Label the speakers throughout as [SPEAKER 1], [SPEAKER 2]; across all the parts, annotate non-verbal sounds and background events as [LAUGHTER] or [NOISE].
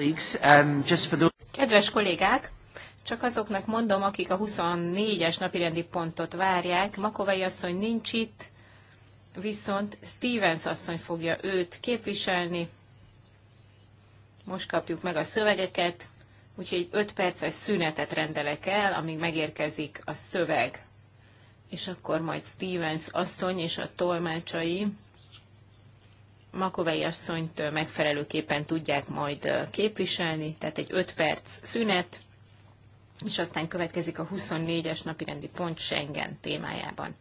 [SPEAKER 1] Um,
[SPEAKER 2] Kedves kollégák, csak azoknak mondom, akik a 24-es napirendi pontot várják, Makovai asszony nincs itt, viszont Stevens asszony fogja őt képviselni. Most kapjuk meg a szövegeket, úgyhogy 5 perces szünetet rendelek el, amíg megérkezik a szöveg. És akkor majd Stevens asszony és a tolmácsai Makovei asszonyt megfelelőképpen tudják majd képviselni, tehát egy 5 perc szünet, és aztán következik a 24-es rendi pont Schengen témájában.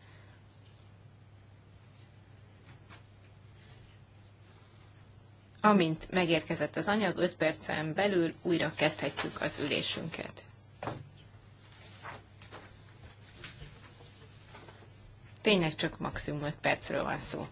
[SPEAKER 2] Amint megérkezett az anyag, 5 percen belül újra kezdhetjük az ülésünket. Tényleg csak maximum 5 percről van szó.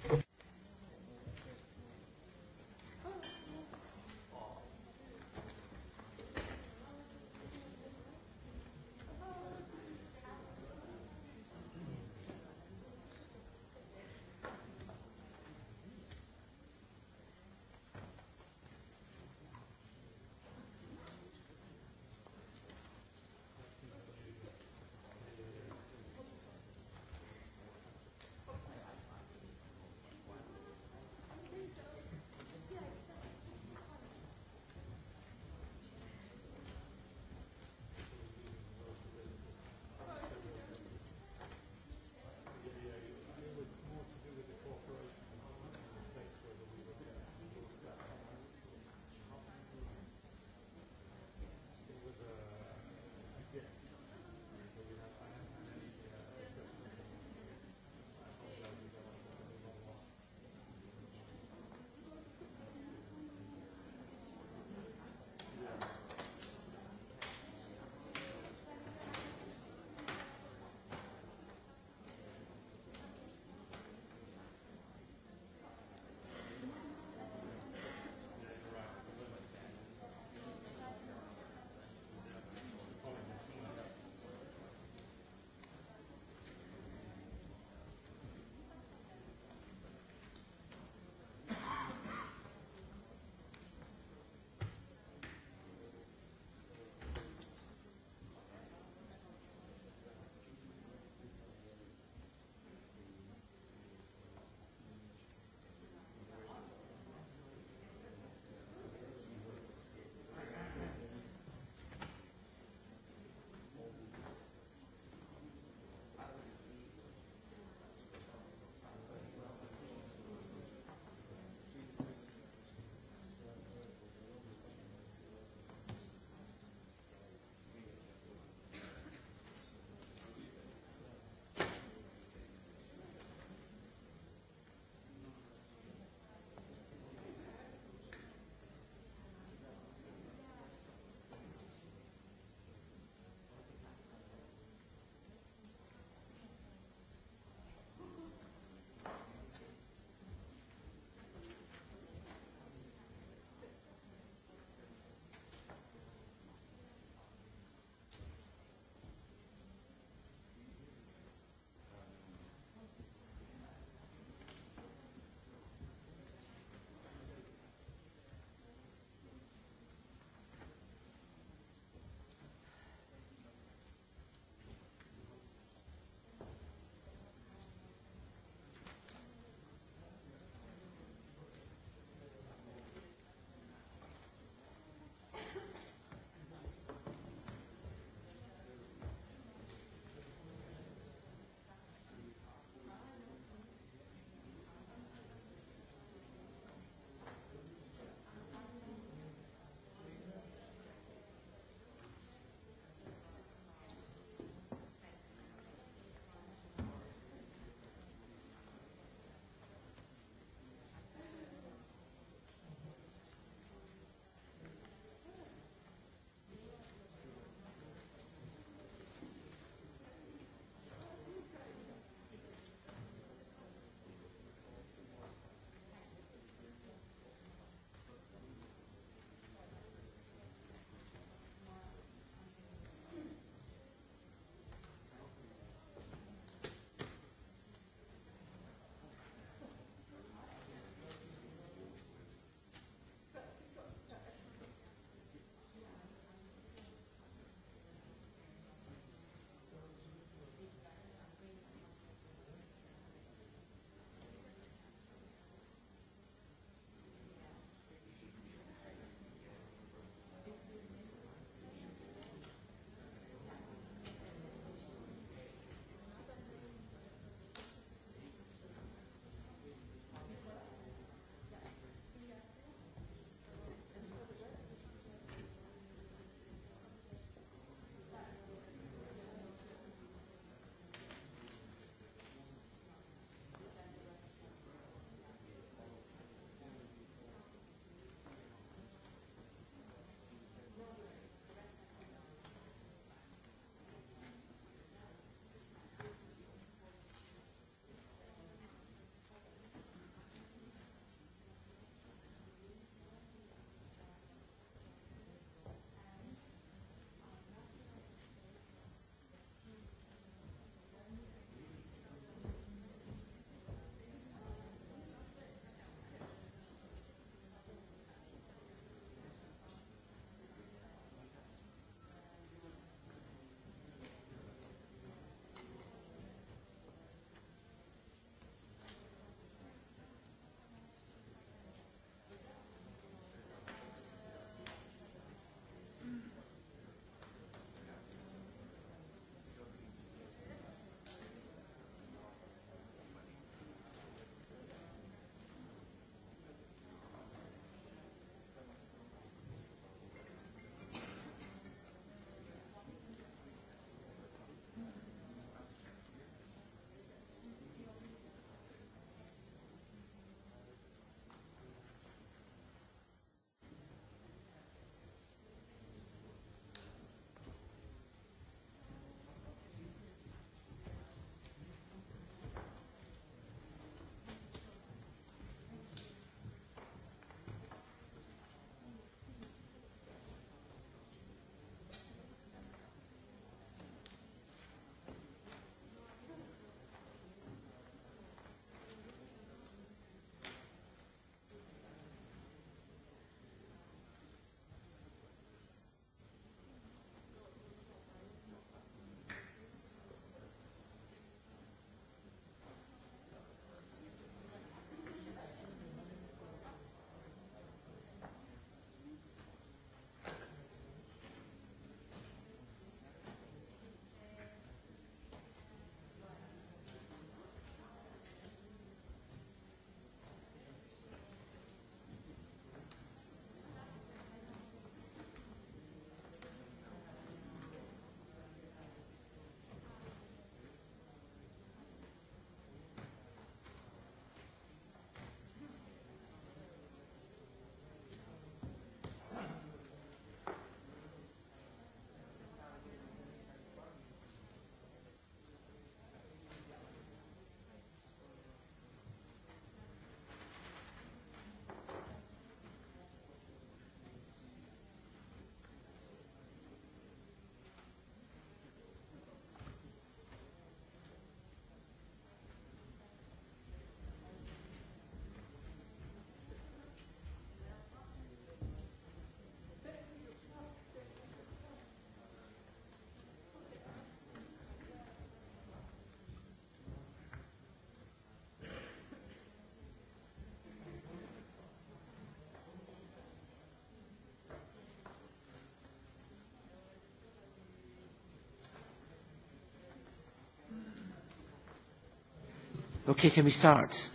[SPEAKER 1] Okay, can we start?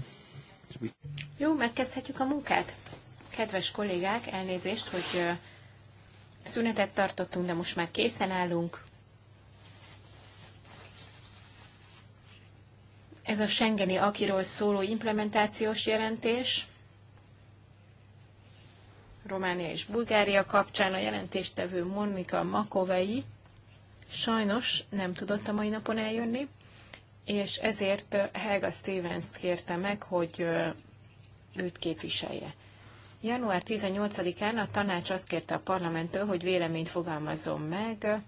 [SPEAKER 2] Jó, megkezdhetjük a munkát. Kedves kollégák, elnézést, hogy szünetet tartottunk, de most már készen állunk. Ez a Schengeni Akiról szóló implementációs jelentés. Románia és Bulgária kapcsán a jelentéstevő Monika Makovei sajnos nem tudott a mai napon eljönni, és ezért Helga stevens kérte meg, hogy őt képviselje. Január 18-án a tanács azt kérte a parlamenttől, hogy véleményt fogalmazzon meg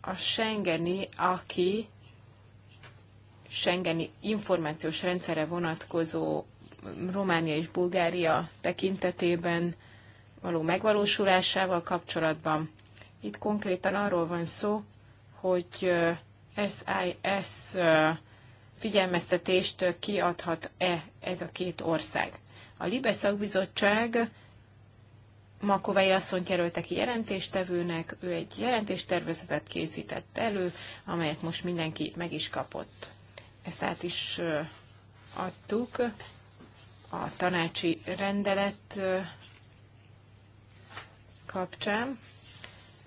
[SPEAKER 2] a Schengeni, aki Schengeni információs rendszere vonatkozó Románia és Bulgária tekintetében való megvalósulásával kapcsolatban. Itt konkrétan arról van szó, hogy SIS figyelmeztetést kiadhat-e ez a két ország. A Libe szakbizottság Makovei asszonyt jelölte ki jelentéstevőnek, ő egy jelentéstervezetet készített elő, amelyet most mindenki meg is kapott. Ezt át is adtuk a tanácsi rendelet kapcsán.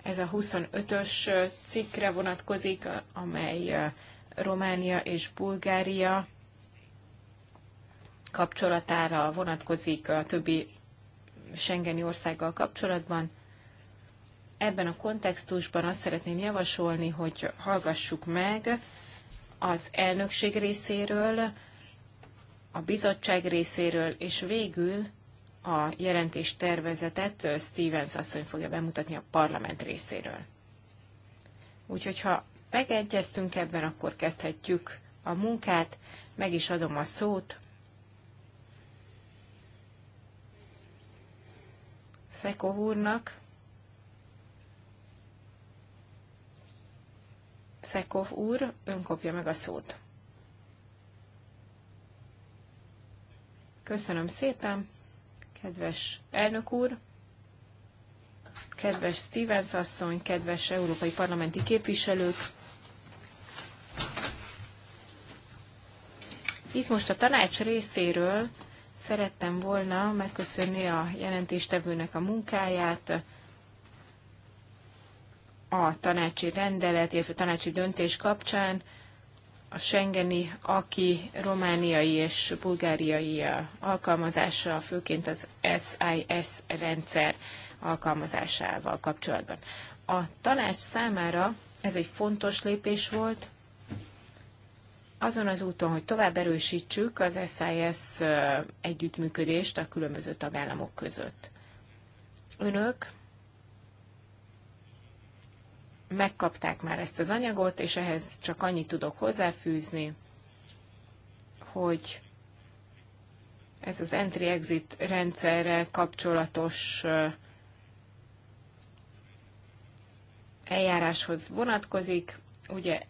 [SPEAKER 2] Ez a 25-ös cikkre vonatkozik, amely eh, Románia és Bulgária kapcsolatára vonatkozik a többi Schengeni országgal kapcsolatban. Ebben a kontextusban azt szeretném javasolni, hogy hallgassuk meg az elnökség részéről, a bizottság részéről, és végül a jelentés tervezetet Stevens asszony fogja bemutatni a parlament részéről. Úgyhogy ha megegyeztünk ebben, akkor kezdhetjük a munkát, meg is adom a szót. Szeko úrnak. Szekov úr, ön kopja meg a szót. Köszönöm szépen kedves elnök úr, kedves Stevens asszony, kedves európai parlamenti képviselők. Itt most a tanács részéről szerettem volna megköszönni a jelentéstevőnek a munkáját, a tanácsi rendelet, illetve tanácsi döntés kapcsán, a Schengeni, aki romániai és bulgáriai eh, alkalmazása, főként az SIS rendszer alkalmazásával kapcsolatban. A tanács számára ez egy fontos lépés volt, azon az úton, hogy tovább erősítsük az SIS eh, együttműködést a különböző tagállamok között. Önök megkapták már ezt az anyagot, és ehhez csak annyit tudok hozzáfűzni, hogy ez az entry-exit rendszerrel kapcsolatos eljáráshoz vonatkozik. Ugye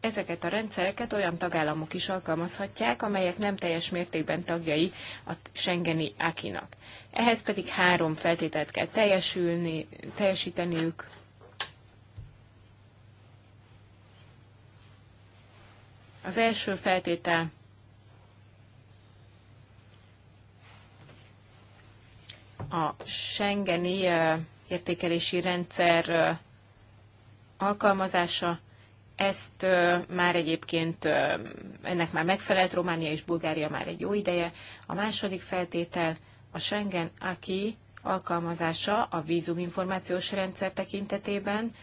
[SPEAKER 2] ezeket a rendszereket olyan tagállamok is alkalmazhatják, amelyek nem teljes mértékben tagjai a Schengeni Akinak. Ehhez pedig három feltételt kell teljesülni, teljesíteniük, Az első feltétel a Schengeni értékelési rendszer alkalmazása. Ezt már egyébként, ennek már megfelelt Románia és Bulgária már egy jó ideje. A második feltétel a Schengen aki alkalmazása a vízuminformációs rendszer tekintetében,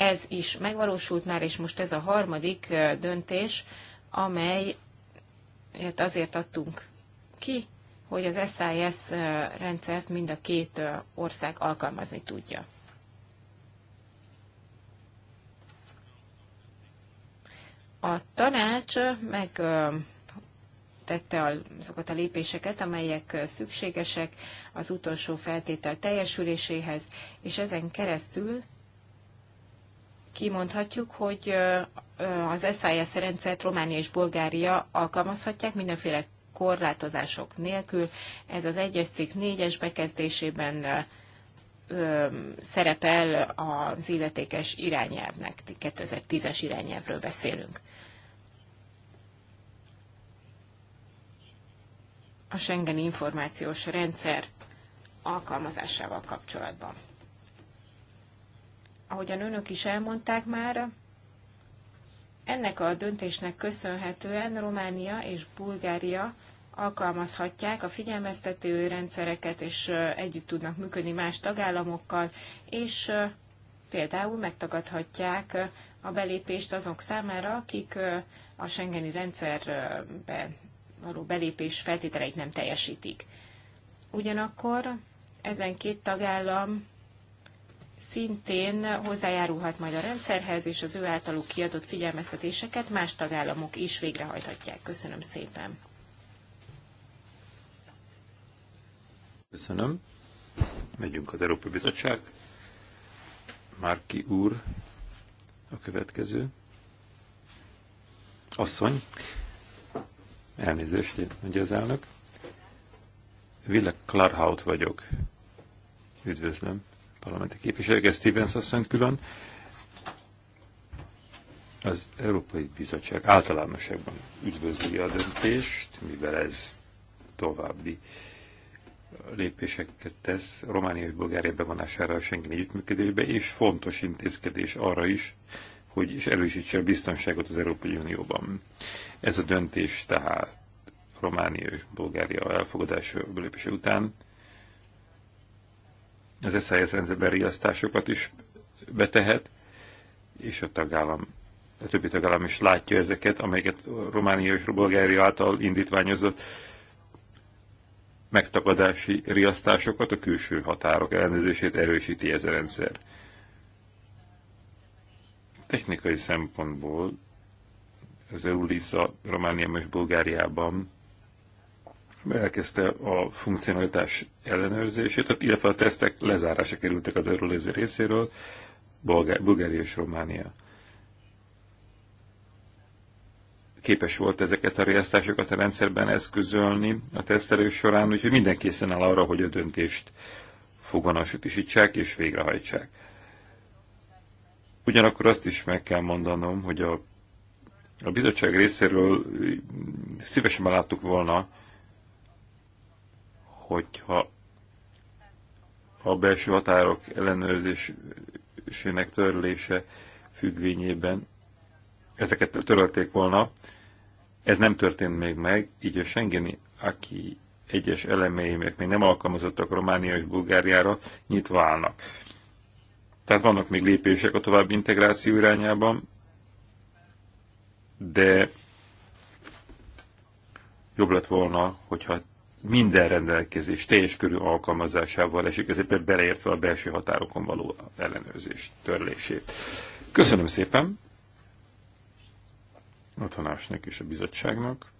[SPEAKER 2] ez is megvalósult már, és most ez a harmadik döntés, amelyet hát azért adtunk ki, hogy az SIS rendszert mind a két ország alkalmazni tudja. A tanács meg tette azokat a lépéseket, amelyek szükségesek az utolsó feltétel teljesüléséhez, és ezen keresztül kimondhatjuk, hogy az SIS rendszert Románia és Bulgária alkalmazhatják mindenféle korlátozások nélkül. Ez az egyes cikk négyes bekezdésében szerepel az illetékes irányelvnek, 2010-es irányelvről beszélünk. A Schengen információs rendszer alkalmazásával kapcsolatban ahogyan önök is elmondták már, ennek a döntésnek köszönhetően Románia és Bulgária alkalmazhatják a figyelmeztető rendszereket, és együtt tudnak működni más tagállamokkal, és például megtagadhatják a belépést azok számára, akik a Schengeni rendszerbe való belépés feltételeit nem teljesítik. Ugyanakkor ezen két tagállam szintén hozzájárulhat majd a rendszerhez, és az ő általuk kiadott figyelmeztetéseket más tagállamok is végrehajthatják. Köszönöm szépen.
[SPEAKER 3] Köszönöm. Megyünk az Európai Bizottság. Márki úr a következő. Asszony. Elnézést, hogy az elnök. Ville Klarhaut vagyok. Üdvözlöm parlamenti képviselők, Stevens asszony külön, az Európai Bizottság általánosságban üdvözli a döntést, mivel ez további lépéseket tesz Románia és Bulgária bevonására a Schengen együttműködésbe, és fontos intézkedés arra is, hogy is erősítse a biztonságot az Európai Unióban. Ez a döntés tehát Románia és Bulgária elfogadása lépése után az SZSZ rendszerben riasztásokat is betehet, és a tagállam, a többi tagállam is látja ezeket, amelyeket Románia és Bulgária által indítványozott megtagadási riasztásokat, a külső határok ellenőrzését erősíti ez a rendszer. Technikai szempontból az EULISA Romániában és Bulgáriában elkezdte a funkcionalitás ellenőrzését, illetve a tesztek lezárása kerültek az Eurolézer részéről, Bulgária és Románia. Képes volt ezeket a riasztásokat a rendszerben eszközölni a tesztelés során, úgyhogy minden készen áll arra, hogy a döntést foganasítsák és végrehajtsák. Ugyanakkor azt is meg kell mondanom, hogy a, a bizottság részéről szívesen láttuk volna, hogyha a belső határok ellenőrzésének törlése függvényében ezeket törölték volna. Ez nem történt még meg, így a Schengeni aki egyes elemei még nem alkalmazottak Románia és Bulgáriára, nyitva állnak. Tehát vannak még lépések a további integráció irányában, de jobb lett volna, hogyha minden rendelkezés teljes körű alkalmazásával esik, ezért beleértve a belső határokon való ellenőrzés törlését. Köszönöm szépen a tanásnak és a bizottságnak.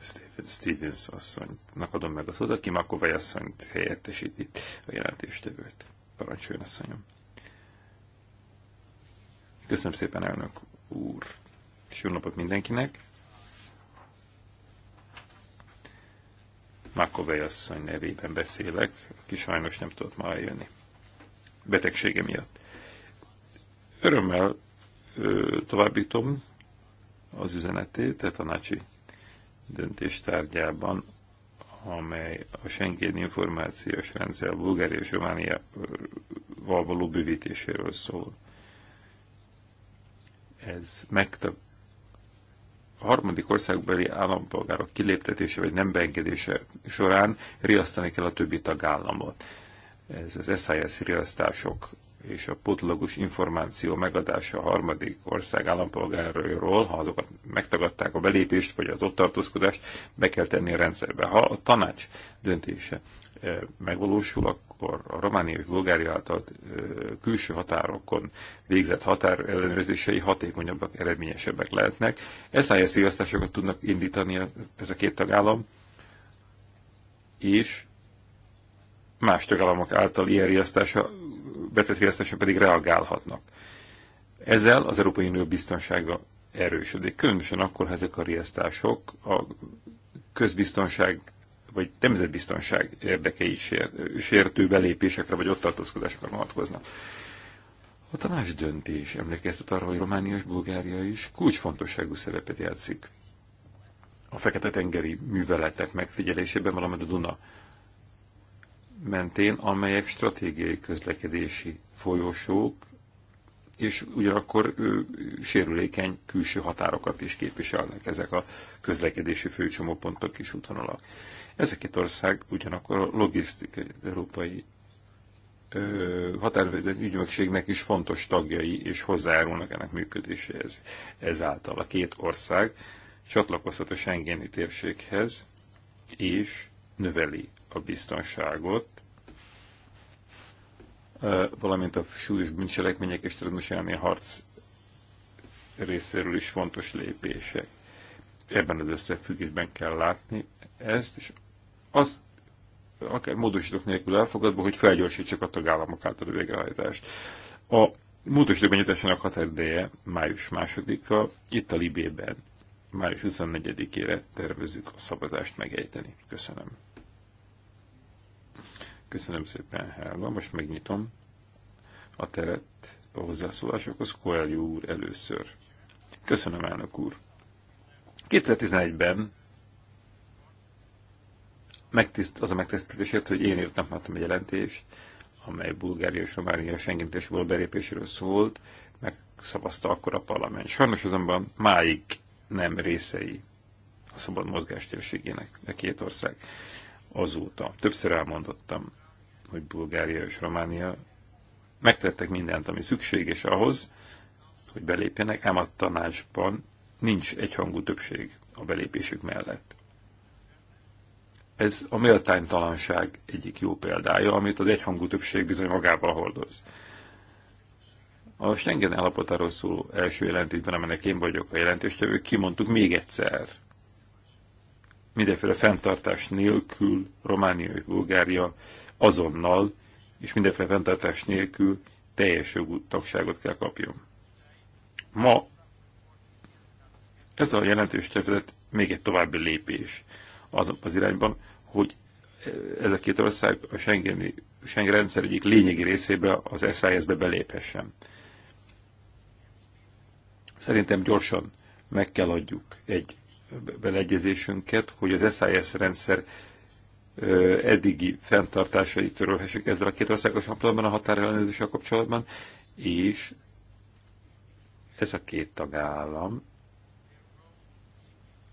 [SPEAKER 3] Stephen Stevens asszonynak adom meg a szót, aki Makovai asszonyt helyettesíti a jelentéstevőt. Parancsoljon asszonyom. Köszönöm szépen, elnök úr és jó napot mindenkinek. Makovej asszony nevében beszélek, aki sajnos nem tudott ma eljönni. Betegsége miatt. Örömmel ö, továbbítom az üzenetét a tanácsi döntéstárgyában, amely a Schengen információs rendszer Bulgária és Romániával való bővítéséről szól. Ez megtak harmadik országbeli állampolgárok kiléptetése vagy nem beengedése során riasztani kell a többi tagállamot. Ez az SIS riasztások és a potlagos információ megadása a harmadik ország állampolgárról, ha azokat megtagadták a belépést vagy az ott tartózkodást, be kell tenni a rendszerbe. Ha a tanács döntése eh, megvalósul, akkor a Románia és Bulgária által eh, külső határokon végzett határ ellenőrzései hatékonyabbak, eredményesebbek lehetnek. SIS szívasztásokat tudnak indítani ez a két tagállam, és más tagállamok által ilyen riasztása betetvélesztésre pedig reagálhatnak. Ezzel az Európai Unió biztonsága erősödik, különösen akkor, ha ezek a riasztások a közbiztonság vagy nemzetbiztonság érdekei sértő belépésekre vagy ott tartózkodásokra vonatkoznak. A tanács döntés emlékeztet arra, hogy Románia és Bulgária is kulcsfontosságú szerepet játszik a Fekete-tengeri műveletek megfigyelésében, valamint a Duna mentén, amelyek stratégiai közlekedési folyosók, és ugyanakkor ő, sérülékeny külső határokat is képviselnek ezek a közlekedési főcsomópontok és útvonalak. Ezek itt ország ugyanakkor a logisztikai európai határvédelmi ügynökségnek is fontos tagjai és hozzájárulnak ennek működéséhez. Ezáltal a két ország csatlakozhat a Schengeni térséghez, és növeli a biztonságot, valamint a súlyos bűncselekmények és terrorizmus elleni harc részéről is fontos lépések. Ebben az összefüggésben kell látni ezt, és azt akár módosítók nélkül elfogadva, hogy felgyorsítsak a tagállamok által a végrehajtást. A módosítók benyújtásának határideje május 2-a, itt a Libében május 24-ére tervezük a szavazást megejteni. Köszönöm. Köszönöm szépen, Helga. Most megnyitom a teret a hozzászólásokhoz. Koelio úr először. Köszönöm, elnök úr. 2011-ben megtiszt, az a megtisztelésért, hogy én írtam már egy jelentést, amely Bulgária és Románia sengintésből belépéséről szólt, megszavazta akkor a parlament. Sajnos azonban máig nem részei a szabad mozgás térségének a két ország azóta. Többször elmondottam, hogy Bulgária és Románia megtettek mindent, ami szükséges ahhoz, hogy belépjenek, ám a tanácsban nincs egyhangú többség a belépésük mellett. Ez a méltánytalanság egyik jó példája, amit az egyhangú többség bizony magával hordoz. A Schengen állapotáról szóló első jelentésben, amelynek én vagyok a jelentéstevő, kimondtuk még egyszer, mindenféle fenntartás nélkül Románia és Bulgária azonnal, és mindenféle fenntartás nélkül teljes jogú tagságot kell kapjon. Ma ez a jelentős tervezet még egy további lépés az, az irányban, hogy ez a két ország a Schengeni, Schengen rendszer egyik lényegi részébe, az SIS-be beléphessen. Szerintem gyorsan meg kell adjuk egy beleegyezésünket, hogy az SIS rendszer eddigi fenntartásai törölhessük ezzel a két országos kapcsolatban, a határellenőrzéssel kapcsolatban, és ez a két tagállam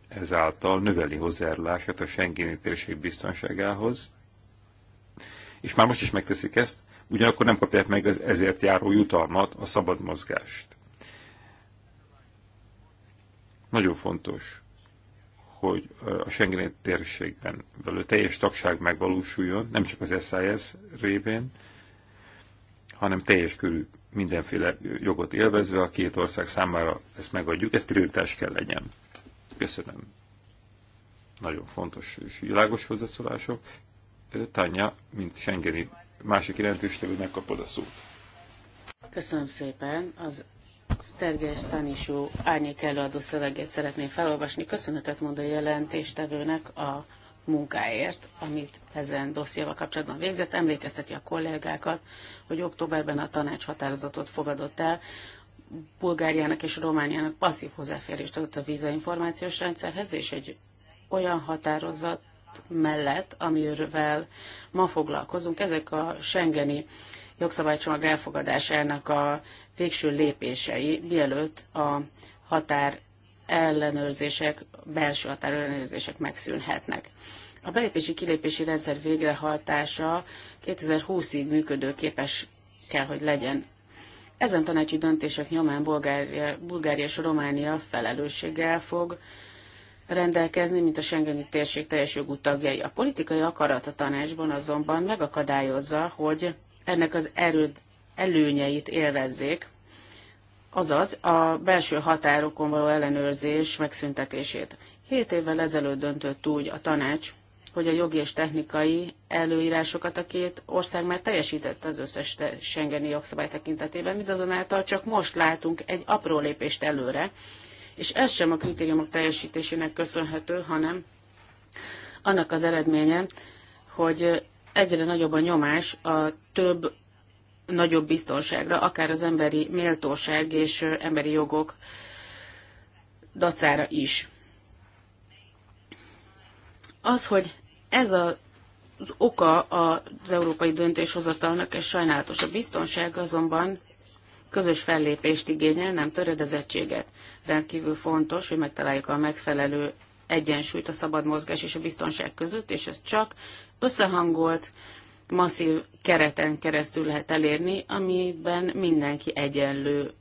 [SPEAKER 3] ezáltal növeli hozzájárulását a Schengeni térség biztonságához, és már most is megteszik ezt, ugyanakkor nem kapják meg az ezért járó jutalmat, a szabad mozgást. Nagyon fontos, hogy a Schengen térségben belül teljes tagság megvalósuljon, nem csak az SIS révén, hanem teljes körű mindenféle jogot élvezve a két ország számára ezt megadjuk, ez prioritás kell legyen. Köszönöm. Nagyon fontos és világos hozzászólások. Tanya, mint Schengeni másik jelentőstevő, megkapod a szót.
[SPEAKER 4] Köszönöm szépen. Az Szterges Tanisú árnyék előadó szöveget szeretném felolvasni. Köszönetet mond a jelentéstevőnek a munkáért, amit ezen dossziéval kapcsolatban végzett. Emlékezteti a kollégákat, hogy októberben a tanács határozatot fogadott el, Bulgáriának és Romániának passzív hozzáférést adott a vízainformációs rendszerhez, és egy olyan határozat mellett, amivel ma foglalkozunk, ezek a Schengeni uh, jogszabálycsomag elfogadásának a végső lépései, mielőtt a határ ellenőrzések, belső határellenőrzések ellenőrzések megszűnhetnek. A belépési-kilépési rendszer végrehajtása 2020-ig működőképes kell, hogy legyen. Ezen tanácsi döntések nyomán Bulgária, Bulgária és Románia felelősséggel fog rendelkezni, mint a Schengeni térség teljes jogú tagjai. A politikai akarat a tanácsban azonban megakadályozza, hogy ennek az erőd, előnyeit élvezzék, azaz a belső határokon való ellenőrzés megszüntetését. Hét évvel ezelőtt döntött úgy a tanács, hogy a jogi és technikai előírásokat a két ország már teljesített az összes Schengeni jogszabály tekintetében, mindazonáltal csak most látunk egy apró lépést előre, és ez sem a kritériumok teljesítésének köszönhető, hanem annak az eredménye, hogy egyre nagyobb a nyomás a több nagyobb biztonságra, akár az emberi méltóság és emberi jogok dacára is. Az, hogy ez a az oka az európai döntéshozatalnak, és sajnálatos a biztonság azonban közös fellépést igényel, nem töredezettséget. Rendkívül fontos, hogy megtaláljuk a megfelelő egyensúlyt a szabad mozgás és a biztonság között, és ez csak összehangolt, masszív kereten keresztül lehet elérni, amiben mindenki egyenlő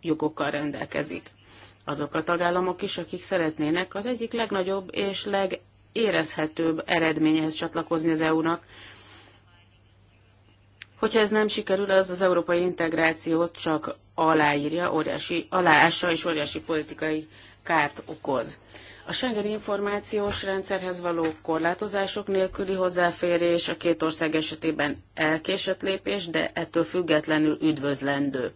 [SPEAKER 4] jogokkal rendelkezik. Azok a tagállamok is, akik szeretnének az egyik legnagyobb és legérezhetőbb eredményhez csatlakozni az EU-nak. Hogyha ez nem sikerül, az az európai integrációt csak aláírja, óriási, aláássa és óriási politikai kárt okoz. A Schengen információs rendszerhez való korlátozások nélküli hozzáférés a két ország esetében elkésett lépés, de ettől függetlenül üdvözlendő.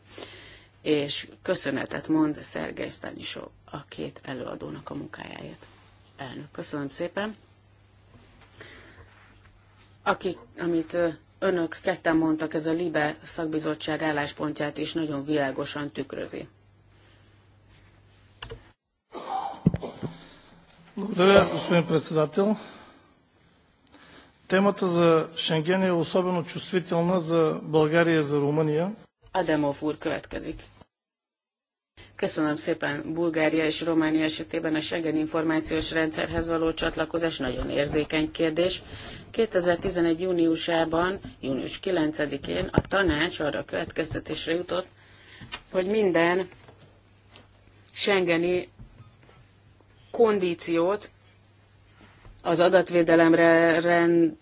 [SPEAKER 4] És köszönetet mond Szergej Stanisov a két előadónak a munkájáért. Elnök, köszönöm szépen. Aki, amit önök ketten mondtak, ez a LIBE szakbizottság álláspontját is nagyon világosan tükrözi.
[SPEAKER 5] Благодаря, господин председател. Темата за Шенген е особено чувствителна за България и за Румъния.
[SPEAKER 4] Адамов úr következik. Köszönöm szépen. Bulgária és Románia esetében a Schengen információs rendszerhez való csatlakozás nagyon érzékeny kérdés. 2011. júniusában, június 9-én a tanács arra következtetésre jutott, hogy minden Schengeni kondíciót az adatvédelemre, rend,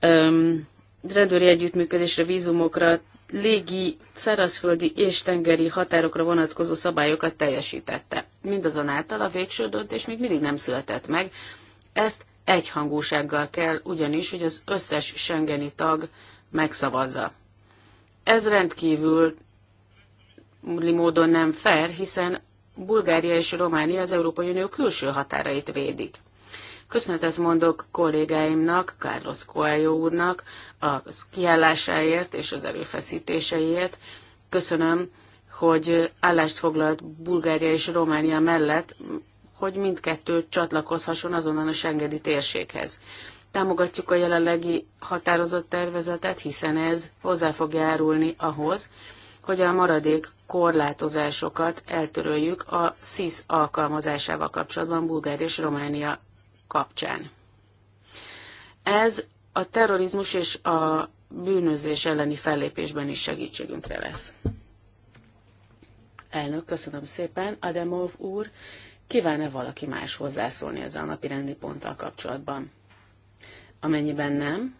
[SPEAKER 4] öm, rendőri együttműködésre, vízumokra, légi, szárazföldi és tengeri határokra vonatkozó szabályokat teljesítette. Mindazonáltal a végső döntés még mindig nem született meg, ezt egyhangúsággal kell ugyanis, hogy az összes Schengeni tag megszavazza. Ez rendkívül módon nem fair, hiszen Bulgária és Románia az Európai Unió külső határait védik. Köszönetet mondok kollégáimnak, Carlos Coelho úrnak a kiállásáért és az erőfeszítéseiért. Köszönöm, hogy állást foglalt Bulgária és Románia mellett, hogy mindkettő csatlakozhasson azonnal a Schengedi térséghez. Támogatjuk a jelenlegi határozott tervezetet, hiszen ez hozzá fog járulni ahhoz, hogy a maradék korlátozásokat eltöröljük a SZISZ alkalmazásával kapcsolatban Bulgária és Románia kapcsán. Ez a terrorizmus és a bűnözés elleni fellépésben is segítségünkre lesz. Elnök, köszönöm szépen. Ademov úr, kíván-e valaki más hozzászólni ezzel a napi rendi ponttal kapcsolatban? Amennyiben nem,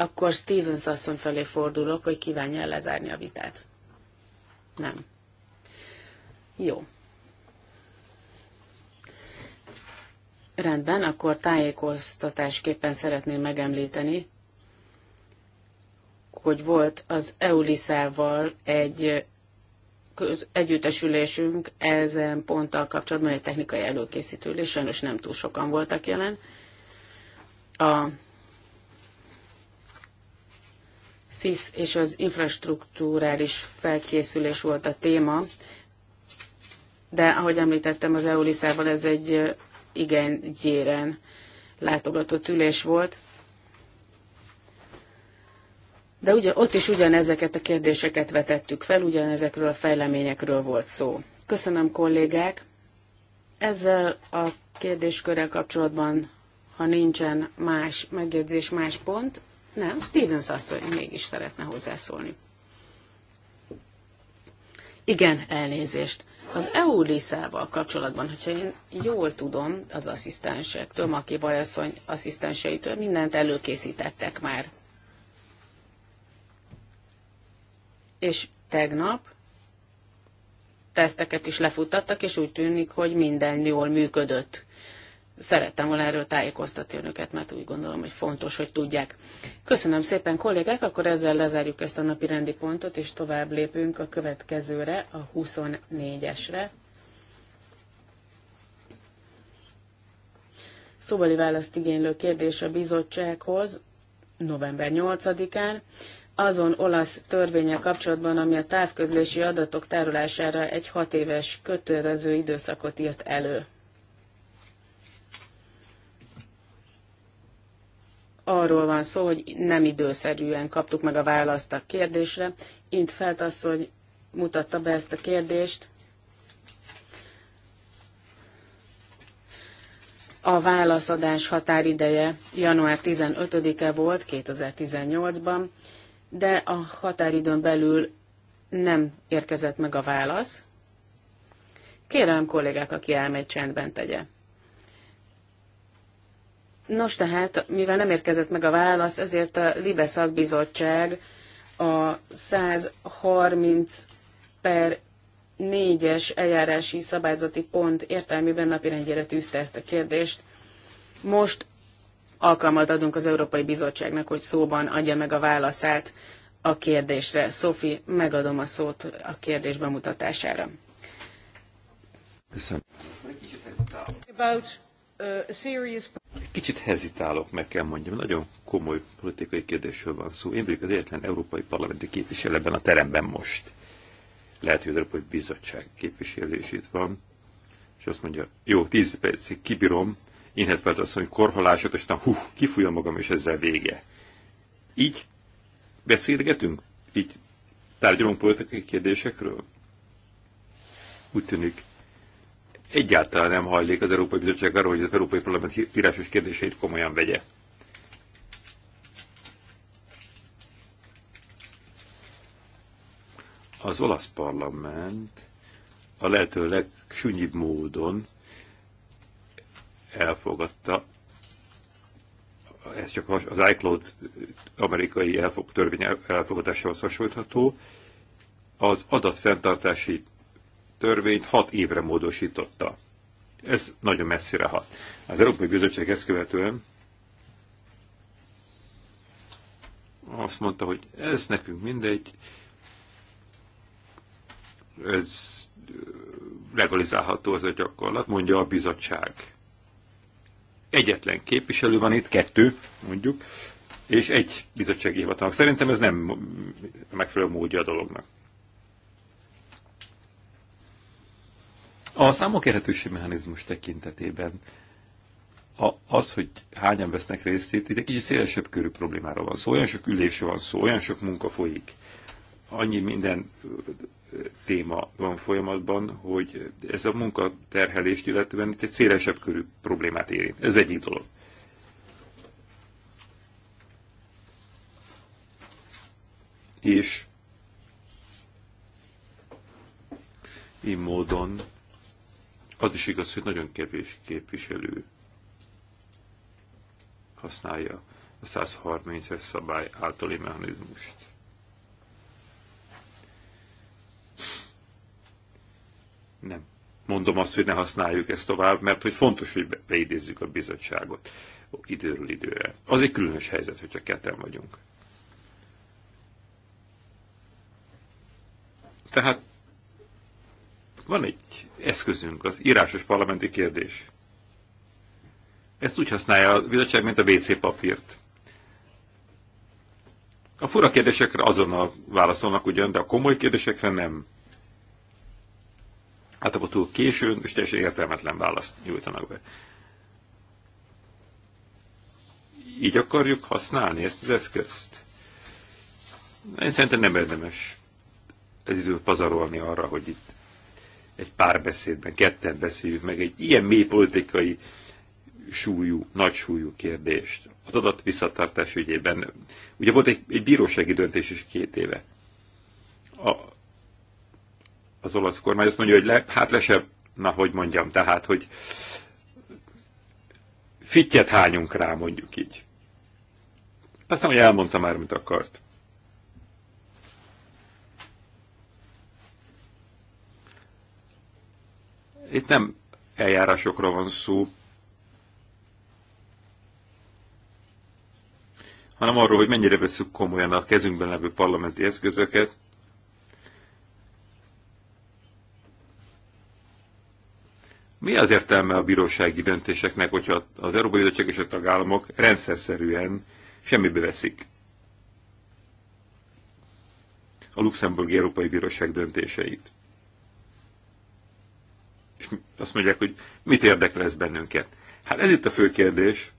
[SPEAKER 4] akkor Stevens asszony felé fordulok, hogy kívánja lezárni a vitát. Nem. Jó. Rendben, akkor tájékoztatásképpen szeretném megemlíteni, hogy volt az Eulisával egy együttesülésünk ezen ponttal kapcsolatban egy technikai előkészítő, és sajnos nem túl sokan voltak jelen. A SZISZ és az infrastruktúrális felkészülés volt a téma, de ahogy említettem, az EULISZ-ával ez egy igen gyéren látogatott ülés volt. De ugye, ott is ugyanezeket a kérdéseket vetettük fel, ugyanezekről a fejleményekről volt szó. Köszönöm kollégák! Ezzel a kérdéskörrel kapcsolatban, ha nincsen más megjegyzés, más pont, nem, Stevens asszony mégis szeretne hozzászólni. Igen, elnézést. Az EU-liszával kapcsolatban, hogyha én jól tudom, az asszisztensektől, Maki Bajaszony asszisztenseitől mindent előkészítettek már. És tegnap teszteket is lefuttattak, és úgy tűnik, hogy minden jól működött szerettem volna erről tájékoztatni önöket, mert úgy gondolom, hogy fontos, hogy tudják. Köszönöm szépen, kollégák, akkor ezzel lezárjuk ezt a napi rendi pontot, és tovább lépünk a következőre, a 24-esre. Szóbeli választ igénylő kérdés a bizottsághoz november 8-án azon olasz törvénye kapcsolatban, ami a távközlési adatok tárolására egy hat éves kötőrező időszakot írt elő. arról van szó, hogy nem időszerűen kaptuk meg a választ a kérdésre. Int hogy mutatta be ezt a kérdést. A válaszadás határideje január 15-e volt 2018-ban, de a határidőn belül nem érkezett meg a válasz. Kérem kollégák, aki elmegy, csendben tegye. Nos tehát, mivel nem érkezett meg a válasz, ezért a Libe szakbizottság a 130 per 4-es eljárási szabályzati pont értelmében napirendjére tűzte ezt a kérdést. Most alkalmat adunk az Európai Bizottságnak, hogy szóban adja meg a válaszát a kérdésre. Szofi, megadom a szót a kérdés bemutatására. Köszönöm. Uh,
[SPEAKER 3] Kicsit hezitálok, meg kell mondjam, nagyon komoly politikai kérdésről van szó. Én vagyok az egyetlen európai parlamenti képviselő ebben a teremben most. Lehet, hogy az Európai Bizottság képviselő is itt van, és azt mondja, jó, tíz percig kibírom, én hát azt mondja, korhalásot, és aztán hú, kifújom magam, és ezzel vége. Így beszélgetünk? Így tárgyalunk politikai kérdésekről? Úgy tűnik, egyáltalán nem hajlik az Európai Bizottság arra, hogy az Európai Parlament írásos kérdéseit komolyan vegye. Az olasz parlament a lehető legsúnyibb módon elfogadta, ez csak az iCloud amerikai elfog, törvény elfogadásához hasonlítható, az adatfenntartási törvényt hat évre módosította. Ez nagyon messzire hat. Az Európai Bizottság ezt követően azt mondta, hogy ez nekünk mindegy, ez legalizálható ez a gyakorlat, mondja a bizottság. Egyetlen képviselő van itt, kettő, mondjuk, és egy bizottsági hivatalnak. Szerintem ez nem megfelelő módja a dolognak. A számokérhetősi mechanizmus tekintetében a, az, hogy hányan vesznek részt itt, itt egy kicsit szélesebb körű problémáról van szó, olyan sok ülés van szó, olyan sok munka folyik, annyi minden téma van folyamatban, hogy ez a munkaterhelést illetően itt egy szélesebb körű problémát érint. Ez egyik dolog. És így módon az is igaz, hogy nagyon kevés képviselő használja a 130-es szabály általi mechanizmust. Nem. Mondom azt, hogy ne használjuk ezt tovább, mert hogy fontos, hogy beidézzük a bizottságot időről időre. Az egy különös helyzet, hogy csak ketten vagyunk. Tehát van egy eszközünk, az írásos parlamenti kérdés. Ezt úgy használja a bizottság, mint a WC papírt. A fura kérdésekre azonnal válaszolnak ugyan, de a komoly kérdésekre nem. Általában túl későn és teljesen értelmetlen választ nyújtanak be. Így akarjuk használni ezt az eszközt? Én szerintem nem érdemes ez időt pazarolni arra, hogy itt egy párbeszédben, ketten beszéljük meg egy ilyen mély politikai súlyú, nagy súlyú kérdést az adat visszatartás ügyében. Ugye volt egy, egy bírósági döntés is két éve. A, az olasz kormány azt mondja, hogy le, hát le se, na hogy mondjam, tehát, hogy fittyet hányunk rá, mondjuk így. Aztán, hogy elmondta már, mit akart. Itt nem eljárásokra van szó, hanem arról, hogy mennyire veszük komolyan a kezünkben levő parlamenti eszközöket, Mi az értelme a bírósági döntéseknek, hogyha az Európai Bizottság és a tagállamok rendszerszerűen semmibe veszik a Luxemburgi Európai Bíróság döntéseit? És azt mondják, hogy mit érdekel ez bennünket. Hát ez itt a fő kérdés.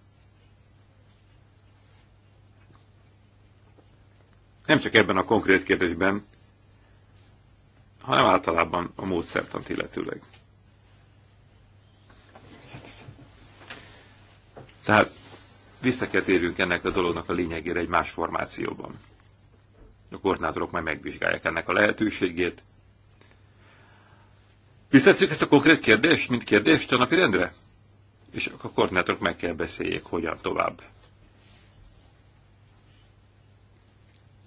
[SPEAKER 3] Nem csak ebben a konkrét kérdésben, hanem általában a módszertant illetőleg. Tehát vissza kell térjünk ennek a dolognak a lényegére egy más formációban. A koordinátorok majd megvizsgálják ennek a lehetőségét, Visszatesszük ezt a konkrét kérdést, mint kérdést a napi rendre? És akkor a koordinátorok meg kell beszéljék, hogyan tovább.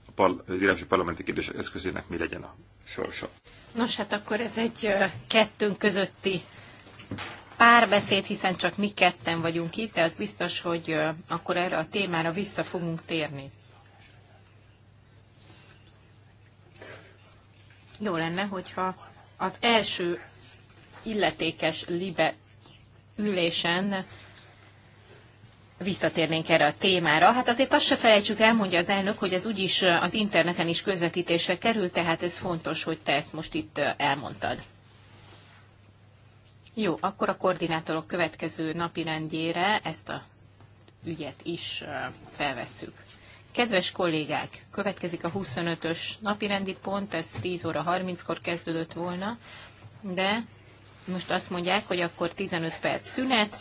[SPEAKER 3] A par- parlamenti kérdés eszközének mi legyen a sorsa.
[SPEAKER 2] Nos, hát akkor ez egy kettőnk közötti párbeszéd, hiszen csak mi ketten vagyunk itt, de az biztos, hogy akkor erre a témára vissza fogunk térni. Jó lenne, hogyha az első illetékes libe ülésen visszatérnénk erre a témára. Hát azért azt se felejtsük el, mondja az elnök, hogy ez úgyis az interneten is közvetítésre kerül, tehát ez fontos, hogy te ezt most itt elmondtad. Jó, akkor a koordinátorok következő napi rendjére ezt a ügyet is felvesszük. Kedves kollégák, következik a 25-ös napirendi pont, ez 10 óra 30-kor kezdődött volna, de most azt mondják, hogy akkor 15 perc szünet,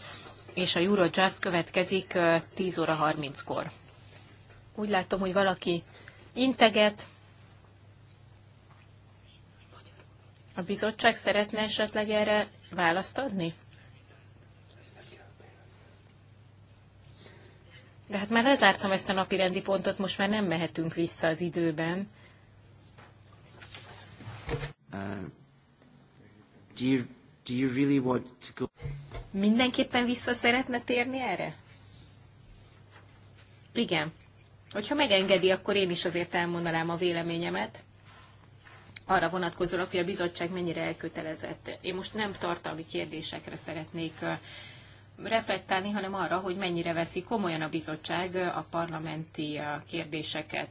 [SPEAKER 2] és a Jazz következik 10 óra 30-kor. Úgy látom, hogy valaki integet. A bizottság szeretne esetleg erre választ adni? De hát már lezártam ezt a napi rendi pontot, most már nem mehetünk vissza az időben. Uh, Do you really want to go? Mindenképpen vissza szeretne térni erre? Igen. Hogyha megengedi, akkor én is azért elmondanám a véleményemet arra vonatkozólag, hogy a bizottság mennyire elkötelezett. Én most nem tartalmi kérdésekre szeretnék reflektálni, hanem arra, hogy mennyire veszi komolyan a bizottság a parlamenti kérdéseket.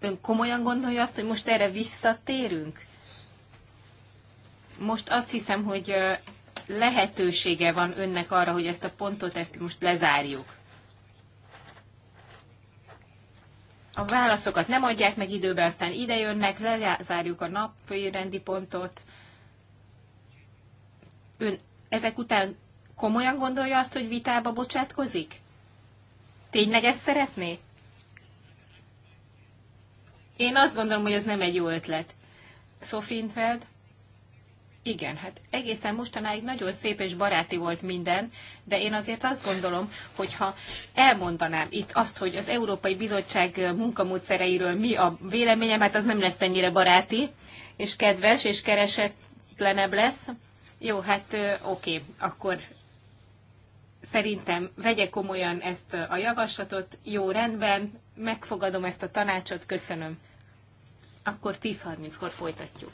[SPEAKER 2] Ön komolyan gondolja azt, hogy most erre visszatérünk? most azt hiszem, hogy lehetősége van önnek arra, hogy ezt a pontot ezt most lezárjuk. A válaszokat nem adják meg időben, aztán ide jönnek, lezárjuk a napi rendi pontot. Ön ezek után komolyan gondolja azt, hogy vitába bocsátkozik? Tényleg ezt szeretné? Én azt gondolom, hogy ez nem egy jó ötlet. Sofintfeld? Igen, hát egészen mostanáig nagyon szép és baráti volt minden, de én azért azt gondolom, hogy ha elmondanám itt azt, hogy az Európai Bizottság munkamódszereiről mi a véleményem, hát az nem lesz ennyire baráti, és kedves, és keresetlenebb lesz. Jó, hát oké, okay, akkor szerintem vegye komolyan ezt a javaslatot, jó rendben, megfogadom ezt a tanácsot, köszönöm. Akkor 10.30-kor folytatjuk.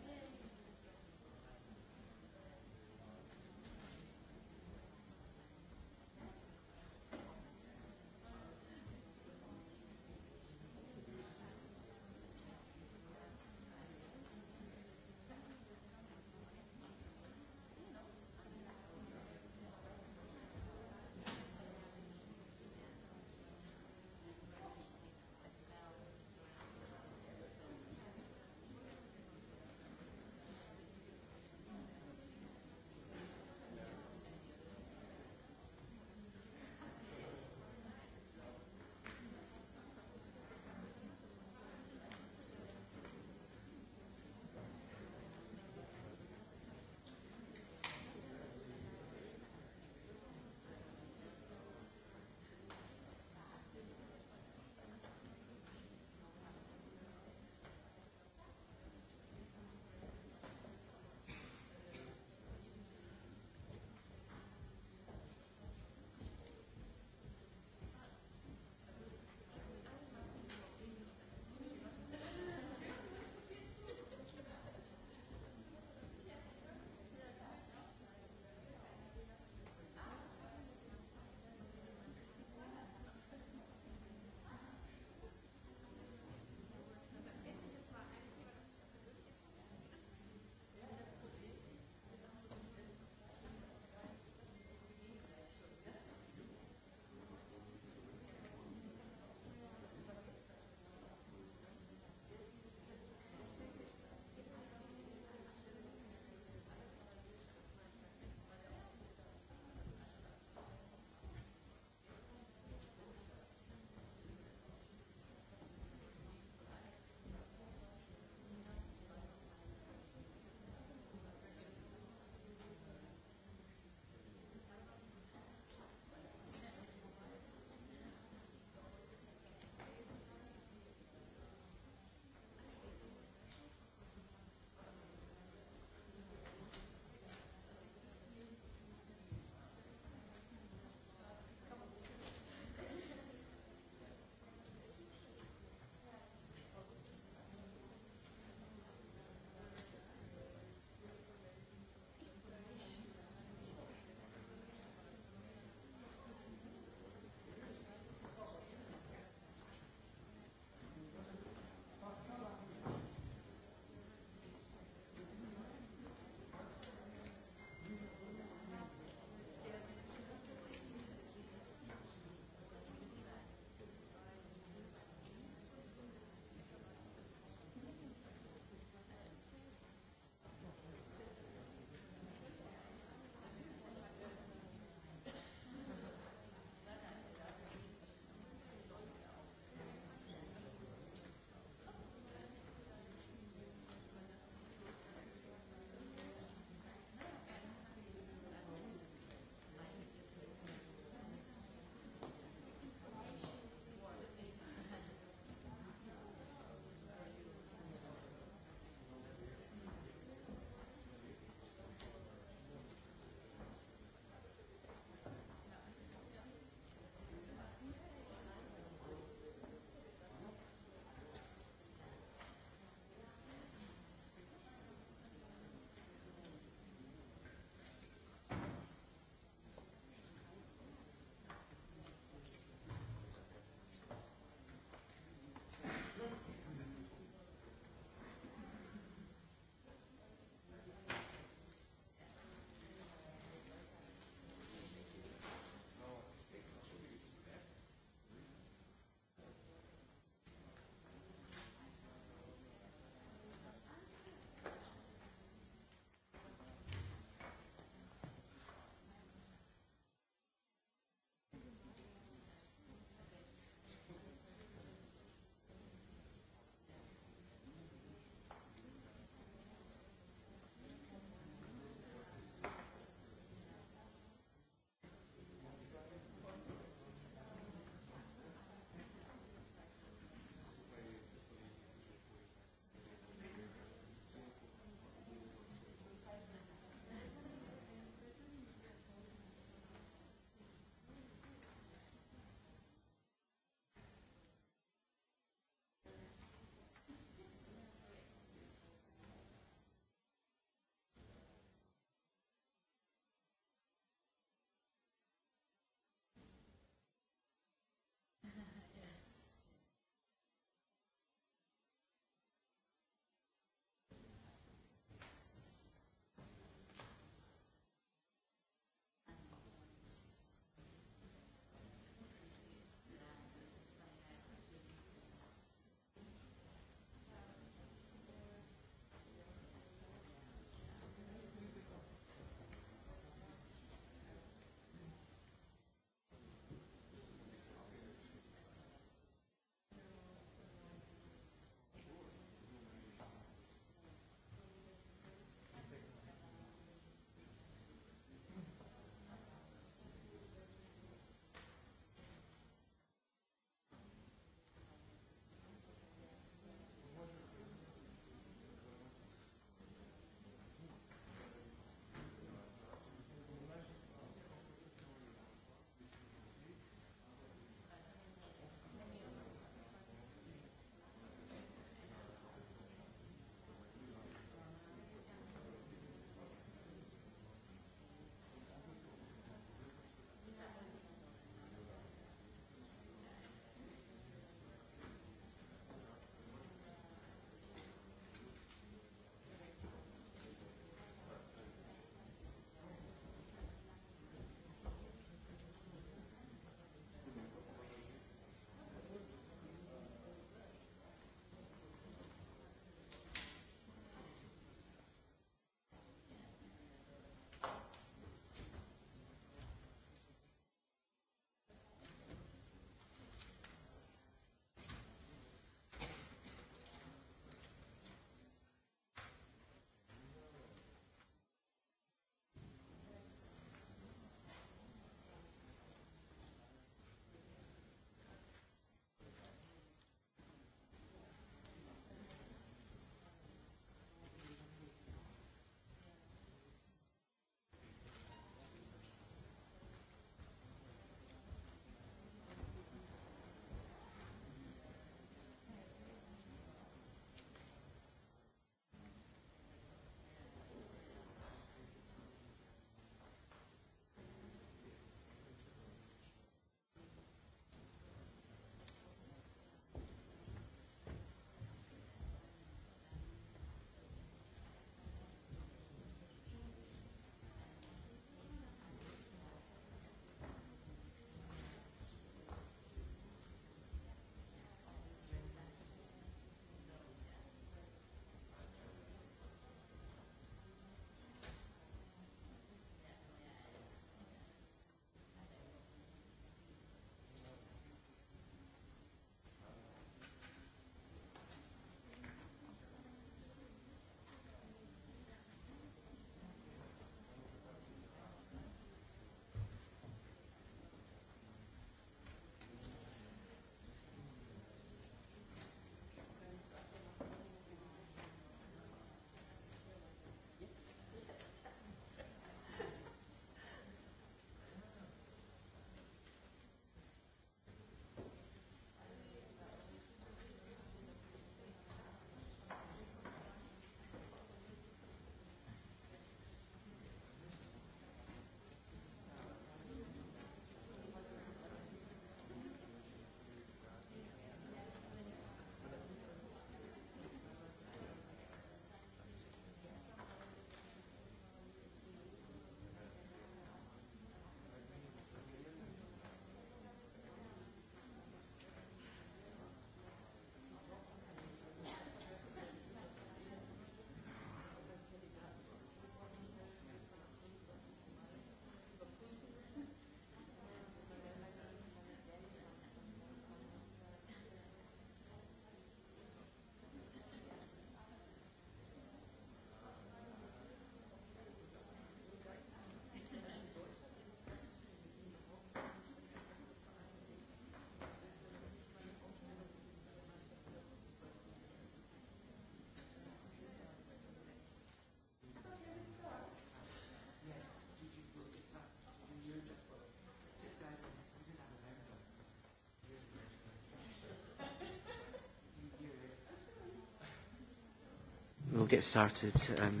[SPEAKER 1] get started. Um...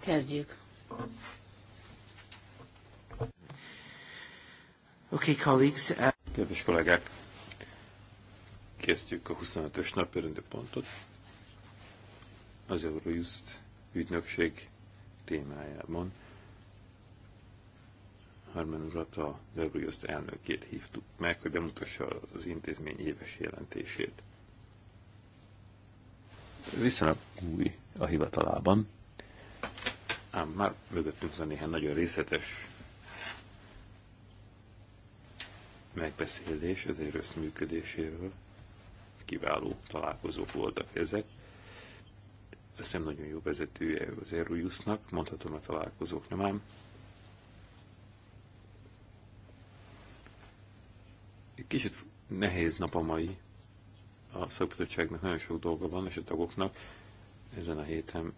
[SPEAKER 4] Kezdjük.
[SPEAKER 3] Okay, colleagues. Uh... Kedves kollégák, kezdjük a 25-ös napirendi pontot. Az Eurojust ügynökség témájában. Harman urat az Eurojust elnökét hívtuk meg, hogy bemutassa az intézmény éves jelentését viszonylag új a hivatalában, ám már mögöttünk van néhány nagyon részletes megbeszélés az Érőszt működéséről. Kiváló találkozók voltak ezek. Azt hiszem nagyon jó vezetője az Erujusznak, mondhatom a találkozók nyomán. Kicsit nehéz nap a mai, a szakbizottságnak nagyon sok dolga van, és a tagoknak ezen a héten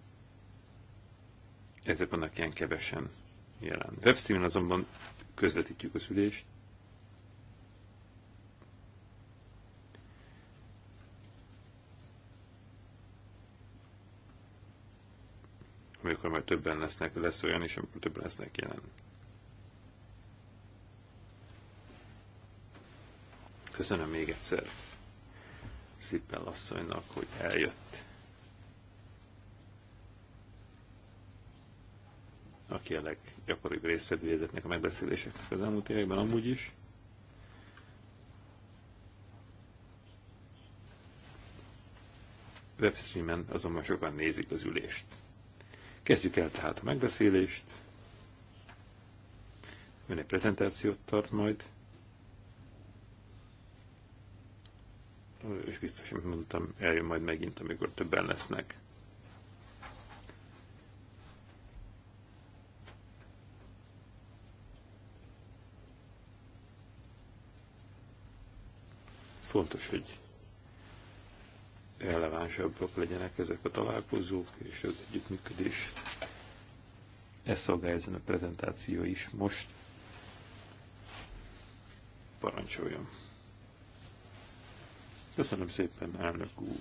[SPEAKER 3] ezek vannak ilyen kevesen jelen. Webstreamen azonban közvetítjük a szülést. amikor majd többen lesznek, lesz olyan is, amikor többen lesznek jelen. Köszönöm még egyszer szépen asszonynak, hogy eljött. Aki a leggyakoribb résztvevője a megbeszéléseknek az elmúlt években, amúgy is. webstreamen azonban sokan nézik az ülést. Kezdjük el tehát a megbeszélést. Ön egy prezentációt tart majd. és biztos, hogy mondtam, eljön majd megint, amikor többen lesznek. Fontos, hogy relevánsabbak legyenek ezek a találkozók és az együttműködés. Ez szolgálja ezen a prezentáció is most. Parancsoljon! Köszönöm szépen, elnök úr.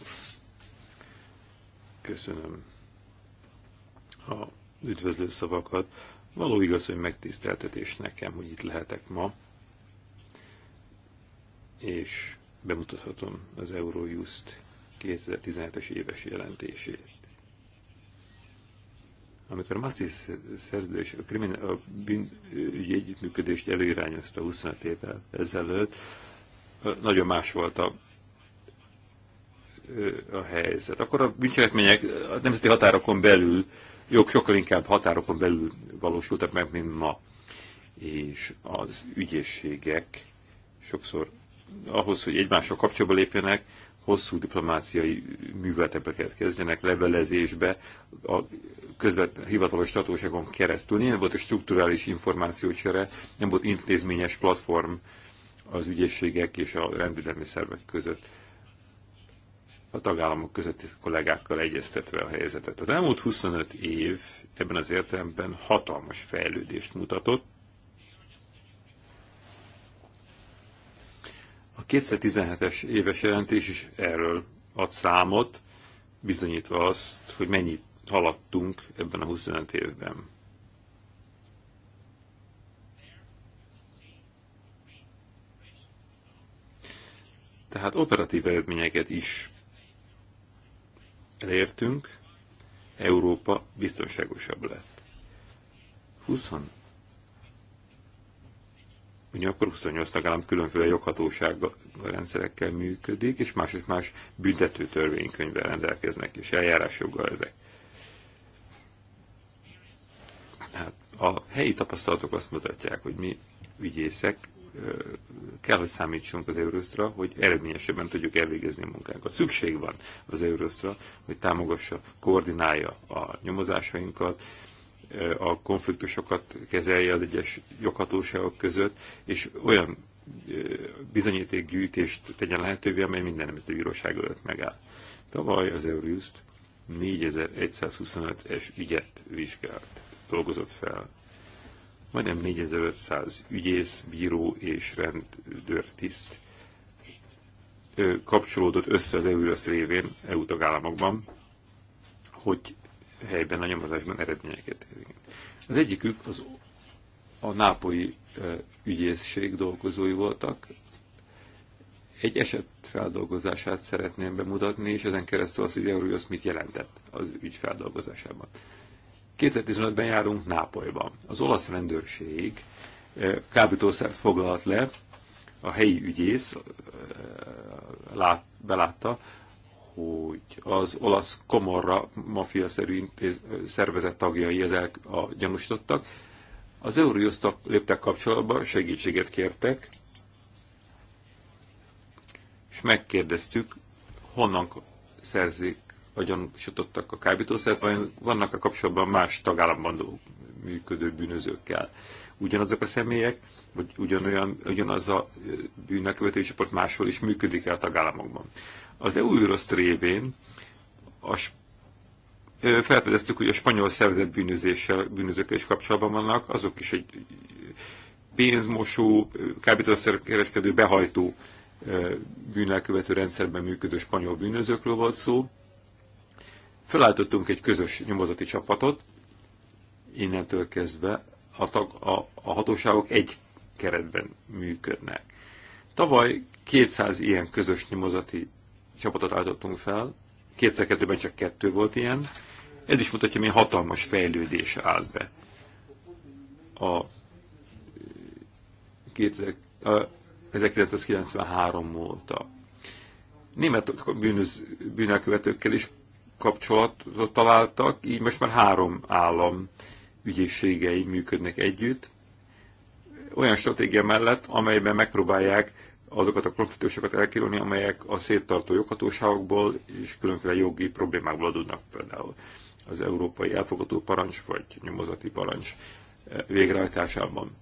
[SPEAKER 3] Köszönöm a üdvözlő szavakat. Való igaz, hogy megtiszteltetés nekem, hogy itt lehetek ma, és bemutathatom az Eurojust 2017-es éves jelentését. Amikor a Massis szerződés a, krimin- a bűnügyi együttműködést előirányozta 25 évvel ezelőtt, nagyon más volt a a helyzet. Akkor a bűncselekmények a nemzeti határokon belül, jog sokkal inkább határokon belül valósultak meg, mint ma. És az ügyészségek sokszor ahhoz, hogy egymással kapcsolatba lépjenek, hosszú diplomáciai műveletekbe kezdjenek, levelezésbe, a közvet, hivatalos tartóságon keresztül. Nem volt a strukturális információcsere, nem volt intézményes platform az ügyészségek és a rendvédelmi szervek között a tagállamok közötti kollégákkal egyeztetve a helyzetet. Az elmúlt 25 év ebben az értelemben hatalmas fejlődést mutatott. A 2017-es éves jelentés is erről ad számot, bizonyítva azt, hogy mennyit haladtunk ebben a 25 évben. Tehát operatív eredményeket is elértünk, Európa biztonságosabb lett. 20. akkor 28 tagállam különféle joghatósággal, rendszerekkel működik, és más és más büntető törvénykönyvvel rendelkeznek, és eljárásjoggal ezek. Hát a helyi tapasztalatok azt mutatják, hogy mi ügyészek kell, hogy számítsunk az Eurostra, hogy eredményesebben tudjuk elvégezni a munkánkat. Szükség van az Eurostra, hogy támogassa, koordinálja a nyomozásainkat, a konfliktusokat kezelje az egyes joghatóságok között, és olyan bizonyítékgyűjtést tegyen lehetővé, amely minden nemzeti bíróság előtt megáll. Tavaly az Eurost 4125 es ügyet vizsgált, dolgozott fel majdnem 4500 ügyész, bíró és rendőrtiszt kapcsolódott össze az EU révén EU tagállamokban, hogy helyben a nyomozásban eredményeket érjen. Az egyikük az a nápolyi ügyészség dolgozói voltak. Egy eset feldolgozását szeretném bemutatni, és ezen keresztül azt, hogy Eurojust mit jelentett az ügy feldolgozásában. 2015-ben járunk Nápolyba. Az olasz rendőrség eh, kábítószert foglalt le, a helyi ügyész eh, lát, belátta, hogy az olasz komorra mafiaszerű szerű szervezet tagjai ezek a gyanúsítottak. Az Eurojust léptek kapcsolatba, segítséget kértek, és megkérdeztük, honnan szerzik Agyon gyanúsítottak a kábítószert, vannak a kapcsolatban más tagállamban működő bűnözőkkel. Ugyanazok a személyek, vagy ugyanolyan, ugyanaz a bűnnekövetői csoport máshol is működik el a tagállamokban. Az EU Euroszt révén a felfedeztük, hogy a spanyol szervezet bűnözéssel, bűnözőkkel is kapcsolatban vannak, azok is egy pénzmosó, kábítószerkereskedő, behajtó bűnelkövető rendszerben működő spanyol bűnözőkről volt szó, Fölállítottunk egy közös nyomozati csapatot, innentől kezdve a, tag, a, a hatóságok egy keretben működnek. Tavaly 200 ilyen közös nyomozati csapatot állítottunk fel, 2002-ben csak kettő volt ilyen, ez is mutatja, milyen hatalmas fejlődés állt be. A, 2000, a 1993 óta. Német bűnöz, bűnökövetőkkel is kapcsolatot találtak, így most már három állam ügyészségei működnek együtt, olyan stratégia mellett, amelyben megpróbálják azokat a konfliktusokat elkerülni, amelyek a széttartó joghatóságokból és különféle jogi problémákból adódnak, például az európai elfogadó parancs vagy nyomozati parancs végrehajtásában.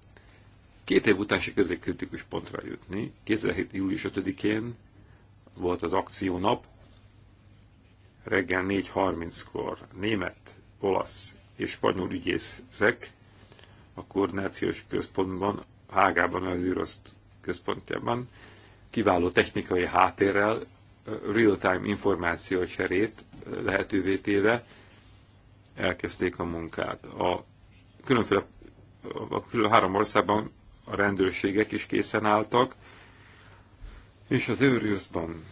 [SPEAKER 3] Két év után sikerült egy kritikus pontra jutni. 2007. július 5-én volt az akciónap, reggel 4.30-kor német, olasz és spanyol ügyészek a koordinációs központban, Hágában, az Euroszt központjában kiváló technikai háttérrel real-time információ cserét lehetővé téve elkezdték a munkát. A különféle a külön három országban a rendőrségek is készen álltak, és az őrjuszban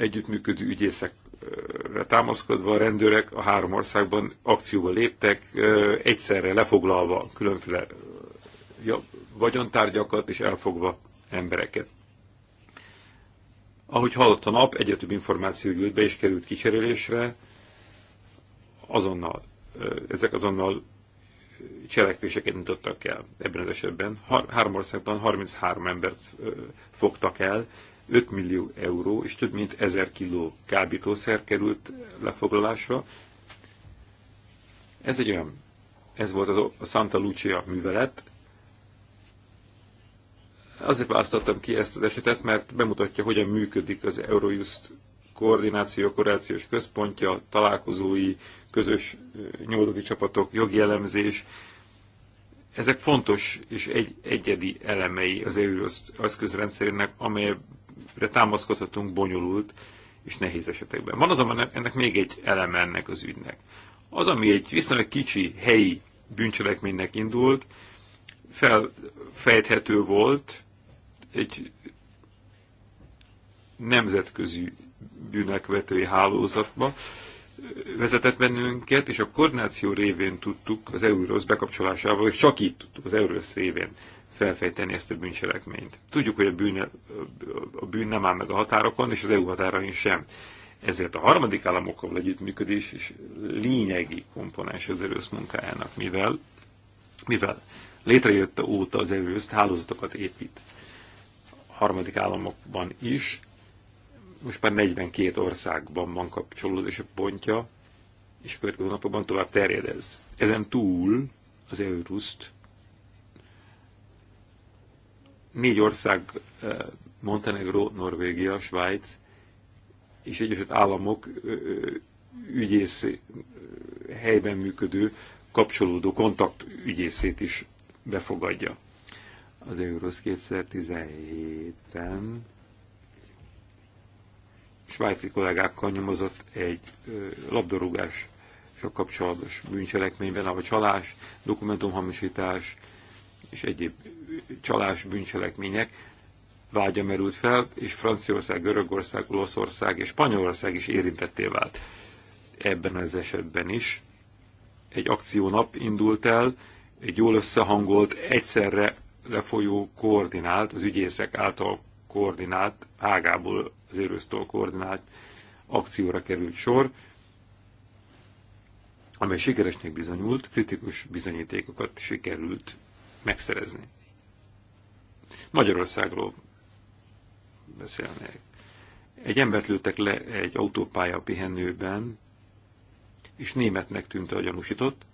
[SPEAKER 3] együttműködő ügyészekre támaszkodva a rendőrek a három országban akcióba léptek, egyszerre lefoglalva különféle vagyontárgyakat és elfogva embereket. Ahogy hallott a nap, egyre több információ gyűlt be és került kicserélésre, azonnal, ezek azonnal cselekvéseket mutattak el ebben az esetben. három országban 33 embert fogtak el, 5 millió euró és több mint 1000 kiló kábítószer került lefoglalásra. Ez egy olyan, ez volt a Santa Lucia művelet. Azért választottam ki ezt az esetet, mert bemutatja, hogyan működik az Eurojust koordináció, koreációs központja, találkozói, közös nyomozati csapatok, jogi elemzés. Ezek fontos és egy, egyedi elemei az Eurojust eszközrendszerének, amely támaszkodhatunk bonyolult és nehéz esetekben. Van azonban ennek még egy eleme ennek az ügynek. Az, ami egy viszonylag kicsi helyi bűncselekménynek indult, felfejthető volt egy nemzetközi bűnökvetői hálózatba, vezetett bennünket, és a koordináció révén tudtuk az Eurosz bekapcsolásával, és csak így tudtuk az Eurosz révén felfejteni ezt a bűncselekményt. Tudjuk, hogy a bűn, a bűn nem áll meg a határokon, és az EU határain sem. Ezért a harmadik államokkal együttműködés is lényegi komponens az erősz munkájának, mivel, mivel létrejött óta az erősz hálózatokat épít. A harmadik államokban is, most már 42 országban van kapcsolódási pontja, és a következő napokban tovább terjed ez. Ezen túl az Euruszt négy ország, eh, Montenegro, Norvégia, Svájc és Egyesült Államok eh, eh, ügyész helyben működő kapcsolódó kontakt ügyészét is befogadja. Az Eurosz 2017-ben svájci kollégákkal nyomozott egy labdarúgás kapcsolatos bűncselekményben, a csalás, dokumentumhamisítás, és egyéb csalás bűncselekmények vágya merült fel, és Franciaország, Görögország, Olaszország és Spanyolország is érintetté vált. Ebben az esetben is egy akciónap indult el, egy jól összehangolt, egyszerre lefolyó koordinált, az ügyészek által koordinált, ágából az érősztól koordinált akcióra került sor, amely sikeresnek bizonyult, kritikus bizonyítékokat sikerült megszerezni. Magyarországról beszélnék. Egy embert lőttek le egy autópálya pihenőben, és németnek tűnt a gyanúsított.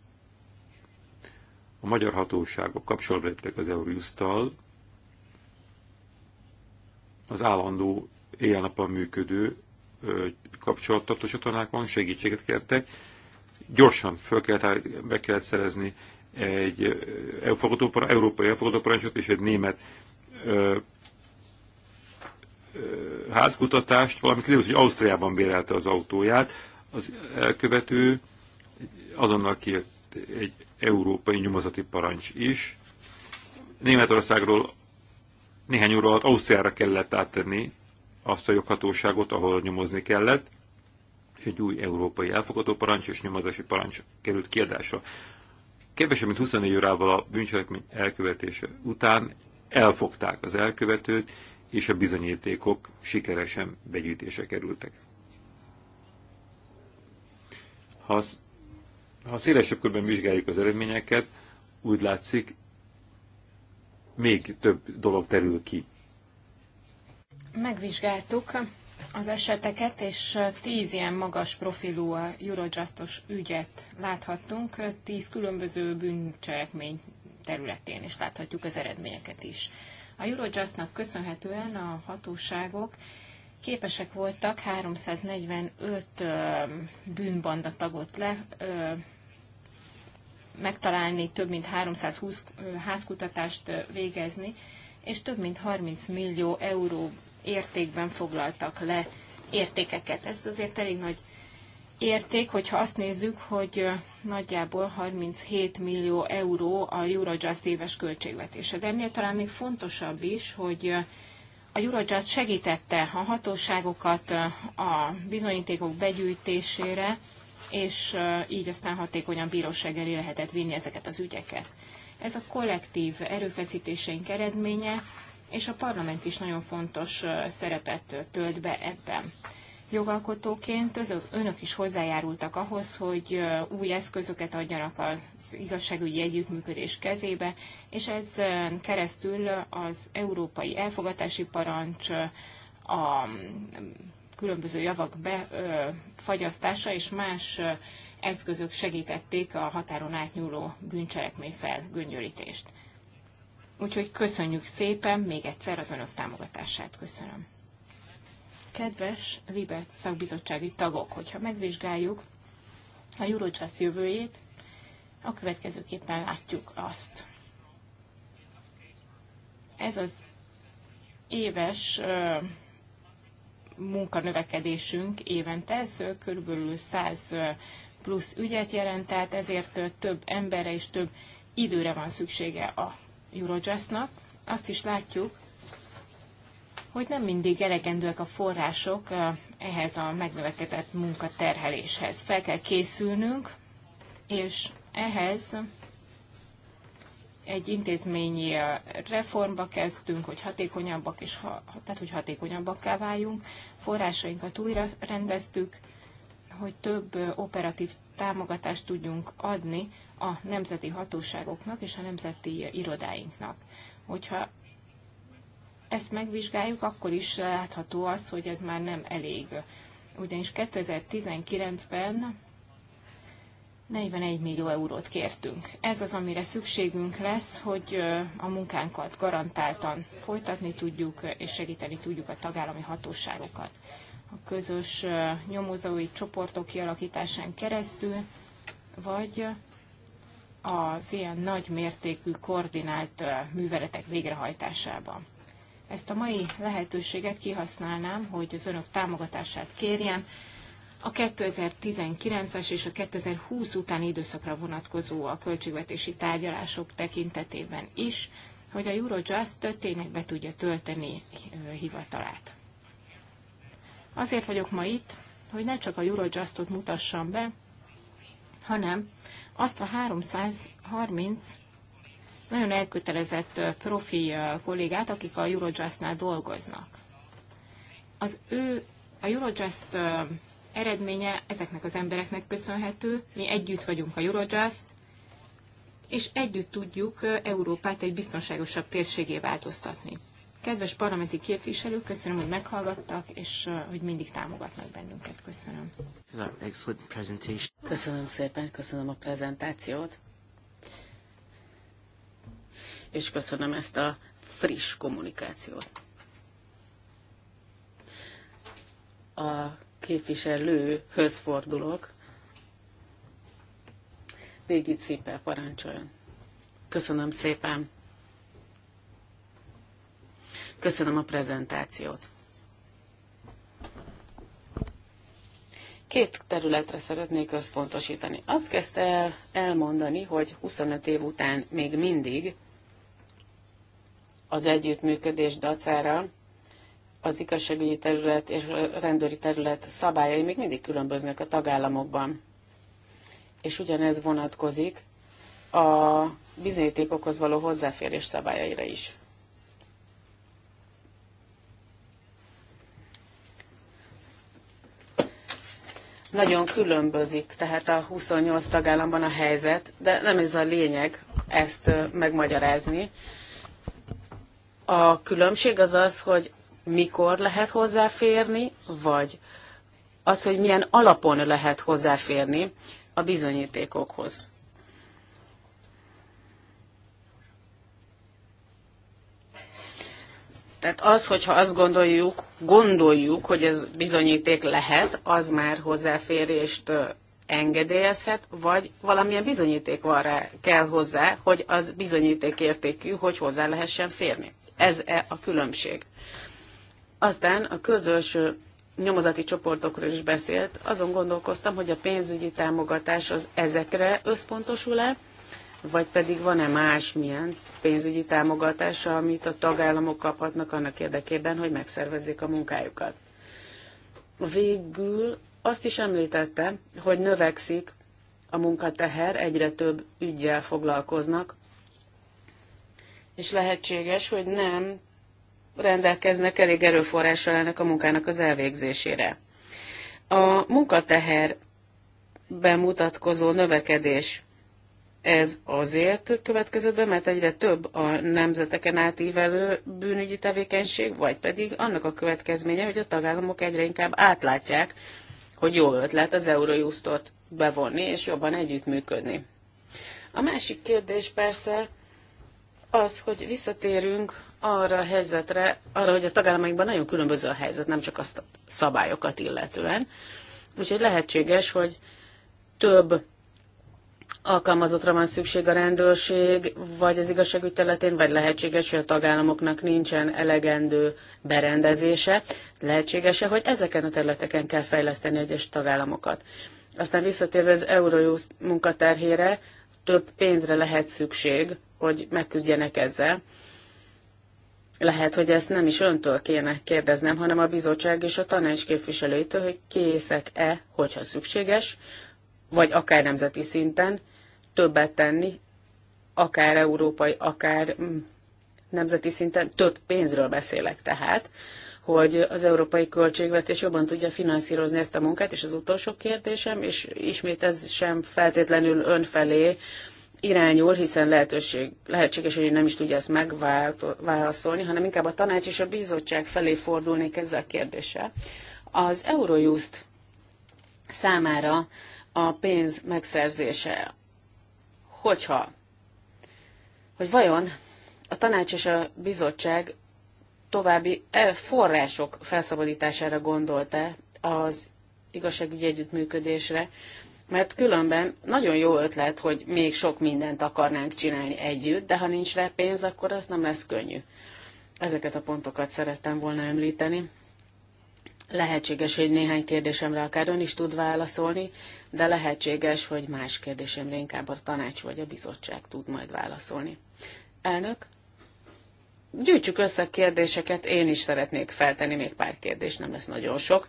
[SPEAKER 3] A magyar hatóságok kapcsolatba léptek az Euriusztal, az állandó éjjel-nappal működő kapcsolattartó csatornákon segítséget kértek, gyorsan fel kellett, be kellett szerezni egy európai elfogadóparancsot és egy német ö, ö, házkutatást, valami kiderült, hogy Ausztriában bérelte az autóját. Az elkövető azonnal kért egy európai nyomozati parancs is. Németországról néhány óra alatt Ausztriára kellett áttenni azt a joghatóságot, ahol nyomozni kellett, és egy új európai elfogadó parancs és nyomozási parancs került kiadásra kevesebb mint 24 órával a bűncselekmény elkövetése után elfogták az elkövetőt, és a bizonyítékok sikeresen begyűjtése kerültek. Ha, ha szélesebb körben vizsgáljuk az eredményeket, úgy látszik, még több dolog terül ki.
[SPEAKER 2] Megvizsgáltuk az eseteket, és tíz ilyen magas profilú Eurojustos ügyet láthattunk, tíz különböző bűncselekmény területén, és láthatjuk az eredményeket is. A Eurojustnak köszönhetően a hatóságok képesek voltak 345 bűnbanda tagot le, megtalálni, több mint 320 házkutatást végezni, és több mint 30 millió euró értékben foglaltak le értékeket. Ez azért elég nagy érték, hogyha azt nézzük, hogy nagyjából 37 millió euró a Eurojust éves költségvetése. De ennél talán még fontosabb is, hogy a Eurojust segítette a hatóságokat a bizonyítékok begyűjtésére, és így aztán hatékonyan bíróság elé lehetett vinni ezeket az ügyeket. Ez a kollektív erőfeszítéseink eredménye, és a parlament is nagyon fontos szerepet tölt be ebben. Jogalkotóként önök is hozzájárultak ahhoz, hogy új eszközöket adjanak az igazságügyi együttműködés kezébe, és ez keresztül az európai elfogatási parancs, a különböző javak befagyasztása és más eszközök segítették a határon átnyúló bűncselekmény felgöngyölítést. Úgyhogy köszönjük szépen még egyszer az önök támogatását. Köszönöm. Kedves Libe szakbizottsági tagok, hogyha megvizsgáljuk a Eurojust jövőjét, a következőképpen látjuk azt. Ez az éves munkanövekedésünk évente, ez körülbelül 100 plusz ügyet jelent, tehát ezért több emberre és több időre van szüksége a Eurojustnak, azt is látjuk, hogy nem mindig elegendőek a források ehhez a megnövekedett munkaterheléshez. Fel kell készülnünk, és ehhez egy intézményi reformba kezdtünk, hogy hatékonyabbak, és ha, tehát hogy hatékonyabbakká váljunk. Forrásainkat újra rendeztük, hogy több operatív támogatást tudjunk adni a nemzeti hatóságoknak és a nemzeti irodáinknak. Hogyha ezt megvizsgáljuk, akkor is látható az, hogy ez már nem elég. Ugyanis 2019-ben 41 millió eurót kértünk. Ez az, amire szükségünk lesz, hogy a munkánkat garantáltan folytatni tudjuk, és segíteni tudjuk a tagállami hatóságokat. A közös nyomozói csoportok kialakításán keresztül, vagy az ilyen nagy mértékű koordinált műveletek végrehajtásában. Ezt a mai lehetőséget kihasználnám, hogy az önök támogatását kérjem a 2019-es és a 2020 utáni időszakra vonatkozó a költségvetési tárgyalások tekintetében is, hogy a Eurojust tényleg be tudja tölteni hivatalát. Azért vagyok ma itt, hogy ne csak a Eurojustot mutassam be, hanem azt a 330 nagyon elkötelezett profi kollégát, akik a Eurojust-nál dolgoznak. Az ő, a Eurojust eredménye ezeknek az embereknek köszönhető. Mi együtt vagyunk a Eurojust, és együtt tudjuk Európát egy biztonságosabb térségé változtatni. Kedves parlamenti képviselők, köszönöm, hogy meghallgattak, és hogy mindig támogatnak
[SPEAKER 4] bennünket. Köszönöm. Köszönöm szépen, köszönöm a prezentációt. És köszönöm ezt a friss kommunikációt. A képviselőhöz fordulok. Végig szépen parancsoljon. Köszönöm szépen. Köszönöm a prezentációt. Két területre szeretnék összpontosítani. Azt kezdte el elmondani, hogy 25 év után még mindig az együttműködés dacára az igazságügyi terület és a rendőri terület szabályai még mindig különböznek a tagállamokban. És ugyanez vonatkozik a bizonyítékokhoz való hozzáférés szabályaira is. nagyon különbözik, tehát a 28 tagállamban a helyzet, de nem ez a lényeg ezt megmagyarázni. A különbség az az, hogy mikor lehet hozzáférni, vagy az, hogy milyen alapon lehet hozzáférni a bizonyítékokhoz. Tehát az, hogyha azt gondoljuk, gondoljuk, hogy ez bizonyíték lehet, az már hozzáférést engedélyezhet, vagy valamilyen bizonyíték van rá, kell hozzá, hogy az bizonyíték értékű, hogy hozzá lehessen férni. Ez -e a különbség. Aztán a közös nyomozati csoportokról is beszélt, azon gondolkoztam, hogy a pénzügyi támogatás az ezekre összpontosul-e, vagy pedig van-e másmilyen pénzügyi támogatása, amit a tagállamok kaphatnak annak érdekében, hogy megszervezzék a munkájukat. Végül azt is említette, hogy növekszik a munkateher, egyre több ügyjel foglalkoznak, és lehetséges, hogy nem rendelkeznek elég erőforrással ennek a munkának az elvégzésére. A munkateher bemutatkozó növekedés ez azért következett be, mert egyre több a nemzeteken átívelő bűnügyi tevékenység, vagy pedig annak a következménye, hogy a tagállamok egyre inkább átlátják, hogy jó ötlet az Eurojustot bevonni és jobban együttműködni. A másik kérdés persze az, hogy visszatérünk arra a helyzetre, arra, hogy a tagállamainkban nagyon különböző a helyzet, nem csak a szabályokat illetően. Úgyhogy lehetséges, hogy több alkalmazottra van szükség a rendőrség, vagy az igazságügy területén, vagy lehetséges, hogy a tagállamoknak nincsen elegendő berendezése. lehetséges -e, hogy ezeken a területeken kell fejleszteni egyes tagállamokat. Aztán visszatérve az Eurojust munkaterhére, több pénzre lehet szükség, hogy megküzdjenek ezzel. Lehet, hogy ezt nem is öntől kéne kérdeznem, hanem a bizottság és a tanács képviselőitől, hogy készek-e, hogyha szükséges, vagy akár nemzeti szinten többet tenni, akár európai, akár mm, nemzeti szinten, több pénzről beszélek tehát, hogy az európai költségvetés jobban tudja finanszírozni ezt a munkát, és az utolsó kérdésem, és ismét ez sem feltétlenül önfelé irányul, hiszen lehetőség, lehetséges, hogy nem is tudja ezt megválaszolni, hanem inkább a tanács és a bizottság felé fordulnék ezzel a kérdéssel. Az Eurojust számára a pénz megszerzése hogyha, hogy vajon a tanács és a bizottság további e, források felszabadítására gondolta az igazságügyi együttműködésre, mert különben nagyon jó ötlet, hogy még sok mindent akarnánk csinálni együtt, de ha nincs rá pénz, akkor az nem lesz könnyű. Ezeket a pontokat szerettem volna említeni. Lehetséges, hogy néhány kérdésemre akár ön is tud válaszolni, de lehetséges, hogy más kérdésemre inkább a tanács vagy a bizottság tud majd válaszolni. Elnök, gyűjtsük össze a kérdéseket, én is szeretnék feltenni még pár kérdést, nem lesz nagyon sok.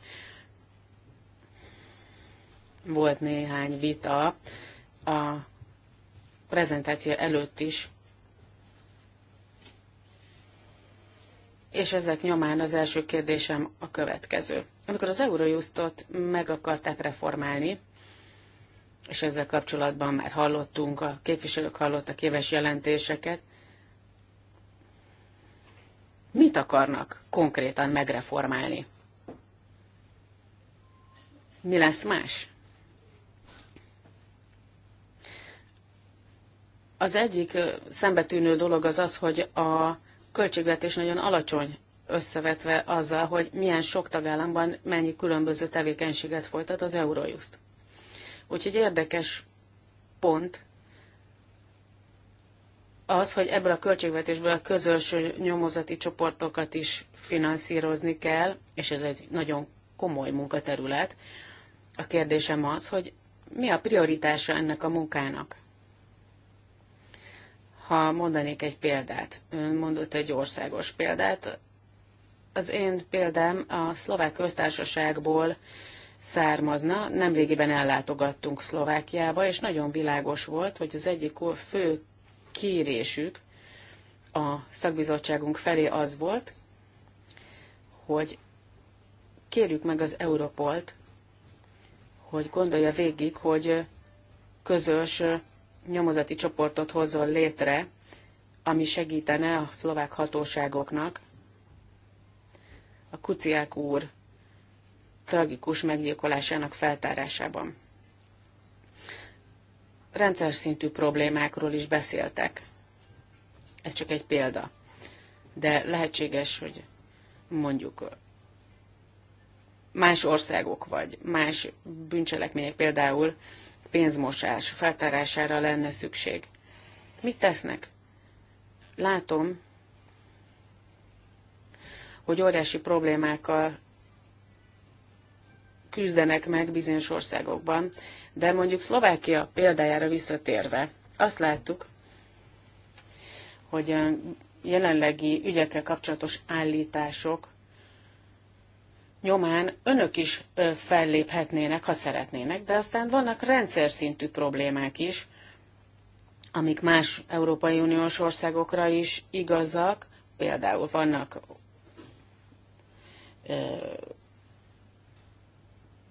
[SPEAKER 4] Volt néhány vita a prezentáció előtt is és ezek nyomán az első kérdésem a következő. Amikor az Eurojustot meg akarták reformálni, és ezzel kapcsolatban már hallottunk, a képviselők hallottak éves jelentéseket, mit akarnak konkrétan megreformálni? Mi lesz más? Az egyik szembetűnő dolog az az, hogy a költségvetés nagyon alacsony összevetve azzal, hogy milyen sok tagállamban mennyi különböző tevékenységet folytat az Eurojust. Úgyhogy érdekes pont az, hogy ebből a költségvetésből a közös nyomozati csoportokat is finanszírozni kell, és ez egy nagyon komoly munkaterület. A kérdésem az, hogy mi a prioritása ennek a munkának? Ha mondanék egy példát, ön mondott egy országos példát, az én példám a szlovák köztársaságból származna. Nemrégiben ellátogattunk Szlovákiába, és nagyon világos volt, hogy az egyik fő kérésük a szakbizottságunk felé az volt, hogy kérjük meg az Europolt, hogy gondolja végig, hogy közös nyomozati csoportot hozzon létre, ami segítene a szlovák hatóságoknak a Kuciák úr tragikus meggyilkolásának feltárásában. Rendszer szintű problémákról is beszéltek. Ez csak egy példa. De lehetséges, hogy mondjuk más országok vagy más bűncselekmények például pénzmosás feltárására lenne szükség. Mit tesznek? Látom, hogy óriási problémákkal küzdenek meg bizonyos országokban, de mondjuk Szlovákia példájára visszatérve azt láttuk, hogy a jelenlegi ügyekkel kapcsolatos állítások nyomán önök is felléphetnének, ha szeretnének, de aztán vannak rendszer szintű problémák is, amik más Európai Uniós országokra is igazak, például vannak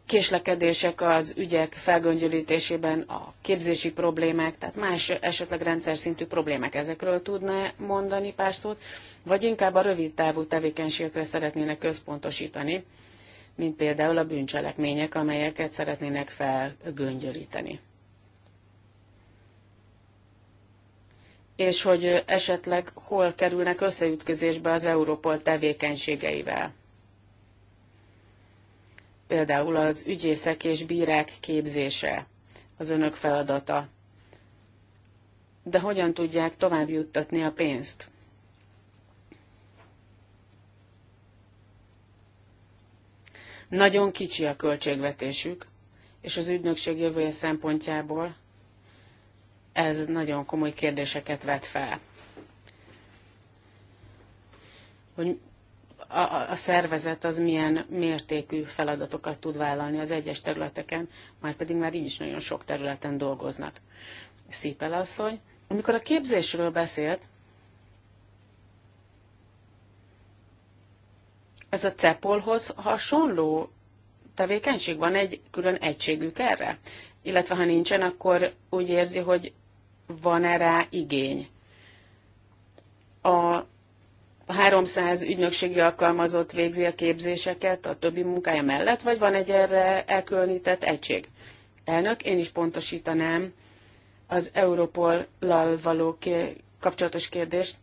[SPEAKER 4] késlekedések az ügyek felgöngyölítésében, a képzési problémák, tehát más esetleg rendszer szintű problémák, ezekről tudná mondani pár szót, vagy inkább a rövid távú tevékenységekre szeretnének központosítani, mint például a bűncselekmények, amelyeket szeretnének felgöngyölíteni. És hogy esetleg hol kerülnek összeütközésbe az Európol tevékenységeivel például az ügyészek és bírák képzése az önök feladata. De hogyan tudják tovább juttatni a pénzt? Nagyon kicsi a költségvetésük, és az ügynökség jövője szempontjából ez nagyon komoly kérdéseket vet fel. Hogy a, a szervezet az milyen mértékű feladatokat tud vállalni az egyes területeken, már pedig már így is nagyon sok területen dolgoznak. Szípel asszony, amikor a képzésről beszélt, ez a CEPOL-hoz hasonló tevékenység? Van egy külön egységük erre? Illetve ha nincsen, akkor úgy érzi, hogy van erre igény. A 300 ügynökségi alkalmazott végzi a képzéseket a többi munkája mellett, vagy van egy erre elkülönített egység? Elnök, én is pontosítanám az Európol-lal való kapcsolatos kérdést.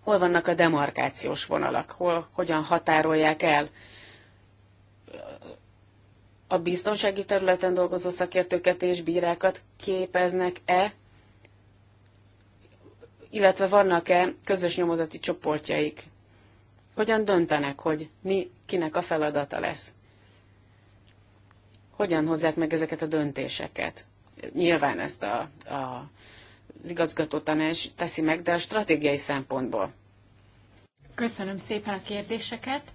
[SPEAKER 4] Hol vannak a demarkációs vonalak? Hol, hogyan határolják el? A biztonsági területen dolgozó szakértőket és bírákat képeznek-e illetve vannak-e közös nyomozati csoportjaik? Hogyan döntenek, hogy mi, kinek a feladata lesz? Hogyan hozzák meg ezeket a döntéseket? Nyilván ezt a, a, az igazgató tanács teszi meg, de a stratégiai szempontból.
[SPEAKER 2] Köszönöm szépen a kérdéseket.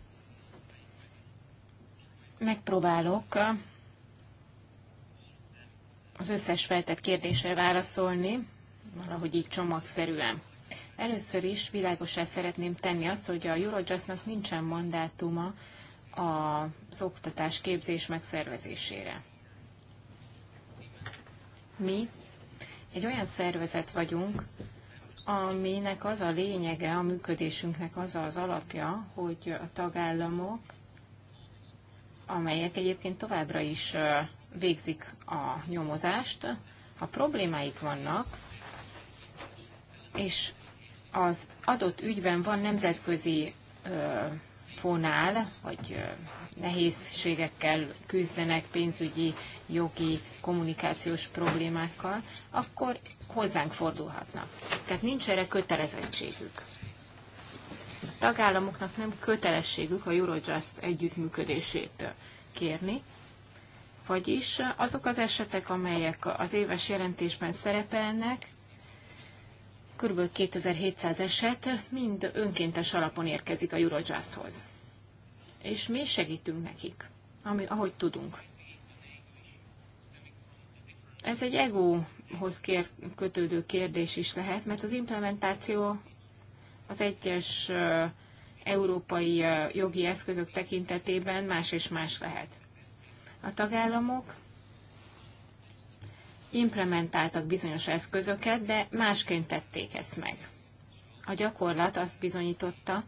[SPEAKER 2] Megpróbálok az összes feltett kérdésre válaszolni, valahogy így csomagszerűen. Először is világosá szeretném tenni azt, hogy a Eurojustnak nincsen mandátuma az oktatás képzés megszervezésére. Mi egy olyan szervezet vagyunk, aminek az a lényege, a működésünknek az az alapja, hogy a tagállamok, amelyek egyébként továbbra is végzik a nyomozást, ha problémáik vannak, és az adott ügyben van nemzetközi fonál, vagy nehézségekkel küzdenek pénzügyi, jogi, kommunikációs problémákkal, akkor hozzánk fordulhatnak. Tehát nincs erre kötelezettségük. A tagállamoknak nem kötelességük a Eurojust együttműködését kérni, vagyis azok az esetek, amelyek az éves jelentésben szerepelnek, Körülbelül 2700 eset mind önkéntes alapon érkezik a Eurojusthoz. És mi segítünk nekik, ami, ahogy tudunk. Ez egy egóhoz kér, kötődő kérdés is lehet, mert az implementáció az egyes európai jogi eszközök tekintetében más és más lehet. A tagállamok implementáltak bizonyos eszközöket, de másként tették ezt meg. A gyakorlat azt bizonyította,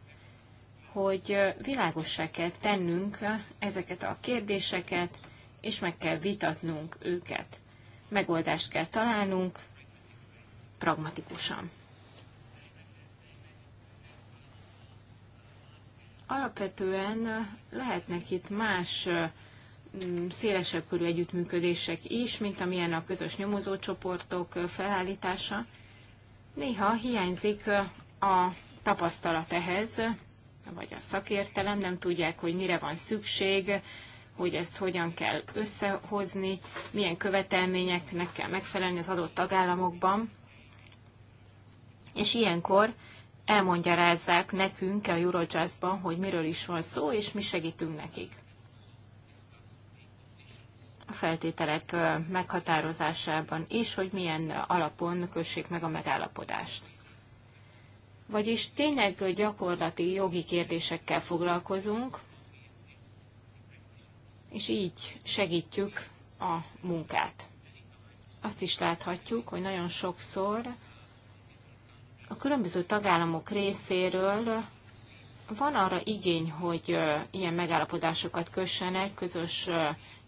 [SPEAKER 2] hogy világossá kell tennünk ezeket a kérdéseket, és meg kell vitatnunk őket. Megoldást kell találnunk pragmatikusan. Alapvetően lehetnek itt más Mm, szélesebb körű együttműködések is, mint amilyen a közös nyomozócsoportok felállítása. Néha hiányzik a tapasztalat ehhez, vagy a szakértelem, nem tudják, hogy mire van szükség, hogy ezt hogyan kell összehozni, milyen követelményeknek kell megfelelni az adott tagállamokban. És ilyenkor elmondjárázzák nekünk a Eurojustban, hogy miről is van szó, és mi segítünk nekik feltételek meghatározásában is, hogy milyen alapon kössék meg a megállapodást. Vagyis tényleg gyakorlati jogi kérdésekkel foglalkozunk, és így segítjük a munkát. Azt is láthatjuk, hogy nagyon sokszor a különböző tagállamok részéről van arra igény, hogy ilyen megállapodásokat kössenek, közös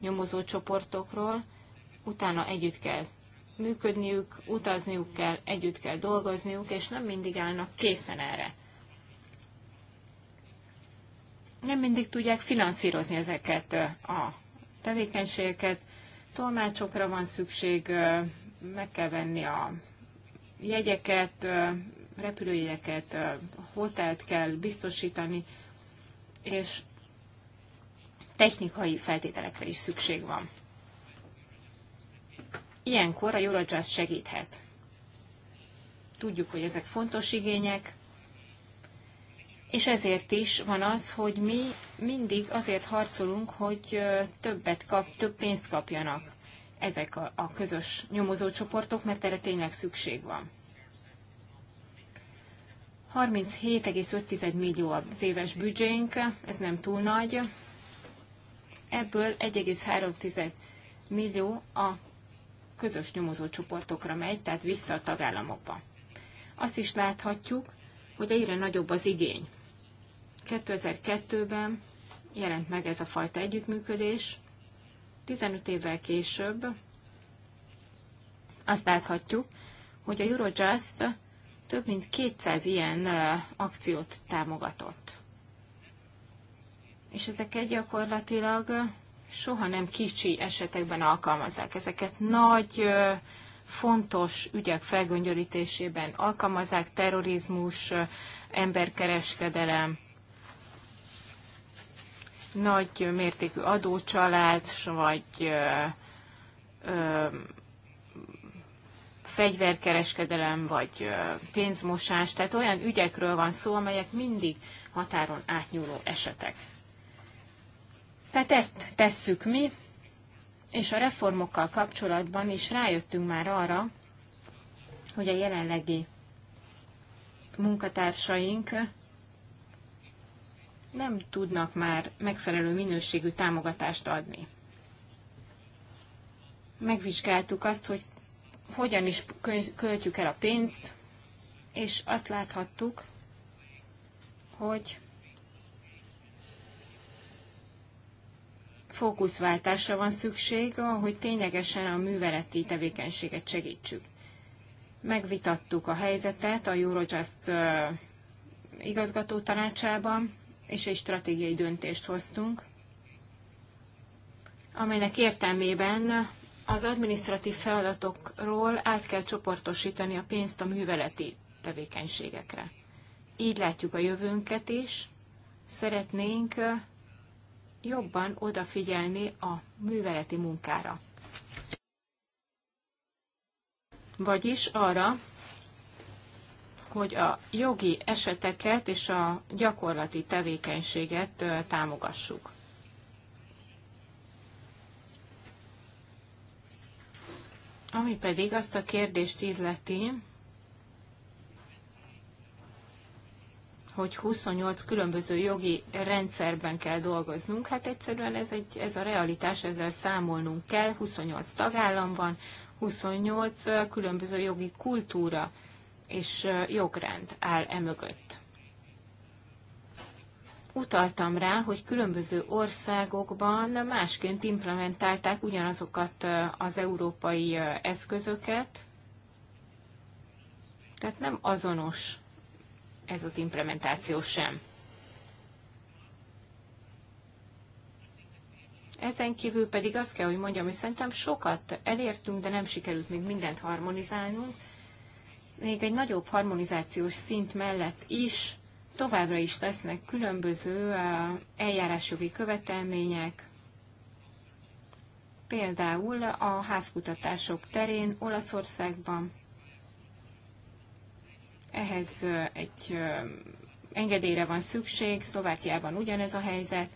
[SPEAKER 2] nyomozó csoportokról, utána együtt kell működniük, utazniuk kell, együtt kell dolgozniuk, és nem mindig állnak készen erre. Nem mindig tudják finanszírozni ezeket a tevékenységeket, tolmácsokra van szükség, meg kell venni a jegyeket, repülőjegyeket, hotelt kell biztosítani, és technikai feltételekre is szükség van. Ilyenkor a Eurojust segíthet. Tudjuk, hogy ezek fontos igények, és ezért is van az, hogy mi mindig azért harcolunk, hogy többet kap, több pénzt kapjanak ezek a, a közös nyomozócsoportok, mert erre tényleg szükség van. 37,5 millió az éves büdzsénk, ez nem túl nagy, ebből 1,3 millió a közös nyomozó csoportokra megy, tehát vissza a tagállamokba. Azt is láthatjuk, hogy egyre nagyobb az igény. 2002-ben jelent meg ez a fajta együttműködés, 15 évvel később azt láthatjuk, hogy a Eurojust több mint 200 ilyen akciót támogatott és ezeket gyakorlatilag soha nem kicsi esetekben alkalmazzák. Ezeket nagy, fontos ügyek felgöngyörítésében alkalmazzák, terrorizmus, emberkereskedelem, nagy mértékű adócsalás, vagy ö, ö, fegyverkereskedelem, vagy ö, pénzmosás. Tehát olyan ügyekről van szó, amelyek mindig határon átnyúló esetek. Tehát ezt tesszük mi, és a reformokkal kapcsolatban is rájöttünk már arra, hogy a jelenlegi munkatársaink nem tudnak már megfelelő minőségű támogatást adni. Megvizsgáltuk azt, hogy hogyan is költjük el a pénzt, és azt láthattuk, hogy fókuszváltásra van szükség, hogy ténylegesen a műveleti tevékenységet segítsük. Megvitattuk a helyzetet a Eurojust igazgató tanácsában, és egy stratégiai döntést hoztunk, amelynek értelmében az adminisztratív feladatokról át kell csoportosítani a pénzt a műveleti tevékenységekre. Így látjuk a jövőnket is. Szeretnénk jobban odafigyelni a műveleti munkára. Vagyis arra, hogy a jogi eseteket és a gyakorlati tevékenységet támogassuk. Ami pedig azt a kérdést illeti, hogy 28 különböző jogi rendszerben kell dolgoznunk. Hát egyszerűen ez, egy, ez a realitás, ezzel számolnunk kell. 28 tagállam van, 28 különböző jogi kultúra és jogrend áll emögött. Utaltam rá, hogy különböző országokban másként implementálták ugyanazokat az európai eszközöket, tehát nem azonos ez az implementáció sem. Ezen kívül pedig azt kell, hogy mondjam, hogy szerintem sokat elértünk, de nem sikerült még mindent harmonizálnunk. Még egy nagyobb harmonizációs szint mellett is továbbra is lesznek különböző uh, eljárásjogi követelmények, például a házkutatások terén Olaszországban, ehhez egy engedélyre van szükség, Szlovákiában ugyanez a helyzet,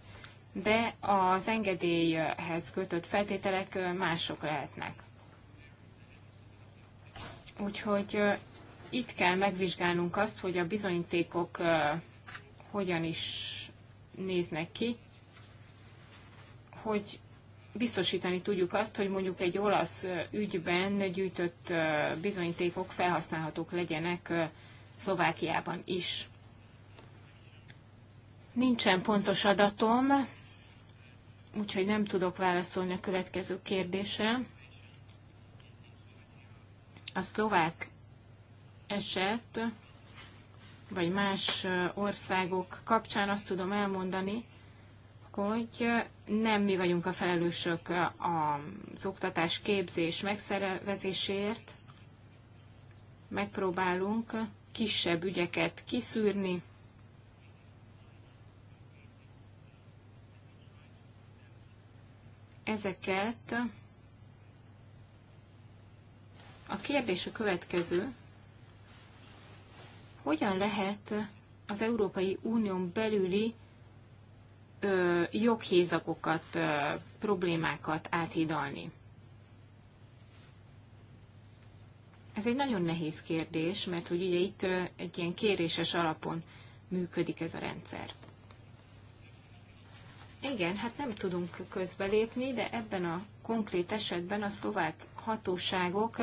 [SPEAKER 2] de az engedélyhez kötött feltételek mások lehetnek. Úgyhogy itt kell megvizsgálnunk azt, hogy a bizonyítékok hogyan is néznek ki, hogy biztosítani tudjuk azt, hogy mondjuk egy olasz ügyben gyűjtött bizonyítékok felhasználhatók legyenek Szlovákiában is. Nincsen pontos adatom, úgyhogy nem tudok válaszolni a következő kérdésre. A szlovák eset, vagy más országok kapcsán azt tudom elmondani, hogy nem mi vagyunk a felelősök az oktatás képzés megszervezésért. Megpróbálunk kisebb ügyeket kiszűrni. Ezeket a kérdés a következő. Hogyan lehet az Európai Unión belüli ö, joghézakokat, ö, problémákat áthidalni? Ez egy nagyon nehéz kérdés, mert hogy ugye itt egy ilyen kéréses alapon működik ez a rendszer. Igen, hát nem tudunk közbelépni, de ebben a konkrét esetben a szlovák hatóságok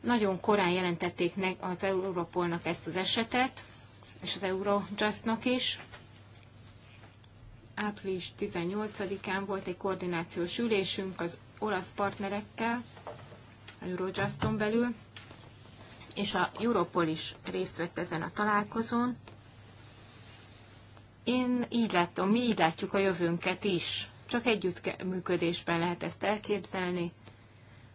[SPEAKER 2] nagyon korán jelentették az Europolnak ezt az esetet, és az Eurojustnak is. Április 18-án volt egy koordinációs ülésünk az olasz partnerekkel, a Eurojuston belül, és a Europol is részt vett ezen a találkozón. Én így látom, mi így látjuk a jövőnket is. Csak együttműködésben lehet ezt elképzelni.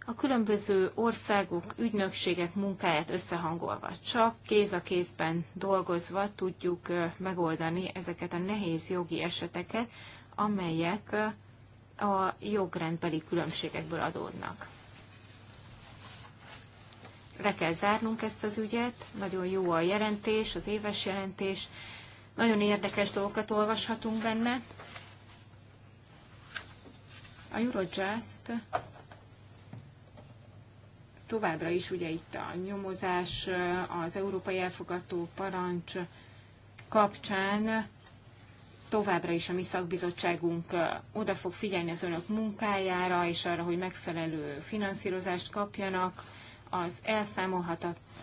[SPEAKER 2] A különböző országok, ügynökségek munkáját összehangolva, csak kéz a kézben dolgozva tudjuk megoldani ezeket a nehéz jogi eseteket, amelyek a jogrendbeli különbségekből adódnak le kell zárnunk ezt az ügyet, nagyon jó a jelentés, az éves jelentés, nagyon érdekes dolgokat olvashatunk benne. A Eurojust továbbra is ugye itt a nyomozás, az európai elfogadó parancs kapcsán továbbra is a mi szakbizottságunk oda fog figyelni az önök munkájára, és arra, hogy megfelelő finanszírozást kapjanak az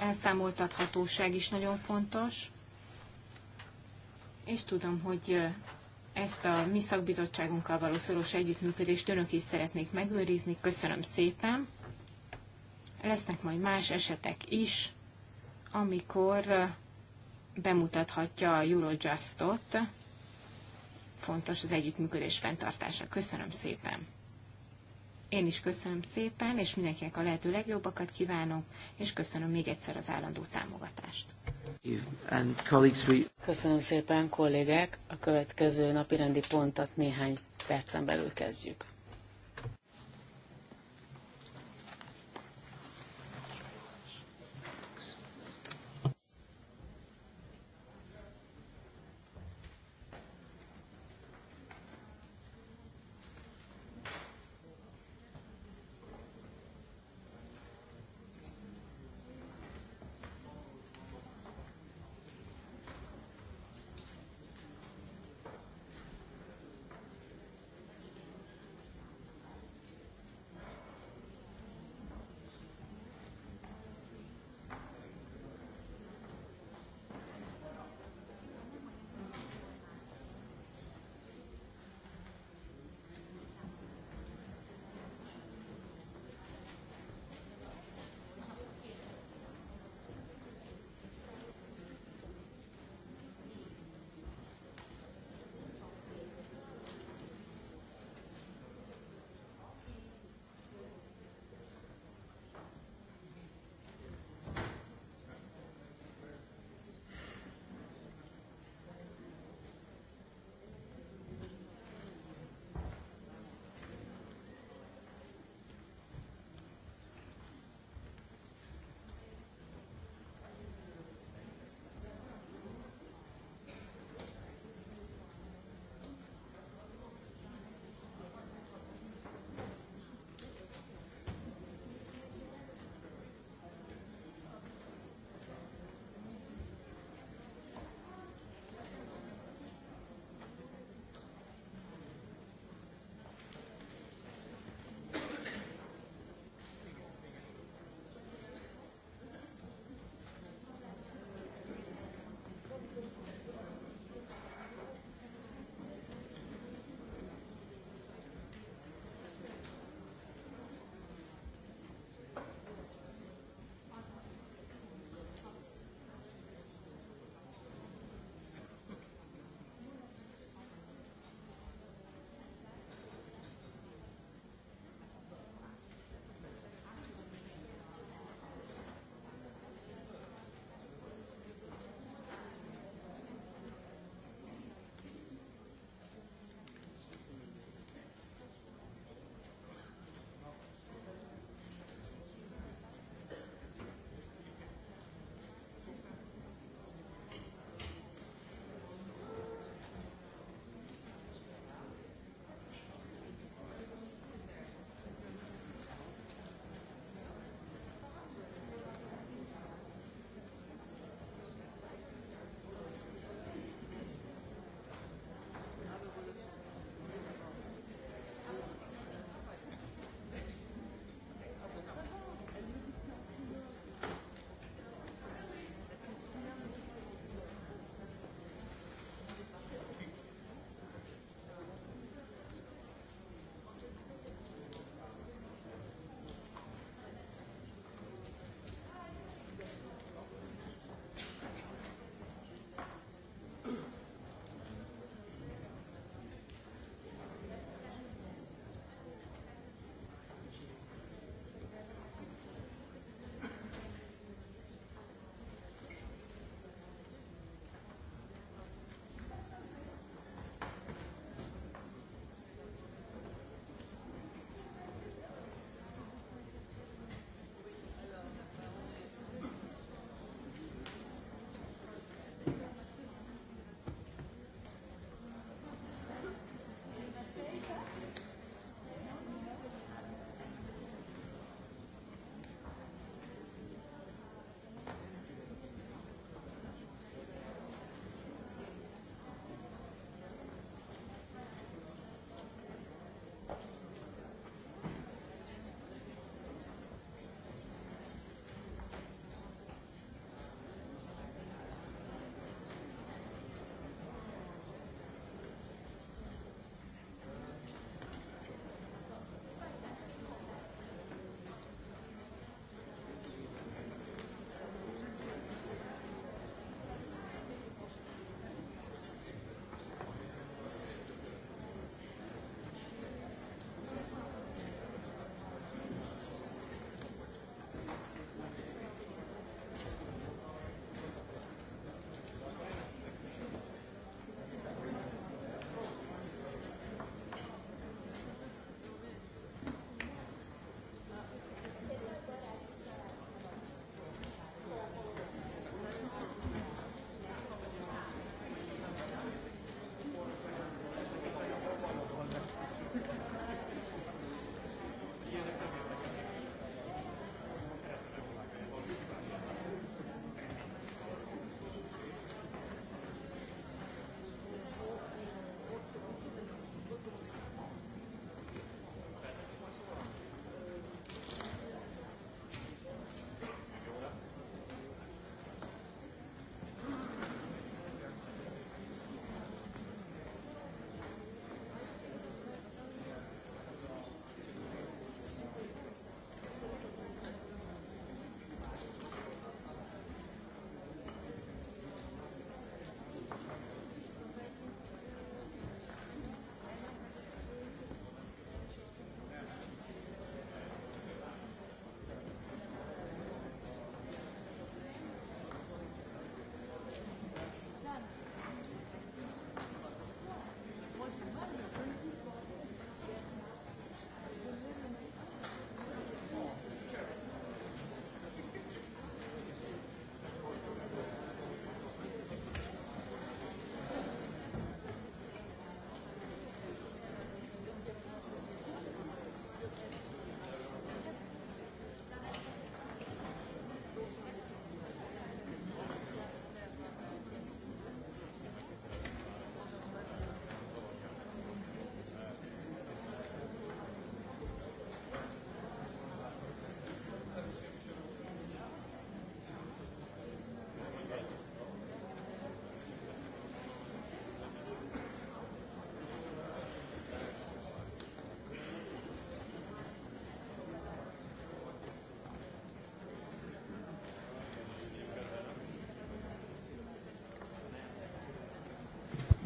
[SPEAKER 2] elszámoltathatóság is nagyon fontos, és tudom, hogy ezt a mi szakbizottságunkkal való szoros együttműködést önök is szeretnék megőrizni. Köszönöm szépen. Lesznek majd más esetek is, amikor bemutathatja a Eurojustot. Fontos az együttműködés fenntartása. Köszönöm szépen. Én is köszönöm szépen, és mindenkinek a lehető legjobbakat kívánok,
[SPEAKER 4] és köszönöm még egyszer az állandó támogatást. Köszönöm szépen, kollégák! A következő napi rendi pontat néhány percen belül kezdjük.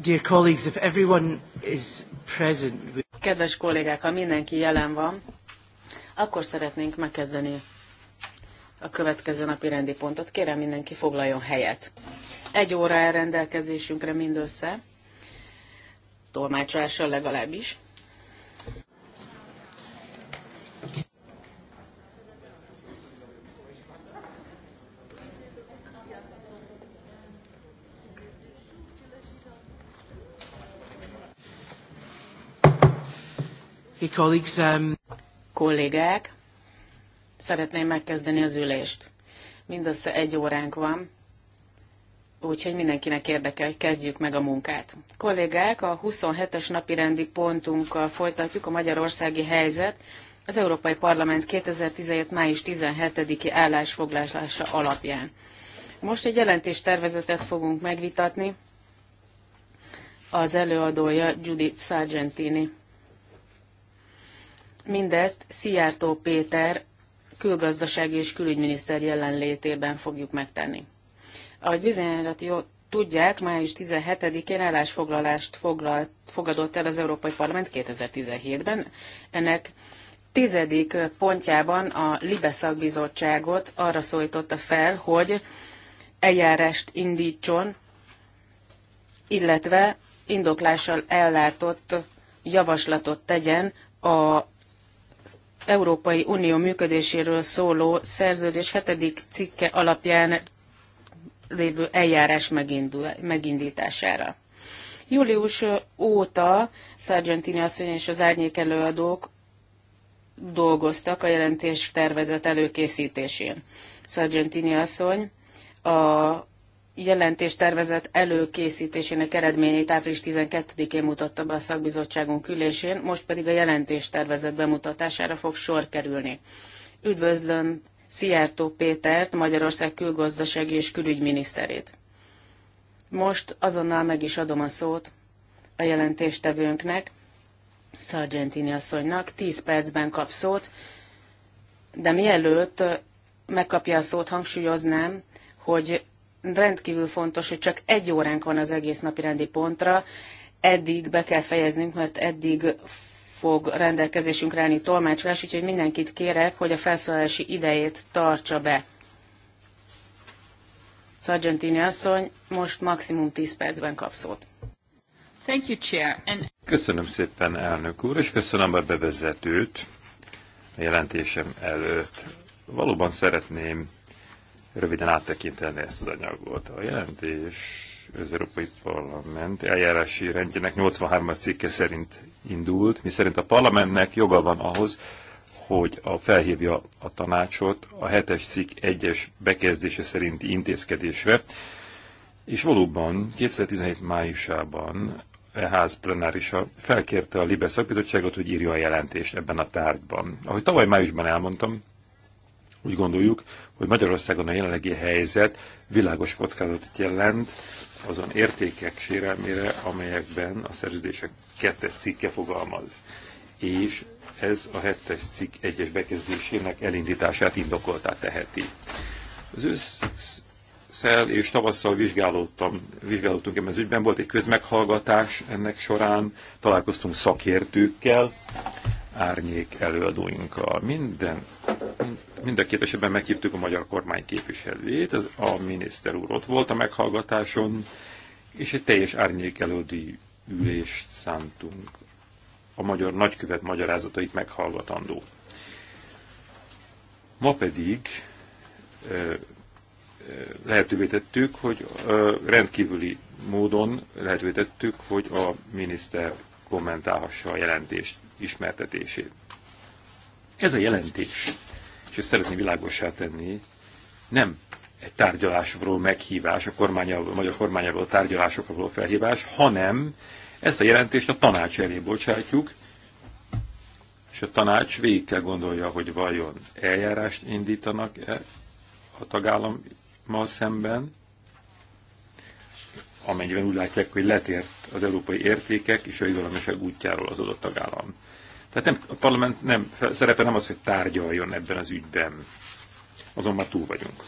[SPEAKER 4] Dear colleagues, if everyone is present... Kedves kollégák, ha mindenki jelen van, akkor szeretnénk megkezdeni a következő napi rendi pontot. Kérem mindenki foglaljon helyet. Egy óra elrendelkezésünkre mindössze, tolmácsolással legalábbis. colleagues, um... Kollégák, szeretném megkezdeni az ülést. Mindössze egy óránk van, úgyhogy mindenkinek érdekel, hogy kezdjük meg a munkát. Kollégák, a 27-es napi rendi pontunkkal folytatjuk a magyarországi helyzet, az Európai Parlament 2017. május 17-i állásfoglalása alapján. Most egy jelentéstervezetet fogunk megvitatni, az előadója Judith Sargentini. Mindezt Szijjártó Péter külgazdasági és külügyminiszter jelenlétében fogjuk megtenni. Ahogy bizonyára tudják, május 17-én állásfoglalást foglalt, fogadott el az Európai Parlament 2017-ben. Ennek tizedik pontjában a Libe szakbizottságot arra szólította fel, hogy eljárást indítson, illetve indoklással ellátott javaslatot tegyen a Európai Unió működéséről szóló szerződés hetedik cikke alapján lévő eljárás megindul, megindítására. Július óta Sargentini asszony és az árnyék előadók dolgoztak a jelentés tervezet előkészítésén. Sargentini asszony a jelentéstervezet előkészítésének eredményét április 12-én mutatta be a szakbizottságunk ülésén, most pedig a jelentéstervezet bemutatására fog sor kerülni. Üdvözlöm Szijjártó Pétert, Magyarország külgazdasági és külügyminiszterét. Most azonnal meg is adom a szót a jelentéstevőnknek, Sargentini asszonynak, 10 percben kap szót, de mielőtt megkapja a szót, hangsúlyoznám, hogy rendkívül fontos, hogy csak egy óránk van az egész napi rendi pontra. Eddig be kell fejeznünk, mert eddig fog rendelkezésünkre állni tolmácsolás, úgyhogy mindenkit kérek, hogy a felszólalási idejét tartsa be. Sargentini asszony, most maximum 10 percben kap szót. Thank you,
[SPEAKER 2] Chair. And...
[SPEAKER 3] Köszönöm szépen, elnök úr, és köszönöm a bevezetőt a jelentésem előtt. Valóban szeretném röviden áttekinteni ezt az anyagot. A jelentés az Európai Parlament eljárási rendjének 83. cikke szerint indult, miszerint a parlamentnek joga van ahhoz, hogy a felhívja a tanácsot a hetes cikk egyes bekezdése szerinti intézkedésre, és valóban 2017 májusában a e ház plenárisa felkérte a Libe szakbizottságot, hogy írja a jelentést ebben a tárgyban. Ahogy tavaly májusban elmondtam, úgy gondoljuk, hogy Magyarországon a jelenlegi helyzet világos kockázatot jelent azon értékek sérelmére, amelyekben a szerződések kettes cikke fogalmaz. És ez a hetes cikk egyes bekezdésének elindítását indokoltá teheti. Az ősszel és tavasszal vizsgálódtam, vizsgálódtunk ebben az ügyben, volt egy közmeghallgatás ennek során, találkoztunk szakértőkkel, árnyék előadóinkkal. Minden, mind a két esetben meghívtuk a magyar kormány képviselőjét, az a miniszter úr ott volt a meghallgatáson, és egy teljes árnyékelődi ülést szántunk a magyar nagykövet magyarázatait meghallgatandó. Ma pedig lehetővé tettük, hogy rendkívüli módon lehetővé tettük, hogy a miniszter kommentálhassa a jelentés ismertetését. Ez a jelentés és ezt szeretném világosá tenni, nem egy tárgyalásról meghívás, a, kormány, a magyar kormányával a tárgyalásokra való felhívás, hanem ezt a jelentést a tanács elé bocsátjuk, és a tanács végig kell gondolja, hogy vajon eljárást indítanak-e a tagállammal szemben, amennyiben úgy látják, hogy letért az európai értékek és a jogállamiság útjáról az adott tagállam. Tehát nem, a parlament nem, szerepe nem az, hogy tárgyaljon ebben az ügyben. Azon már túl vagyunk.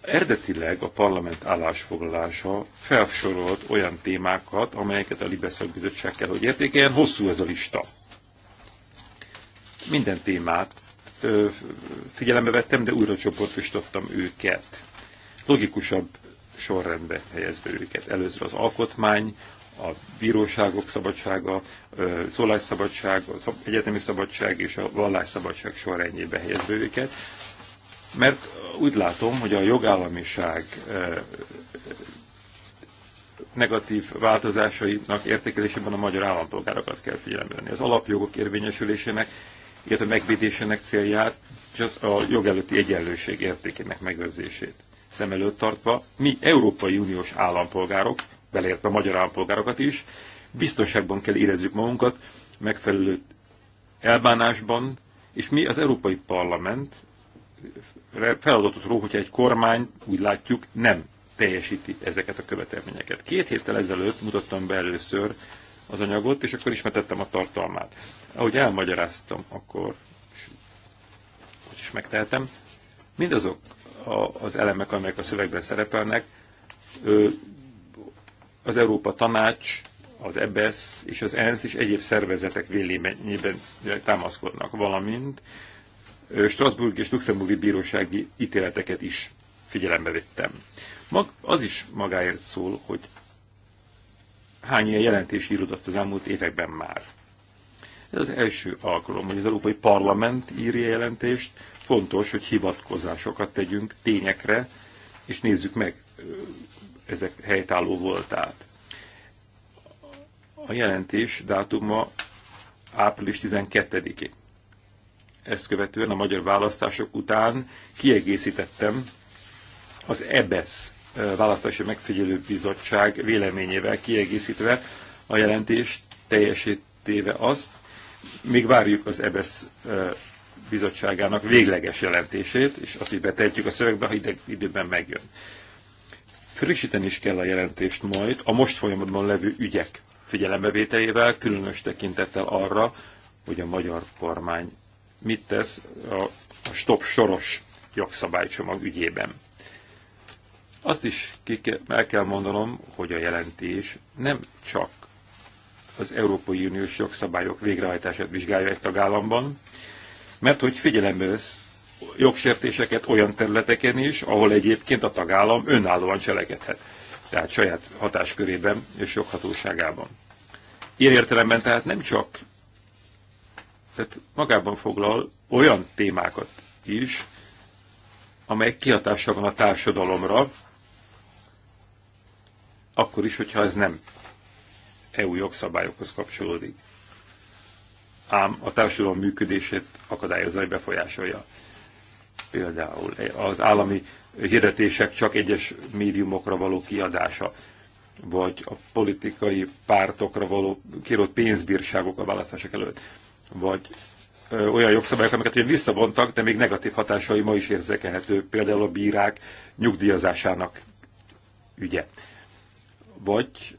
[SPEAKER 3] Erdetileg a parlament állásfoglalása felsorolt olyan témákat, amelyeket a Libeszak Bizottság kell, hogy értékeljen. Hosszú ez a lista. Minden témát ö, figyelembe vettem, de újra csoportosítottam őket. Logikusabb sorrendbe helyezve őket. Először az alkotmány, a bíróságok szabadsága, szólásszabadság, az egyetemi szabadság és a vallásszabadság sorrendjébe helyezve őket. Mert úgy látom, hogy a jogállamiság negatív változásainak értékelésében a magyar állampolgárokat kell figyelembe Az alapjogok érvényesülésének, illetve megvédésének célját, és az a jog előtti egyenlőség értékének megőrzését szem előtt tartva, mi Európai Uniós állampolgárok beleértve a magyar állampolgárokat is, biztonságban kell érezzük magunkat, megfelelő elbánásban, és mi az Európai Parlament feladatot ró, hogyha egy kormány, úgy látjuk, nem teljesíti ezeket a követelményeket. Két héttel ezelőtt mutattam be először az anyagot, és akkor ismertettem a tartalmát. Ahogy elmagyaráztam, akkor is megtehetem, mindazok az elemek, amelyek a szövegben szerepelnek, az Európa Tanács, az EBESZ és az ENSZ és egyéb szervezetek véleményében támaszkodnak, valamint Strasbourg és Luxemburgi bírósági ítéleteket is figyelembe vettem. Mag, az is magáért szól, hogy hány ilyen jelentés írodott az elmúlt években már. Ez az első alkalom, hogy az Európai Parlament írja jelentést. Fontos, hogy hivatkozásokat tegyünk tényekre, és nézzük meg ezek helytálló voltát. A jelentés dátuma április 12-i. Ezt követően a magyar választások után kiegészítettem az EBESZ választási megfigyelő bizottság véleményével kiegészítve a jelentést teljesítéve azt, még várjuk az EBESZ bizottságának végleges jelentését, és azt is betehetjük a szövegbe, ha ide, időben megjön. Frissíteni is kell a jelentést majd a most folyamatban levő ügyek figyelembevételével, különös tekintettel arra, hogy a magyar kormány mit tesz a stop soros jogszabálycsomag ügyében. Azt is ki kell, el kell mondanom, hogy a jelentés nem csak az Európai Uniós jogszabályok végrehajtását vizsgálja egy tagállamban, mert hogy figyelembe vesz jogsértéseket olyan területeken is, ahol egyébként a tagállam önállóan cselekedhet, tehát saját hatáskörében és joghatóságában. Ilyen értelemben tehát nem csak tehát magában foglal olyan témákat is, amelyek kihatása van a társadalomra, akkor is, hogyha ez nem EU jogszabályokhoz kapcsolódik. Ám a társadalom működését akadályozza, vagy befolyásolja. Például az állami hirdetések csak egyes médiumokra való kiadása, vagy a politikai pártokra való kérott pénzbírságok a választások előtt, vagy olyan jogszabályok, amiket ugye visszavontak, de még negatív hatásai ma is érzekelhető, például a bírák nyugdíjazásának ügye. Vagy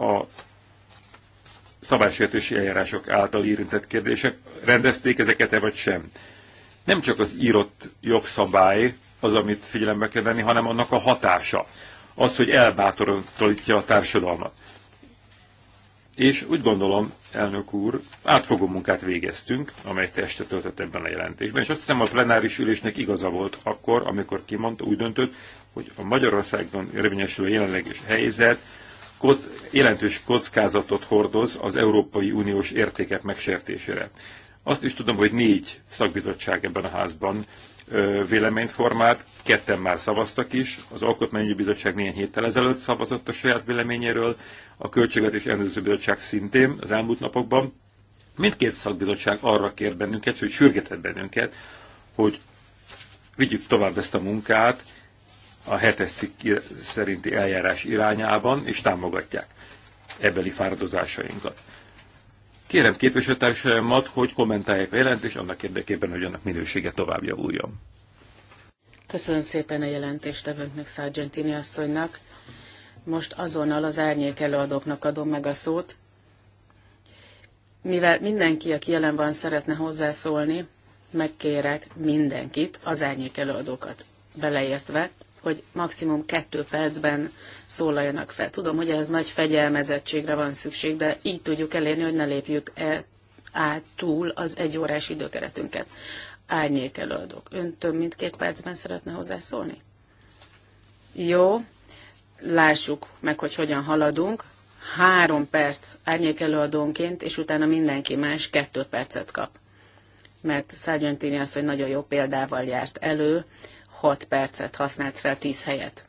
[SPEAKER 3] a szabálysértési eljárások által érintett kérdések, rendezték ezeket-e vagy sem nem csak az írott jogszabály az, amit figyelembe kell venni, hanem annak a hatása. Az, hogy elbátorítja a társadalmat. És úgy gondolom, elnök úr, átfogó munkát végeztünk, amely teste töltött ebben a jelentésben, és azt hiszem a plenáris ülésnek igaza volt akkor, amikor kimondta, úgy döntött, hogy a Magyarországon érvényesülő jelenleges helyzet kock, jelentős kockázatot hordoz az Európai Uniós értékek megsértésére. Azt is tudom, hogy négy szakbizottság ebben a házban véleményt formált, ketten már szavaztak is, az Alkotmányi Bizottság néhány héttel ezelőtt szavazott a saját véleményéről, a Költségvetés Ellenőrző Bizottság szintén az elmúlt napokban. Mindkét szakbizottság arra kér bennünket, hogy sürgetett bennünket, hogy vigyük tovább ezt a munkát a hetes szerinti eljárás irányában, és támogatják ebeli fáradozásainkat. Kérem képviselőtársaimat, hogy kommentálják a jelentést annak érdekében, hogy annak minősége tovább javuljon.
[SPEAKER 4] Köszönöm szépen a jelentéstevőnknek, Sargentini asszonynak. Most azonnal az árnyék előadóknak adom meg a szót. Mivel mindenki, aki jelen van, szeretne hozzászólni, megkérek mindenkit, az árnyék előadókat beleértve, hogy maximum kettő percben szólaljanak fel. Tudom, hogy ez nagy fegyelmezettségre van szükség, de így tudjuk elérni, hogy ne lépjük -e át túl az egy órás időkeretünket. Árnyék előadók. Ön több mint két percben szeretne hozzászólni? Jó, lássuk meg, hogy hogyan haladunk. Három perc árnyék előadónként, és utána mindenki más kettő percet kap. Mert Szágyöntini az, hogy nagyon jó példával járt elő, 6 percet használt fel 10 helyet.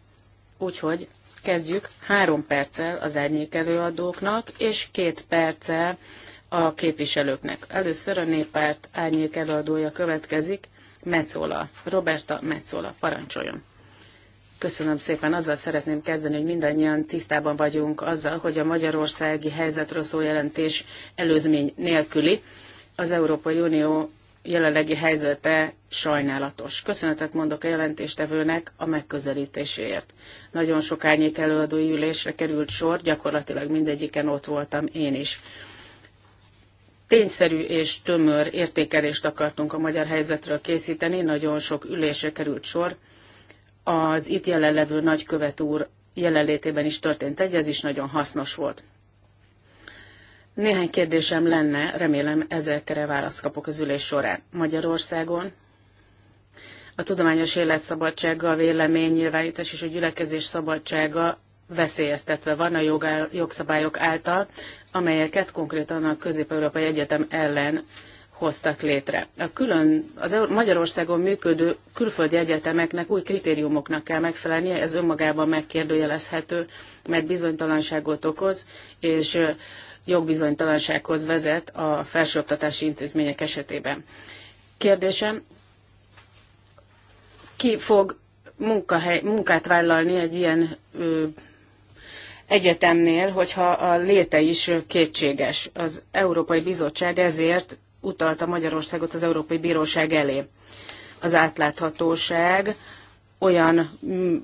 [SPEAKER 4] Úgyhogy kezdjük 3 perccel az árnyékelőadóknak, és 2 perccel a képviselőknek. Először a néppárt árnyékelőadója következik, Metzola, Roberta Metzola, parancsoljon. Köszönöm szépen. Azzal szeretném kezdeni, hogy mindannyian tisztában vagyunk azzal, hogy a magyarországi helyzetről szó jelentés előzmény nélküli. Az Európai Unió jelenlegi helyzete sajnálatos. Köszönetet mondok a jelentéstevőnek a megközelítéséért. Nagyon sok árnyék előadói ülésre került sor, gyakorlatilag mindegyiken ott voltam én is. Tényszerű és tömör értékelést akartunk a magyar helyzetről készíteni, nagyon sok ülésre került sor. Az itt jelenlevő nagykövet úr jelenlétében is történt egy, ez is nagyon hasznos volt. Néhány kérdésem lenne, remélem ezekre választ kapok az ülés során. Magyarországon a tudományos életszabadsága, a nyilvánítás és a gyülekezés szabadsága veszélyeztetve van a jogszabályok által, amelyeket konkrétan a Közép-Európai Egyetem ellen hoztak létre. A külön, az Magyarországon működő külföldi egyetemeknek új kritériumoknak kell megfelelnie, ez önmagában megkérdőjelezhető, mert bizonytalanságot okoz, és jogbizonytalansághoz vezet a felsőoktatási intézmények esetében. Kérdésem, ki fog munkahely, munkát vállalni egy ilyen ö, egyetemnél, hogyha a léte is kétséges. Az Európai Bizottság ezért utalta Magyarországot az Európai Bíróság elé. Az átláthatóság olyan mm,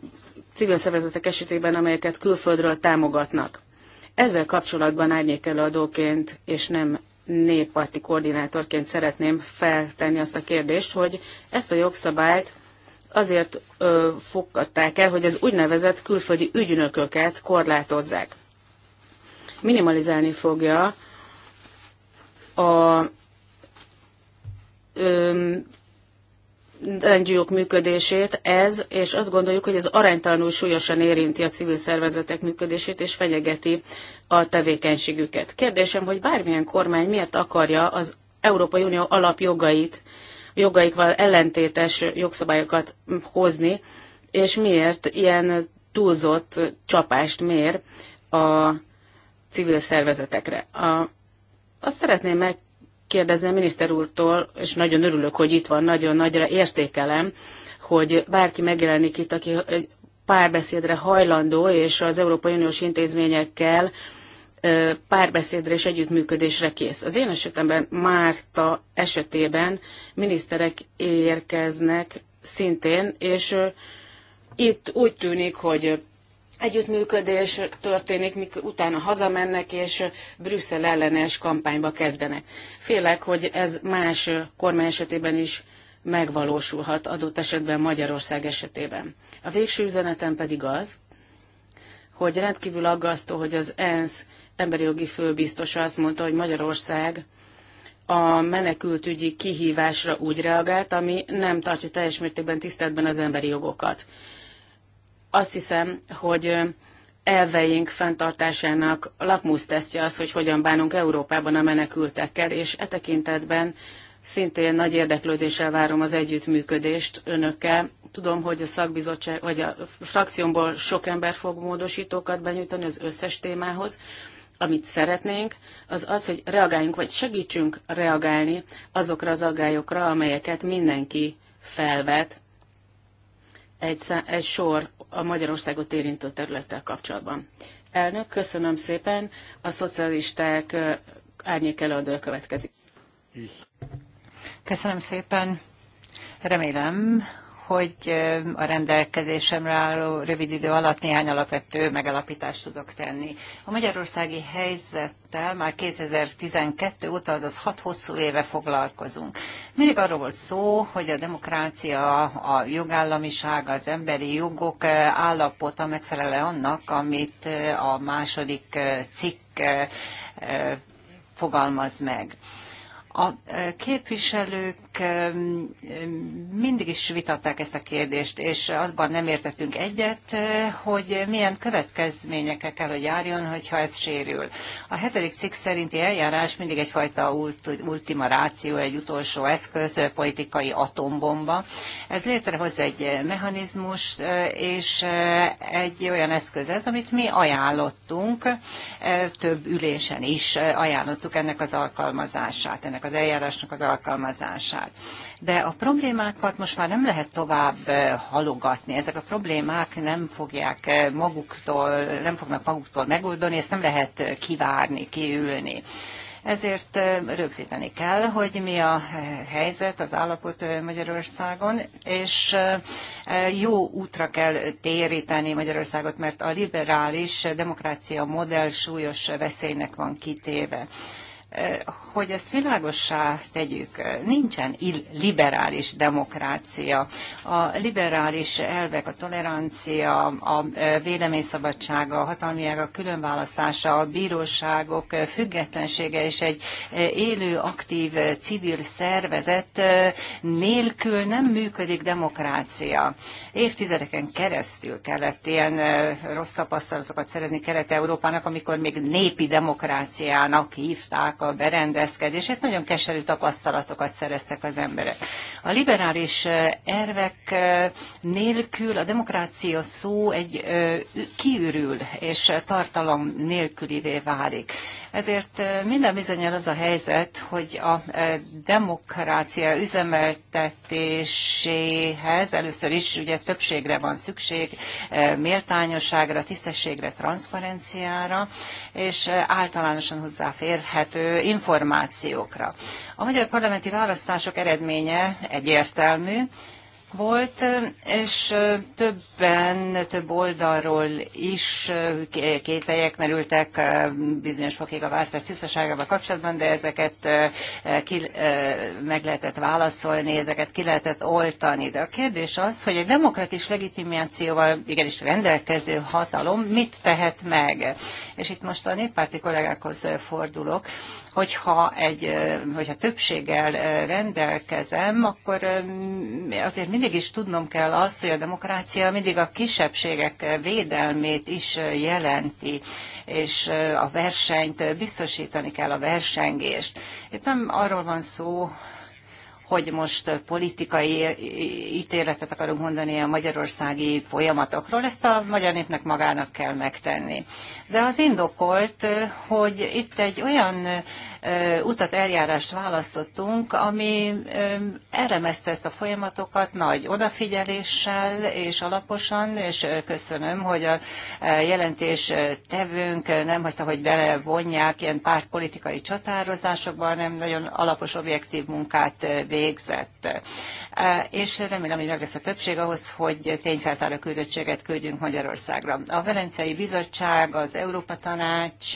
[SPEAKER 4] civil szervezetek esetében, amelyeket külföldről támogatnak. Ezzel kapcsolatban árnyékelőadóként és nem néppárti koordinátorként szeretném feltenni azt a kérdést, hogy ezt a jogszabályt azért ö, fogadták el, hogy az úgynevezett külföldi ügynököket korlátozzák. Minimalizálni fogja a ö, NGO-k működését ez, és azt gondoljuk, hogy ez aránytalanul súlyosan érinti a civil szervezetek működését, és fenyegeti a tevékenységüket. Kérdésem, hogy bármilyen kormány miért akarja az Európai Unió alapjogait, jogaikval ellentétes jogszabályokat hozni, és miért ilyen túlzott csapást mér a civil szervezetekre. A, azt szeretném meg kérdezni a miniszter úrtól, és nagyon örülök, hogy itt van, nagyon nagyra értékelem, hogy bárki megjelenik itt, aki párbeszédre hajlandó, és az Európai Uniós intézményekkel párbeszédre és együttműködésre kész. Az én esetemben Márta esetében miniszterek érkeznek szintén, és itt úgy tűnik, hogy együttműködés történik, mik utána hazamennek, és Brüsszel ellenes kampányba kezdenek. Félek, hogy ez más kormány esetében is megvalósulhat, adott esetben Magyarország esetében. A végső üzenetem pedig az, hogy rendkívül aggasztó, hogy az ENSZ emberi jogi főbiztosa azt mondta, hogy Magyarország a menekültügyi kihívásra úgy reagált, ami nem tartja teljes mértékben tiszteletben az emberi jogokat. Azt hiszem, hogy elveink fenntartásának lakmusztesztje az, hogy hogyan bánunk Európában a menekültekkel, és e tekintetben szintén nagy érdeklődéssel várom az együttműködést önökkel. Tudom, hogy a szakbizottság, vagy a frakciómból sok ember fog módosítókat benyújtani az összes témához. Amit szeretnénk, az az, hogy reagáljunk, vagy segítsünk reagálni azokra az aggályokra, amelyeket mindenki felvet egy, egy sor a Magyarországot érintő területtel kapcsolatban. Elnök, köszönöm szépen. A szocialisták árnyék előadó következik. Köszönöm szépen. Remélem, hogy
[SPEAKER 6] a rendelkezésemre álló rövid idő alatt néhány alapvető megalapítást tudok tenni. A magyarországi helyzettel már 2012 óta, az hat hosszú éve foglalkozunk. Mindig arról volt szó, hogy a demokrácia, a jogállamiság, az emberi jogok állapota megfelele annak, amit a második cikk fogalmaz meg. A képviselők kollégák mindig is vitatták ezt a kérdést, és abban nem értettünk egyet, eh, hogy milyen következményekkel kell, hogy járjon, hogyha ez sérül. A hetedik cikk szerinti eljárás mindig egyfajta ultima ráció, egy utolsó eszköz, politikai atombomba. Ez létrehoz egy mechanizmus, eh, és eh, egy olyan eszköz ez, amit mi ajánlottunk, több ülésen is ajánlottuk ennek az alkalmazását, ennek az eljárásnak az alkalmazását áll. De a problémákat most már nem lehet tovább eh, halogatni. Ezek a problémák nem fogják eh, maguktól, nem fognak maguktól megoldani, ezt nem lehet eh, kivárni, kiülni. Ezért rögzíteni kell, hogy mi a helyzet, az állapot Magyarországon, és jó útra kell téríteni Magyarországot, mert a liberális demokrácia modell súlyos veszélynek van kitéve hogy ezt világossá tegyük, nincsen liberális demokrácia. A liberális elvek, a tolerancia, a véleményszabadsága, a hatalmi a különválasztása, a bíróságok függetlensége és egy élő, aktív civil szervezet nélkül nem működik demokrácia. Évtizedeken keresztül kellett ilyen rossz tapasztalatokat szerezni Kelet-Európának, amikor még népi demokráciának hívták a Hát nagyon keserű tapasztalatokat szereztek az emberek. A liberális ervek nélkül a demokrácia szó egy kiürül és tartalom nélkülivé válik. Ezért minden bizonyal az a helyzet, hogy a demokrácia üzemeltetéséhez először is ugye többségre van szükség, méltányosságra, tisztességre, transzparenciára, és általánosan hozzáférhető információkra. A magyar parlamenti választások eredménye egyértelmű, volt, és többen, több oldalról is kételyek merültek bizonyos fokig a választás tisztaságával kapcsolatban, de ezeket e, ki, meg lehetett válaszolni, ezeket ki lehetett oltani. De a kérdés az, hogy egy demokratikus legitimációval igenis rendelkező hatalom mit tehet meg? És itt most a néppárti kollégákhoz fordulok, hogyha, egy, hogyha többséggel rendelkezem, akkor azért minden mindig is tudnom kell azt, hogy a demokrácia mindig a kisebbségek védelmét is jelenti, és a versenyt biztosítani kell, a versengést. Itt nem arról van szó, hogy most politikai ítéletet akarunk mondani a magyarországi folyamatokról, ezt a magyar népnek magának kell megtenni. De az indokolt, hogy itt egy olyan utat, eljárást választottunk, ami elemezte ezt a folyamatokat nagy odafigyeléssel és alaposan, és köszönöm, hogy a jelentés tevőnk nem hagyta, hogy belevonják ilyen pártpolitikai csatározásokba, hanem nagyon alapos, objektív munkát végzett. És remélem, hogy meg lesz a többség ahhoz, hogy tényfeltáró küldöttséget küldjünk Magyarországra. A Velencei Bizottság, az Európa Tanács,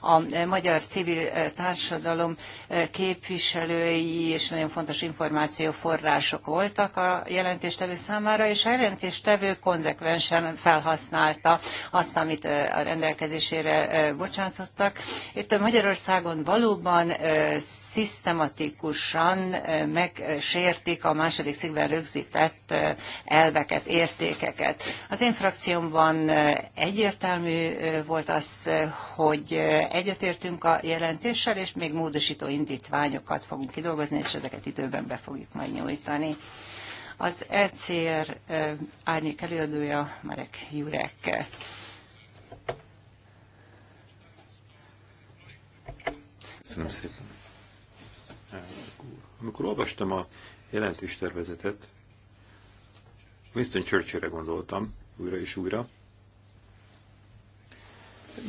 [SPEAKER 6] a Magyar Civil Társadalom, társadalom eh, képviselői és nagyon fontos információforrások voltak a jelentéstevő számára, és a jelentéstevő konzekvensen felhasználta azt, amit eh, a rendelkezésére eh, bocsátottak. Itt Magyarországon valóban szisztematikusan megsértik a második szigben rögzített elveket, értékeket. Az én frakciómban egyértelmű volt az, hogy egyetértünk a jelentéssel, és még módosító indítványokat fogunk kidolgozni, és ezeket időben be fogjuk majd nyújtani. Az ECR árnyék előadója Marek Jurek.
[SPEAKER 3] Köszönöm szépen elnök úr. Amikor olvastam a tervezetet, Winston Churchillre gondoltam újra és újra.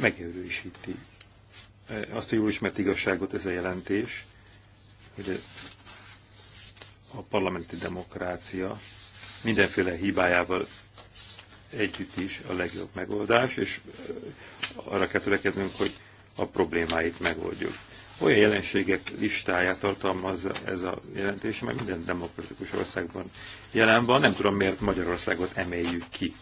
[SPEAKER 3] Megerősíti azt a jól ismert igazságot ez a jelentés, hogy a parlamenti demokrácia mindenféle hibájával együtt is a legjobb megoldás, és arra kell törekednünk, hogy a problémáit megoldjuk olyan jelenségek listáját tartalmazza ez a jelentés, mert minden demokratikus országban jelen van. Nem tudom, miért Magyarországot emeljük ki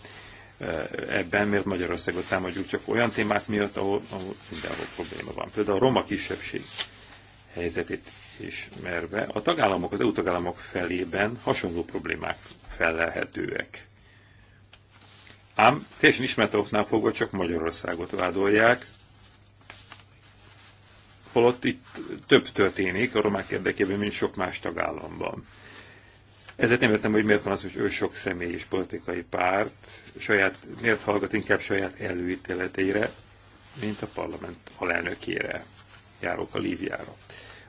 [SPEAKER 3] eh, ebben, miért Magyarországot támadjuk csak olyan témák miatt, ahol, ahol mindenhol probléma van. Például a roma kisebbség helyzetét ismerve, a tagállamok, az EU tagállamok felében hasonló problémák felelhetőek. Ám teljesen ismert oknál fogva csak Magyarországot vádolják, holott itt több történik a romák érdekében, mint sok más tagállamban. Ezért nem értem, hogy miért van az, hogy ő sok személy és politikai párt, saját, miért hallgat inkább saját előítéleteire, mint a parlament alelnökére, járok a Líviára,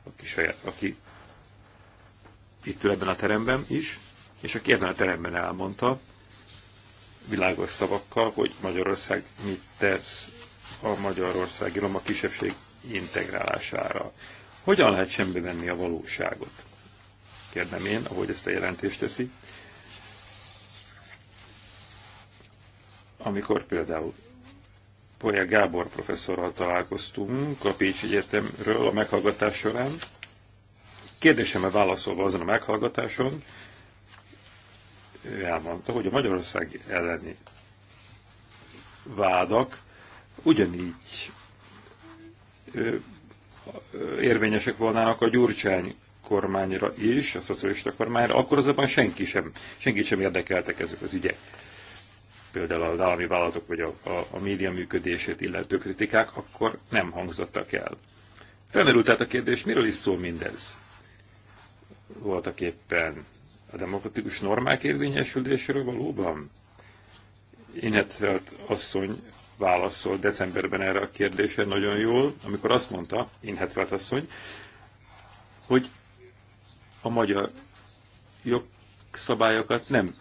[SPEAKER 3] aki, saját, aki itt ül ebben a teremben is, és aki ebben a teremben elmondta világos szavakkal, hogy Magyarország mit tesz a magyarországi roma kisebbség integrálására. Hogyan lehet semmi venni a valóságot? Kérdem én, ahogy ezt a jelentést teszi. Amikor például Polya Gábor professzorral találkoztunk a Pécsi Egyetemről a meghallgatás során, kérdésemre válaszolva azon a meghallgatáson, ő elmondta, hogy a Magyarország elleni vádak ugyanígy érvényesek volnának a Gyurcsány kormányra is, a szocialista kormányra, akkor azonban senki sem, senki sem érdekeltek ezek az ügyek. Például az állami vállalatok vagy a, a, a média működését illető kritikák akkor nem hangzottak el. Felmerült tehát a kérdés, miről is szól mindez? Voltak éppen a demokratikus normák érvényesüléséről valóban? Inhetfeld asszony válaszolt decemberben erre a kérdésre nagyon jól, amikor azt mondta, én Hetvert asszony, hogy a magyar jogszabályokat nem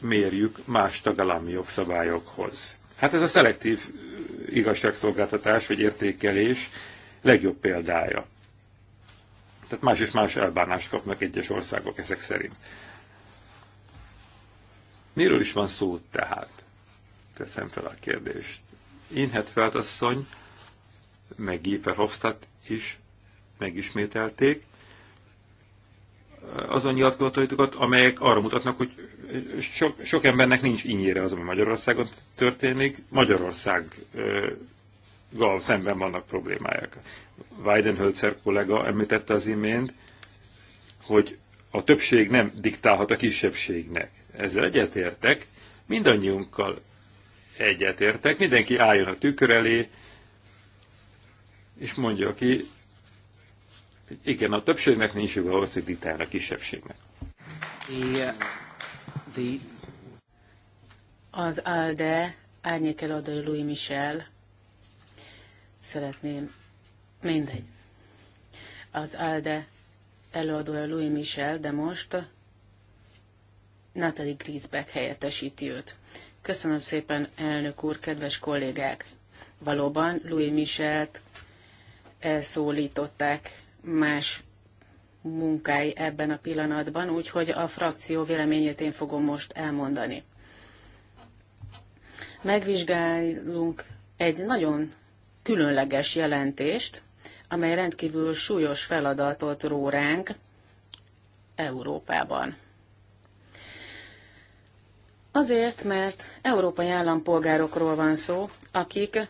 [SPEAKER 3] mérjük más tagállami jogszabályokhoz. Hát ez a szelektív igazságszolgáltatás vagy értékelés legjobb példája. Tehát más és más elbánást kapnak egyes országok ezek szerint. Miről is van szó tehát? teszem fel a kérdést. Inhetfeld asszony, meg Géper Hofstadt is megismételték azon nyilatkozataitokat, amelyek arra mutatnak, hogy sok, sok embernek nincs ínyére az, ami Magyarországon történik. Magyarországgal szemben vannak problémáják. Weidenhölzer kollega említette az imént, hogy a többség nem diktálhat a kisebbségnek. Ezzel egyetértek, mindannyiunkkal egyetértek. Mindenki álljon a tükör elé, és mondja ki, hogy igen, a többségnek nincs joga ahhoz, hogy diktáljon a kisebbségnek.
[SPEAKER 1] The, uh, the...
[SPEAKER 4] Az ALDE árnyékeladó Louis Michel szeretném, mindegy. Az ALDE előadója Louis Michel, de most Natalie Griesbeck helyettesíti őt. Köszönöm szépen, elnök úr, kedves kollégák! Valóban Louis Michelt elszólították más munkái ebben a pillanatban, úgyhogy a frakció véleményét én fogom most elmondani. Megvizsgálunk egy nagyon különleges jelentést, amely rendkívül súlyos feladatot ró ránk Európában. Azért, mert európai állampolgárokról van szó, akik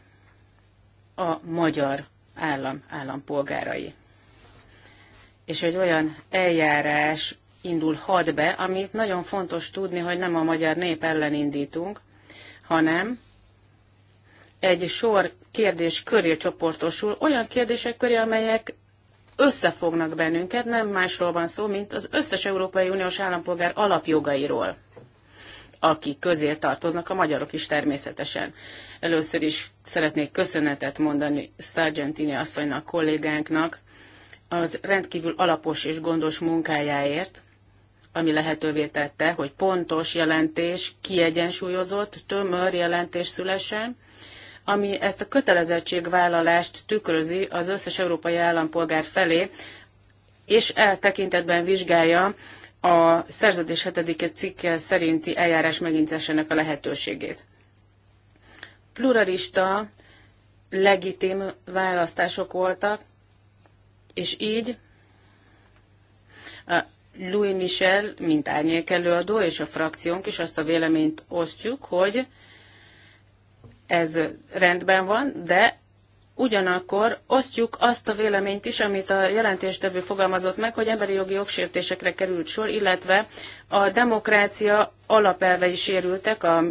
[SPEAKER 4] a magyar állam állampolgárai. És egy olyan eljárás indul hat be, amit nagyon fontos tudni, hogy nem a magyar nép ellen indítunk, hanem egy sor kérdés köré csoportosul, olyan kérdések köré, amelyek összefognak bennünket, nem másról van szó, mint az összes Európai Uniós állampolgár alapjogairól akik közé tartoznak a magyarok is természetesen. Először is szeretnék köszönetet mondani Sargentini asszonynak, kollégánknak, az rendkívül alapos és gondos munkájáért, ami lehetővé tette, hogy pontos jelentés, kiegyensúlyozott, tömör jelentés szülessen, ami ezt a kötelezettségvállalást tükrözi az összes európai állampolgár felé, és eltekintetben vizsgálja a szerződés hetedike cikke szerinti eljárás megintésének a lehetőségét. Pluralista, legitim választások voltak, és így a Louis Michel, mint árnyék előadó, és a frakciónk is azt a véleményt osztjuk, hogy ez rendben van, de Ugyanakkor osztjuk azt a véleményt is, amit a jelentéstevő fogalmazott meg, hogy emberi jogi jogsértésekre került sor, illetve a demokrácia alapelvei sérültek, a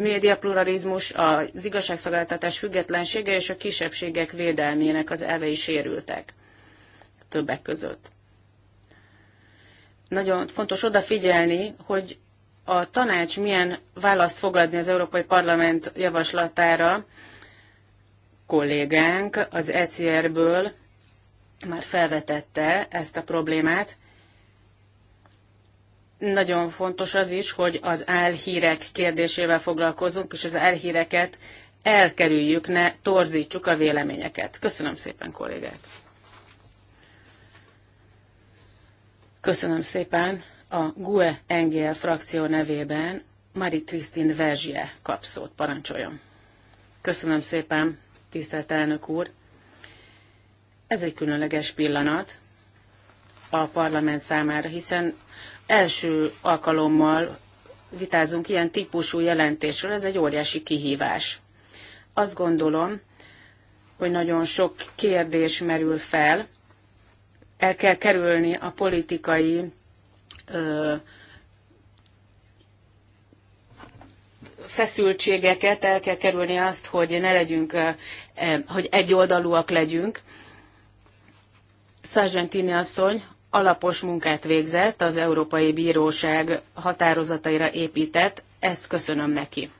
[SPEAKER 4] médiapluralizmus, az igazságszolgáltatás függetlensége és a kisebbségek védelmének az elvei sérültek többek között. Nagyon fontos odafigyelni, hogy a tanács milyen választ fogadni az Európai Parlament javaslatára, kollégánk az ECR-ből már felvetette ezt a problémát. Nagyon fontos az is, hogy az álhírek kérdésével foglalkozunk, és az álhíreket elkerüljük, ne torzítsuk a véleményeket. Köszönöm szépen, kollégák! Köszönöm szépen a GUE NGL frakció nevében Marie-Christine Verzsie kapszót parancsoljon. Köszönöm szépen! tisztelt elnök úr! Ez egy különleges pillanat a parlament számára, hiszen első alkalommal vitázunk ilyen típusú jelentésről, ez egy óriási kihívás. Azt gondolom, hogy nagyon sok kérdés merül fel, el kell kerülni a politikai ö, feszültségeket, el kell kerülni azt, hogy ne legyünk, hogy egyoldalúak legyünk. Sargentini asszony alapos munkát végzett, az Európai Bíróság határozataira épített, ezt köszönöm neki.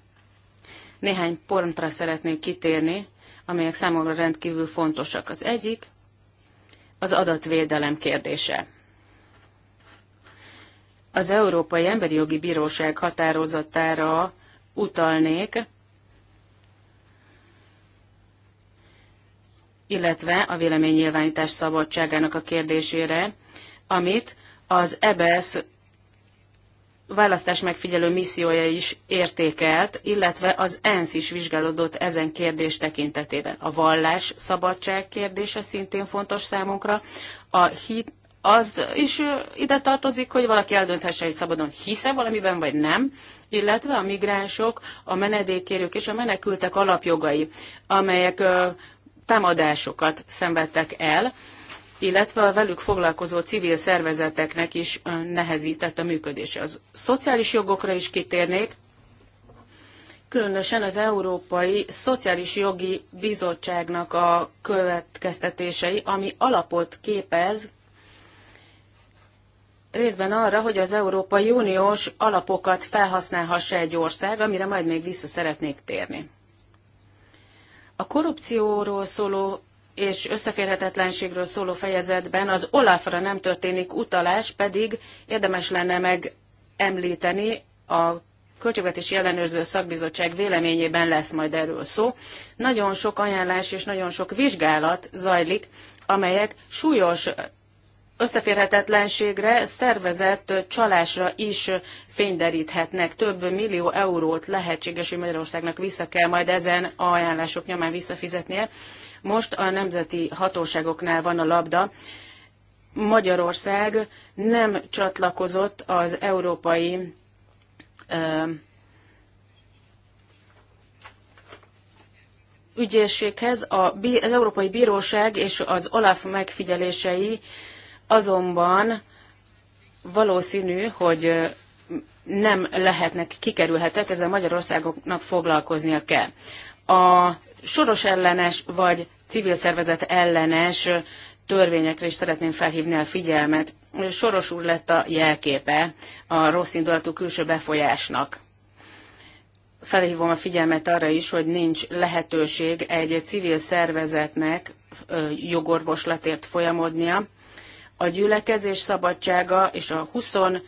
[SPEAKER 4] Néhány pontra szeretnék kitérni, amelyek számomra rendkívül fontosak. Az egyik az adatvédelem kérdése. Az Európai Emberi Jogi Bíróság határozatára utalnék, illetve a véleménynyilvánítás szabadságának a kérdésére, amit az EBS e választás megfigyelő missziója is értékelt, illetve az ENSZ is vizsgálódott ezen kérdés tekintetében. A vallás szabadság kérdése szintén fontos számunkra, a hit az is ide tartozik, hogy valaki eldönthesse, hogy szabadon hisze valamiben, vagy nem, illetve a migránsok, a menedékkérők és a menekültek alapjogai, amelyek támadásokat szenvedtek el, illetve a velük foglalkozó civil szervezeteknek is nehezített a működése. Az szociális jogokra is kitérnék, különösen az Európai Szociális Jogi Bizottságnak a következtetései, ami alapot képez részben arra, hogy az Európai Uniós alapokat felhasználhassa egy ország, amire majd még vissza szeretnék térni. A korrupcióról szóló és összeférhetetlenségről szóló fejezetben az Olafra nem történik utalás, pedig érdemes lenne megemlíteni a Költségvetési Ellenőrző Szakbizottság véleményében lesz majd erről szó. Nagyon sok ajánlás és nagyon sok vizsgálat zajlik, amelyek súlyos összeférhetetlenségre, szervezett csalásra is fényderíthetnek. Több millió eurót lehetséges, hogy Magyarországnak vissza kell majd ezen ajánlások nyomán visszafizetnie. Most a nemzeti hatóságoknál van a labda. Magyarország nem csatlakozott az európai ö, ügyészséghez. A, az Európai Bíróság és az OLAF megfigyelései azonban valószínű, hogy nem lehetnek, kikerülhetek, ezzel Magyarországoknak foglalkoznia kell. A soros ellenes vagy civil szervezet ellenes törvényekre is szeretném felhívni a figyelmet. Soros úr lett a jelképe a rossz indulatú külső befolyásnak. Felhívom a figyelmet arra is, hogy nincs lehetőség egy civil szervezetnek jogorvoslatért folyamodnia, a gyülekezés szabadsága és a 25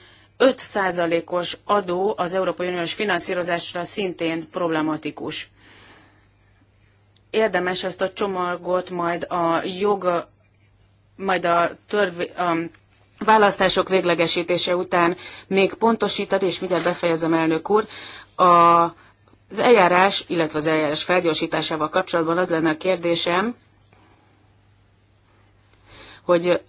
[SPEAKER 4] százalékos adó az Európai Uniós finanszírozásra szintén problematikus. Érdemes ezt a csomagot majd a jog, majd a, törv, a választások véglegesítése után még pontosítani, és mindjárt befejezem, elnök úr, a, az eljárás, illetve az eljárás felgyorsításával kapcsolatban az lenne a kérdésem, hogy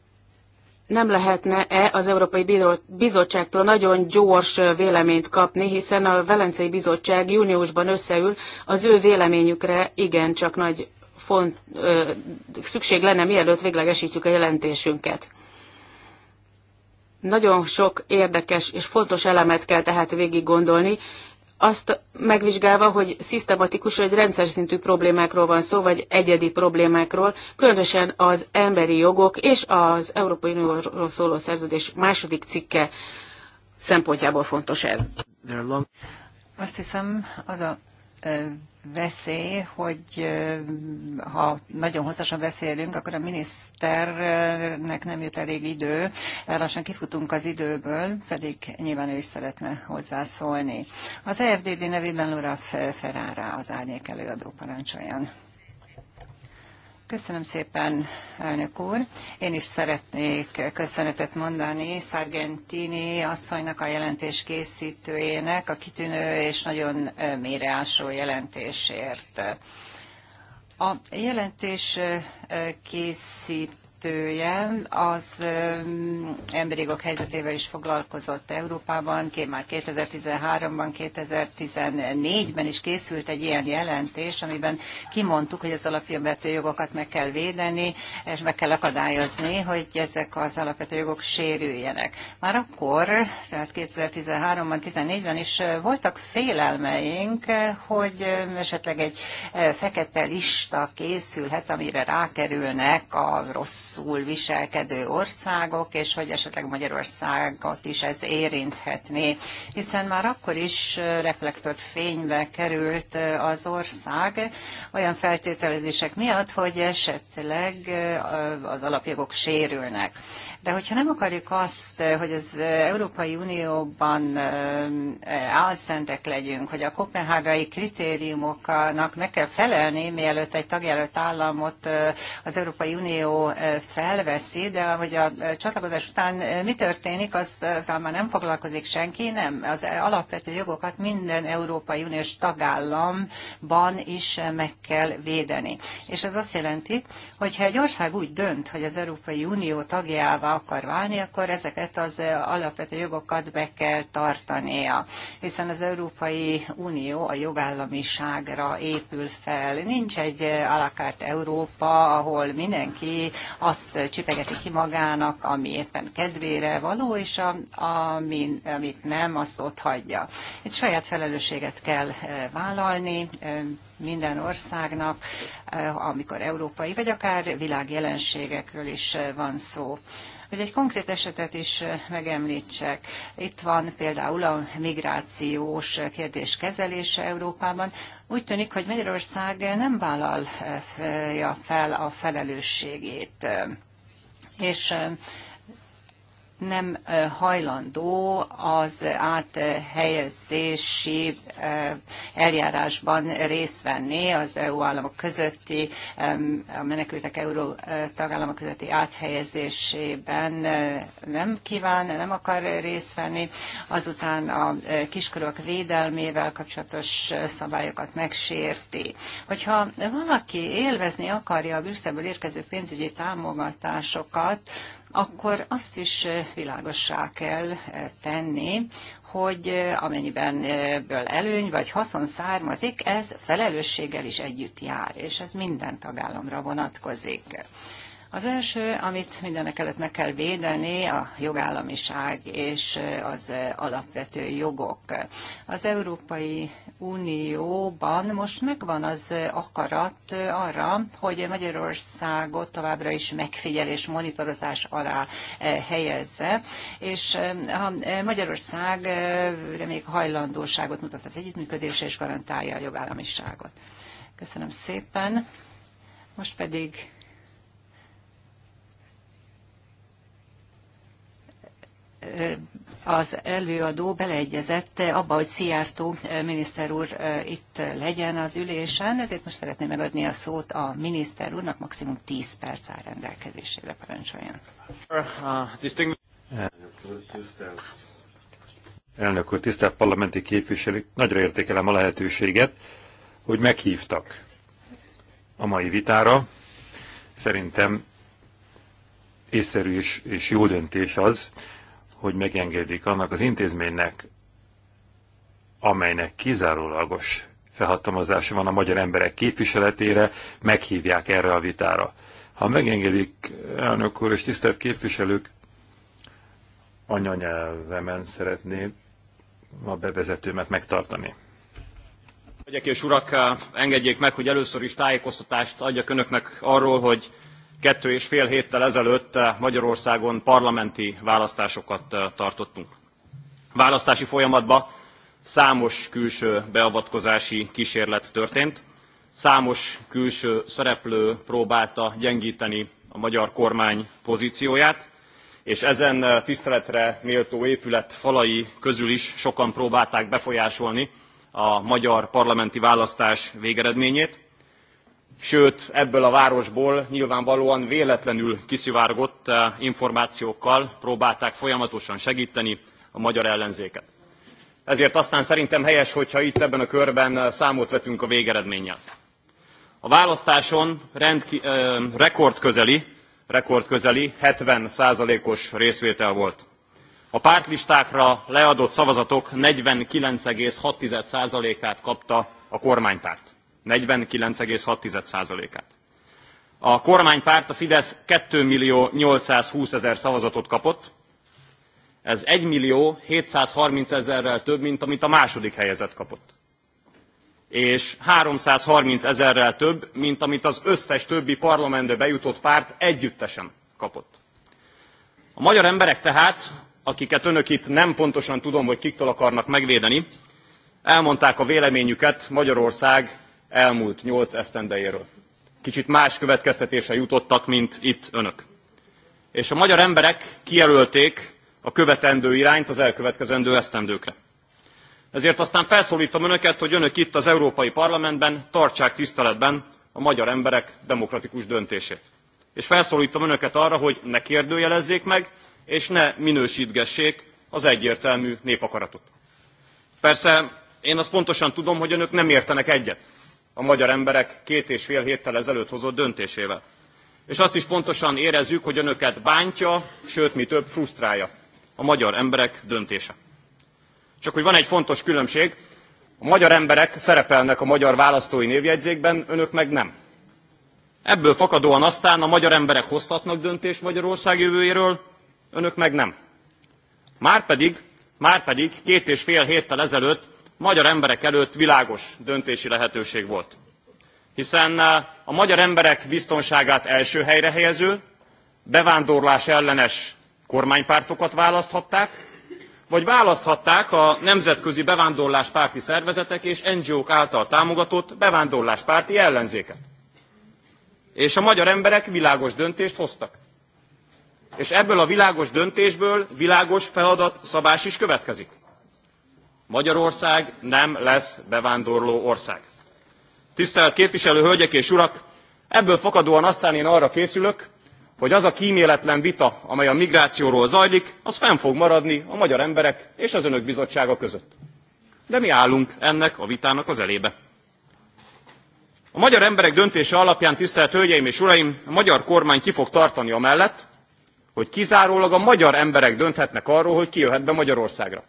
[SPEAKER 4] nem lehetne-e az Európai Bizottságtól nagyon gyors véleményt kapni, hiszen a Velencei Bizottság júniusban összeül, az ő véleményükre igencsak nagy font, ö, szükség lenne, mielőtt véglegesítjük a jelentésünket. Nagyon sok érdekes és fontos elemet kell tehát végig gondolni, azt megvizsgálva, hogy szisztematikus vagy rendszer szintű problémákról van szó, vagy egyedi problémákról, különösen az emberi jogok és az Európai Unióról szóló szerződés második cikke szempontjából fontos ez.
[SPEAKER 6] Azt hiszem, az a veszély, hogy ha nagyon hosszasan beszélünk, akkor a miniszternek nem jut elég idő, lassan kifutunk az időből, pedig nyilván ő is szeretne hozzászólni. Az EFDD nevében Laura Ferrara az árnyék előadó parancsoljon. Köszönöm szépen, elnök úr. Én is szeretnék köszönetet mondani Sargentini asszonynak, a jelentés készítőjének, a kitűnő és nagyon méreásó jelentésért. A jelentés készít szakértője, az emberi jogok helyzetével is foglalkozott Európában, már 2013-ban, 2014-ben is készült egy ilyen jelentés, amiben kimondtuk, hogy az alapvető jogokat meg kell védeni, és meg kell akadályozni, hogy ezek az alapvető jogok sérüljenek. Már akkor, tehát 2013-ban, 2014-ben is voltak félelmeink, hogy esetleg egy fekete lista készülhet, amire rákerülnek a rossz rosszul viselkedő országok, és hogy esetleg Magyarországot is ez érinthetné, hiszen már akkor is reflektor fénybe került az ország olyan feltételezések miatt, hogy esetleg az alapjogok sérülnek. De hogyha nem akarjuk azt, hogy az Európai Unióban álszentek legyünk, hogy a kopenhágai kritériumoknak meg kell felelni, mielőtt egy tagjelölt államot az Európai Unió felveszi, de hogy a csatlakozás után mi történik, az, az már nem foglalkozik senki, nem. Az alapvető jogokat minden Európai Uniós tagállamban is meg kell védeni. És ez azt jelenti, hogy ha egy ország úgy dönt, hogy az Európai Unió tagjává akar válni, akkor ezeket az alapvető jogokat be kell tartania, hiszen az Európai Unió a jogállamiságra épül fel. Nincs egy alakárt Európa, ahol mindenki a azt csipegeti ki magának, ami éppen kedvére való, és a, ami, amit nem, azt ott hagyja. Egy saját felelősséget kell eh, vállalni eh, minden országnak, eh, amikor európai vagy akár világjelenségekről is van szó. Hogy egy konkrét esetet is megemlítsek. Itt van például a migrációs kérdés kezelése Európában. Úgy tűnik, hogy Magyarország nem vállalja fel a felelősségét. És nem hajlandó az áthelyezési eljárásban részt venni az EU államok közötti, a menekültek euró tagállamok közötti áthelyezésében nem kíván, nem akar részt venni. Azután a kiskorúak védelmével kapcsolatos szabályokat megsérti. Hogyha valaki élvezni akarja a Brüsszelből érkező pénzügyi támogatásokat, akkor azt is világossá kell tenni, hogy amennyiben ebből előny vagy haszon származik, ez felelősséggel is együtt jár, és ez minden tagállamra vonatkozik. Az első, amit mindenek előtt meg kell védeni, a jogállamiság és az alapvető jogok. Az Európai Unióban most megvan az akarat arra, hogy Magyarországot továbbra is megfigyelés, monitorozás alá helyezze, és ha Magyarország még hajlandóságot mutat az együttműködésre és garantálja a jogállamiságot. Köszönöm szépen. Most pedig az előadó beleegyezett abba, hogy Szijjártó eh, miniszter úr eh, itt legyen az ülésen, ezért most szeretném megadni a szót a miniszter úrnak, maximum 10 perc áll rendelkezésére parancsoljon.
[SPEAKER 3] Elnök úr, tisztelt parlamenti képviselők, nagyra értékelem a lehetőséget, hogy meghívtak a mai vitára. Szerintem észszerű és, és jó döntés az, hogy megengedik annak az intézménynek, amelynek kizárólagos felhatalmazása van a magyar emberek képviseletére, meghívják erre a vitára. Ha megengedik, elnök úr és tisztelt képviselők, anyanyelvemen szeretném a bevezetőmet megtartani.
[SPEAKER 7] Hölgyek és urak, engedjék meg, hogy először is tájékoztatást adjak önöknek arról, hogy kettő és fél héttel ezelőtt eh, Magyarországon parlamenti választásokat eh, tartottunk. Választási folyamatba számos külső beavatkozási kísérlet történt, számos külső szereplő próbálta gyengíteni a magyar kormány pozícióját, és ezen eh, tiszteletre méltó épület falai közül is sokan próbálták befolyásolni a magyar parlamenti választás végeredményét sőt ebből a városból nyilvánvalóan véletlenül kiszivárgott eh, információkkal próbálták folyamatosan segteni a magyar ellenzéket. ezért aztán szerintem helyes hogyha itt ebben a körben eh, számot vetünk a végeredménnyel. a választáson rendki, eh, rekordközeli rekordközeli 70 os részvétel volt. A pártlistákra leadott szavazatok 49,6%-át kapta a kormánypárt 49,6%-át. A kormánypárt, a Fidesz 2 millió 820 ezer szavazatot kapott, ez 1 millió 730 ezerrel több, mint amit a második helyezett kapott. És 330 ezerrel több, mint amit az összes többi parlamentbe bejutott párt együttesen kapott. A magyar emberek tehát, akiket önök itt nem pontosan tudom, hogy kiktől akarnak megvédeni, elmondták a véleményüket Magyarország elmúlt nyolc esztendejéről. Kicsit más következtetése jutottak, mint itt önök. És a magyar emberek kijelölték a követendő irányt az elkövetkezendő esztendőkre. Ezért aztán felszólítom önöket, hogy önök itt az Európai Parlamentben tartsák tiszteletben a magyar emberek demokratikus döntését. És felszólítom önöket arra, hogy ne kérdőjelezzék meg, és ne minősítgessék az egyértelmű népakaratot. Persze én azt pontosan tudom, hogy önök nem értenek egyet a magyar emberek két és fél héttel ezelőtt hozott döntésével. És azt is pontosan érezzük, hogy önöket bántja, sőt, mi több, frusztrálja a magyar emberek döntése. Csak hogy van egy fontos különbség, a magyar emberek szerepelnek a magyar választói névjegyzékben, önök meg nem. Ebből fakadóan aztán a magyar emberek hozhatnak döntést Magyarország jövőjéről, önök meg nem. Márpedig, márpedig két és fél héttel ezelőtt magyar emberek előtt világos döntési lehetőség volt. Hiszen eh, a magyar emberek biztonságát első helyre helyező, bevándorlás ellenes kormánypártokat választhatták, vagy választhatták a nemzetközi bevándorláspárti szervezetek és NGO-k által támogatott bevándorláspárti ellenzéket. És a magyar emberek világos döntést hoztak. És ebből a világos döntésből világos feladat szabás is következik. Magyarország nem lesz bevándorló ország. Tisztelt képviselő hölgyek és urak! Ebből fakadóan aztán én arra készülök, hogy az a kíméletlen vita, amely a migrációról zajlik, az fenn fog maradni a magyar emberek és az önök bizottsága között. De mi állunk ennek a vitának az elébe. A magyar emberek döntése alapján, tisztelt Hölgyeim és Uraim, a magyar kormány ki fog tartani amellett, hogy kizárólag a magyar emberek dönthetnek arról, hogy ki jöhet be Magyarországra.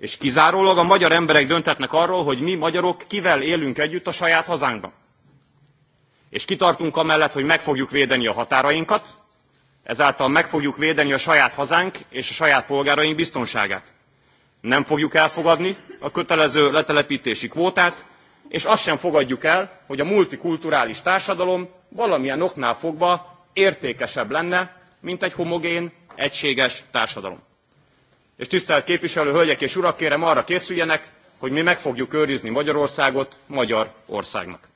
[SPEAKER 7] És kizárólag a magyar emberek dönthetnek arról, hogy mi magyarok kivel élünk együtt a saját hazánkban. És kitartunk amellett, hogy meg fogjuk védeni a határainkat, ezáltal meg fogjuk védeni a saját hazánk és a saját polgáraink biztonságát. Nem fogjuk elfogadni a kötelező letelepítési kvótát, és azt sem fogadjuk el, hogy a multikulturális társadalom valamilyen oknál fogva értékesebb lenne, mint egy homogén, egységes társadalom és tisztelt képviselő hölgyek és urak, kérem arra készüljenek, hogy mi meg fogjuk őrizni Magyarországot magyar országnak.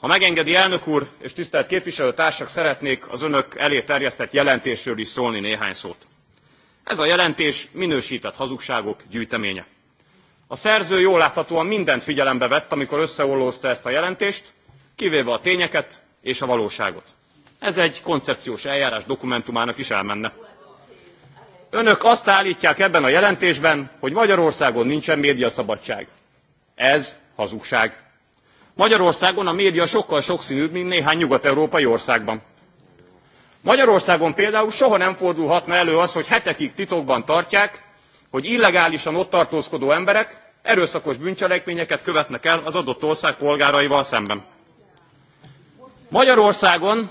[SPEAKER 7] Ha megengedi elnök úr és tisztelt képviselőtársak, szeretnék az önök elé terjesztett jelentésről is szólni néhány szót. Ez a jelentés minősített hazugságok gyűjteménye. A szerző jól láthatóan mindent figyelembe vett, amikor összeollózta ezt a jelentést, kivéve a tényeket és a valóságot. Ez egy koncepciós eljárás dokumentumának is elmenne önök azt álltják ebben a jelentésben hogy magyarországon nincsen médiaszabadság. ez hazugság. magyarországon a média sokkal soksznűbb mint néhány nyugat európai országban. magyarországon például soha nem fordulhatna elő az hogy hetekig titokban tartják hogy illegálisan ott tartózkodó emberek erőszakos bűncselekményeket követnek el az adott ország polgáraival szemben. magyarországon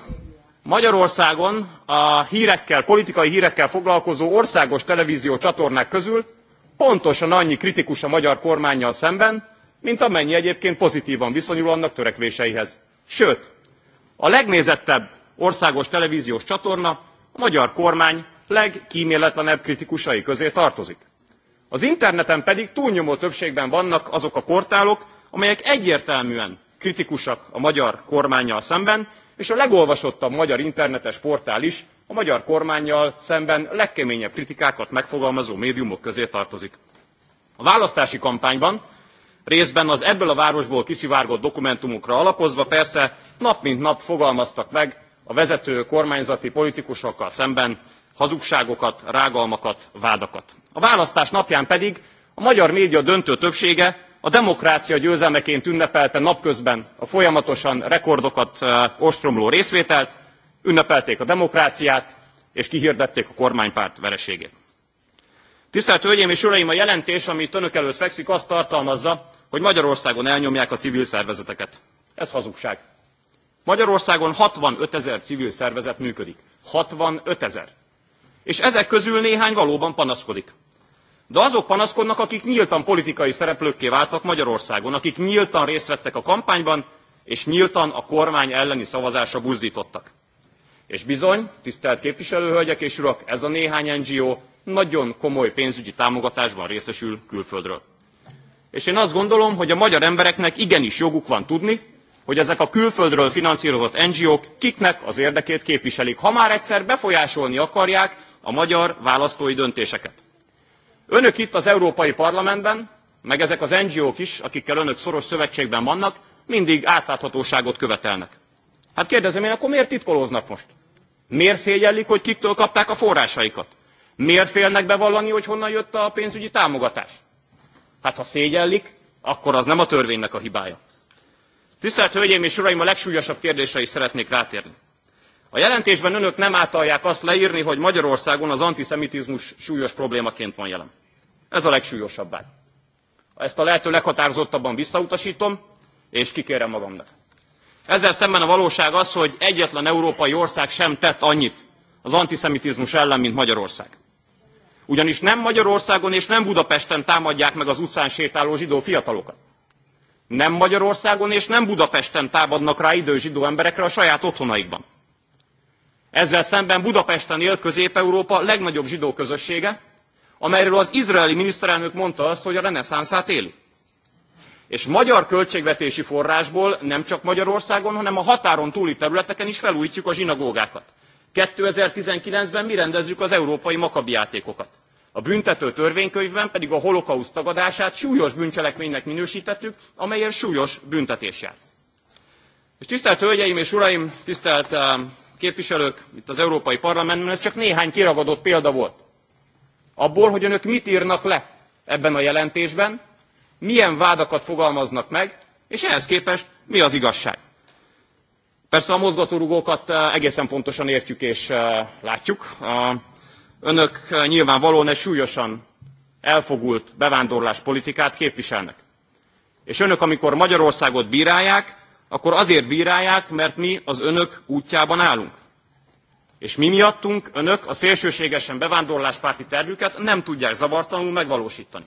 [SPEAKER 7] Magyarországon a hírekkel, politikai hírekkel foglalkozó országos televízió csatornák közül pontosan annyi kritikus a magyar kormányjal szemben, mint amennyi egyébként pozitívan viszonyul annak törekvéseihez. Sőt, a legnézettebb országos televíziós csatorna a magyar kormány legkíméletlenebb kritikusai közé tartozik. Az interneten pedig túlnyomó többségben vannak azok a portálok, amelyek egyértelműen kritikusak a magyar kormányjal szemben, és a legolvasottabb magyar internetes portál is a magyar kormányjal szemben legkeményebb kritikákat megfogalmazó médiumok közé tartozik. A választási kampányban részben az ebből a városból kiszivárgott dokumentumokra alapozva persze nap mint nap fogalmaztak meg a vezető kormányzati politikusokkal szemben hazugságokat, rágalmakat, vádakat. A választás napján pedig a magyar média döntő többsége a demokrácia győzelmeként ünnepelte napközben a folyamatosan rekordokat ostromló részvételt ünnepelték a demokráciát és kihirdették a kormánypárt vereségét. tisztelt hölgyeim és uraim a jelentés amit önök előtt fekszik azt tartalmazza hogy magyarországon elnyomják a civil szervezeteket. ez hazugság. magyarországon sixty ezer civil szervezet működik. sixty ezer és ezek közül néhány valóban panaszkodik. De azok panaszkodnak, akik nyíltan politikai szereplőkké váltak Magyarországon, akik nyíltan részt vettek a kampányban, és nyíltan a kormány elleni szavazásra buzdítottak. És bizony, tisztelt képviselőhölgyek és urak, ez a néhány NGO nagyon komoly pénzügyi támogatásban részesül külföldről. És én azt gondolom, hogy a magyar embereknek igenis joguk van tudni, hogy ezek a külföldről finanszírozott NGO-k kiknek az érdekét képviselik, ha már egyszer befolyásolni akarják a magyar választói döntéseket. Önök itt az Európai Parlamentben, meg ezek az NGO-k is, akikkel önök szoros szövetségben vannak, mindig átláthatóságot követelnek. Hát kérdezem én, akkor miért titkolóznak most? Miért szégyellik, hogy kiktől kapták a forrásaikat? Miért félnek bevallani, hogy honnan jött a pénzügyi támogatás? Hát ha szégyellik, akkor az nem a törvénynek a hibája. Tisztelt Hölgyeim és Uraim, a legsúlyosabb kérdésre is szeretnék rátérni. A jelentésben önök nem átalják azt leírni, hogy Magyarországon az antiszemitizmus súlyos problémaként van jelen. Ez a legsúlyosabb vágy. Ezt a lehető leghatározottabban visszautasítom, és kikérem magamnak. Ezzel szemben a valóság az, hogy egyetlen európai ország sem tett annyit az antiszemitizmus ellen, mint Magyarország. Ugyanis nem Magyarországon és nem Budapesten támadják meg az utcán sétáló zsidó fiatalokat. Nem Magyarországon és nem Budapesten támadnak rá idő zsidó emberekre a saját otthonaikban. Ezzel szemben Budapesten él Közép-Európa legnagyobb zsidó közössége, amelyről az izraeli miniszterelnök mondta azt, hogy a reneszánszát éli. És magyar költségvetési forrásból nem csak Magyarországon, hanem a határon túli területeken is felújítjuk a zsinagógákat. 2019-ben mi rendezzük az európai játékokat. A büntető törvénykönyvben pedig a holokauszt tagadását súlyos bűncselekménynek minősítettük, amelyért súlyos büntetés jár. És tisztelt Hölgyeim és Uraim, tisztelt um, a képviselők itt az Európai Parlamentben, ez csak néhány kiragadott példa volt. Abból, hogy önök mit írnak le ebben a jelentésben, milyen vádakat fogalmaznak meg, és ehhez képest mi az igazság. Persze a mozgatórugókat eh, egészen pontosan értjük és eh, látjuk. Önök eh, nyilvánvalóan egy súlyosan elfogult bevándorlás politikát képviselnek. És önök, amikor Magyarországot bírálják, akkor azért bírálják, mert mi az önök útjában állunk. És mi miattunk önök a szélsőségesen bevándorláspárti tervüket nem tudják zavartalanul megvalósítani.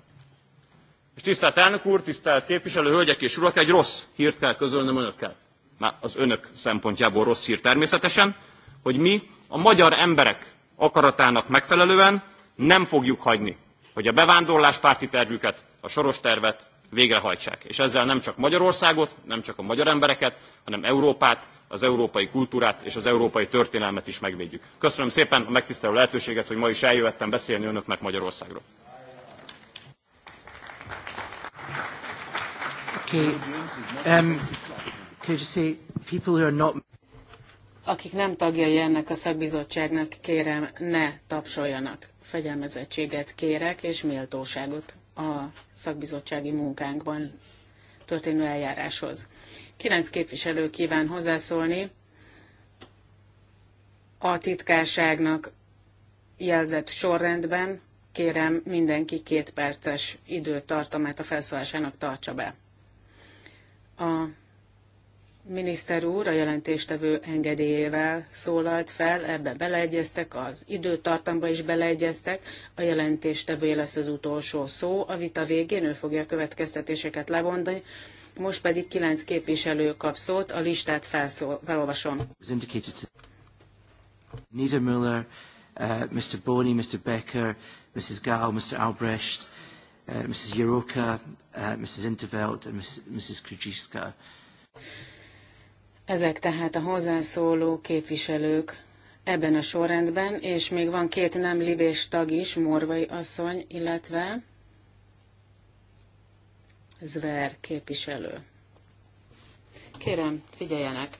[SPEAKER 7] És tisztelt elnök úr, tisztelt képviselő, hölgyek és urak, egy rossz hírt kell közölnöm önökkel. Már az önök szempontjából rossz hír természetesen, hogy mi a magyar emberek akaratának megfelelően nem fogjuk hagyni, hogy a bevándorláspárti tervüket, a soros tervet végrehajtsák. És ezzel nem csak Magyarországot, nem csak a magyar embereket, hanem Európát, az európai kultúrát és az európai történelmet is megvédjük. Köszönöm szépen a megtisztelő lehetőséget, hogy ma is eljöhettem beszélni önöknek Magyarországról.
[SPEAKER 4] Um, Akik nem tagjai ennek a szakbizottságnak, kérem, ne tapsoljanak. Fegyelmezettséget kérek, és méltóságot a szakbizottsági munkánkban történő eljáráshoz. Kilenc képviselő kíván hozzászólni. A titkárságnak jelzett sorrendben kérem mindenki két perces időtartamát a felszólásának tartsa be. A miniszter úr a jelentéstevő engedélyével szólalt fel, ebbe beleegyeztek, az időtartamba is beleegyeztek, a jelentéstevője lesz az utolsó szó, a vita végén ő fogja a következtetéseket levonni. most pedig kilenc képviselő kap szót, a listát felszól, felolvasom.
[SPEAKER 1] Nita Müller, uh, Mr. Boney, Mr. Becker, Mrs. Gao, Mr. Albrecht, uh, Mrs. Yoroka, uh, Mrs. Intervelt and Mrs. Mrs.
[SPEAKER 4] Ezek tehát a hozzászóló képviselők ebben a sorrendben, és még van két nem libés tag is, Morvai asszony, illetve Zver képviselő. Kérem, figyeljenek!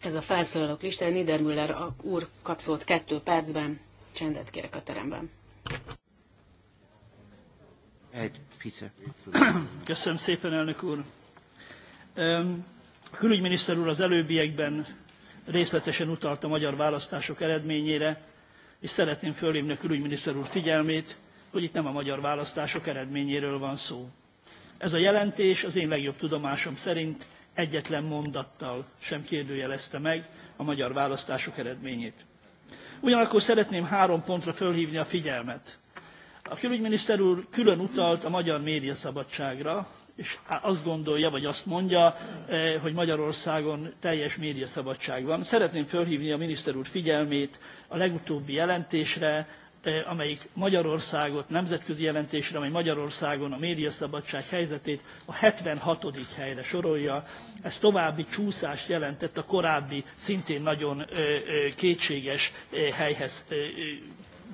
[SPEAKER 4] Ez a felszólalók lista, Niedermüller úr kap kettő percben. Csendet kérek a teremben.
[SPEAKER 5] Köszönöm szépen, elnök úr! A külügyminiszter úr az előbbiekben részletesen utalt a magyar választások eredményére, és szeretném fölhívni a külügyminiszter úr figyelmét, hogy itt nem a magyar választások eredményéről van szó. Ez a jelentés az én legjobb tudomásom szerint egyetlen mondattal sem kérdőjelezte meg a magyar választások eredményét. Ugyanakkor szeretném három pontra fölhívni a figyelmet. A külügyminiszter úr külön utalt a magyar médiaszabadságra, és azt gondolja, vagy azt mondja, eh, hogy Magyarországon teljes médiaszabadság van. Szeretném fölhívni a miniszter úr figyelmét a legutóbbi jelentésre, eh, amelyik Magyarországot, nemzetközi jelentésre, amely Magyarországon a médiaszabadság helyzetét a 76. helyre sorolja. Ez további csúszást jelentett a korábbi, szintén nagyon eh, kétséges helyhez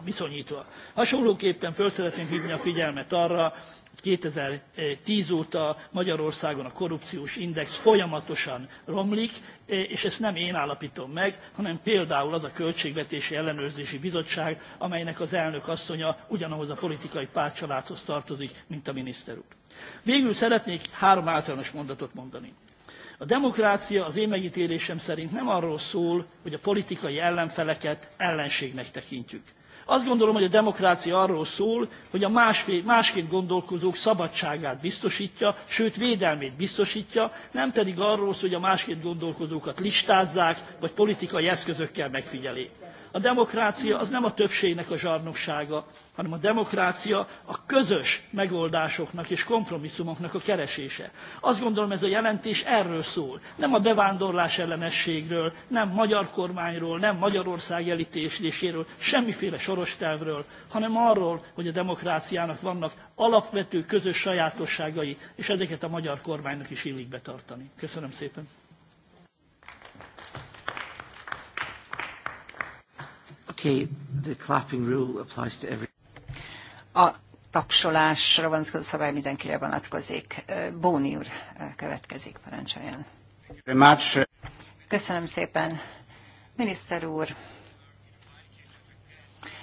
[SPEAKER 5] viszonyítva. Hasonlóképpen föl szeretném hívni a figyelmet arra, 2010 óta Magyarországon a korrupciós index folyamatosan romlik, e, és ezt nem én állapítom meg, hanem például az a Költségvetési Ellenőrzési Bizottság, amelynek az elnök asszonya ugyanahoz a politikai pártcsaládhoz tartozik, mint a miniszter úr. Végül szeretnék három általános mondatot mondani. A demokrácia az én megítélésem szerint nem arról szól, hogy a politikai ellenfeleket ellenségnek tekintjük azt gondolom, hogy a demokrácia arról szól, hogy a másként gondolkozók szabadságát biztosítja, sőt védelmét biztosítja, nem pedig arról szól, hogy a másként gondolkozókat listázzák, vagy politikai eszközökkel megfigyelik. A demokrácia az nem a többségnek a zsarnoksága, hanem a demokrácia a közös megoldásoknak és kompromisszumoknak a keresése. Azt gondolom ez a jelentés erről szól. Nem a bevándorlás ellenességről, nem magyar kormányról, nem Magyarország elítéléséről, semmiféle soros tervről, hanem arról, hogy a demokráciának vannak alapvető közös sajátosságai, és ezeket a magyar kormánynak is illik betartani. Köszönöm szépen!
[SPEAKER 1] Okay, the clapping rule applies to every...
[SPEAKER 5] A
[SPEAKER 6] tapsolásra vonatkozó szabály mindenkire vonatkozik. Bóni úr következik, parancsoljon. Köszönöm szépen. Miniszter úr,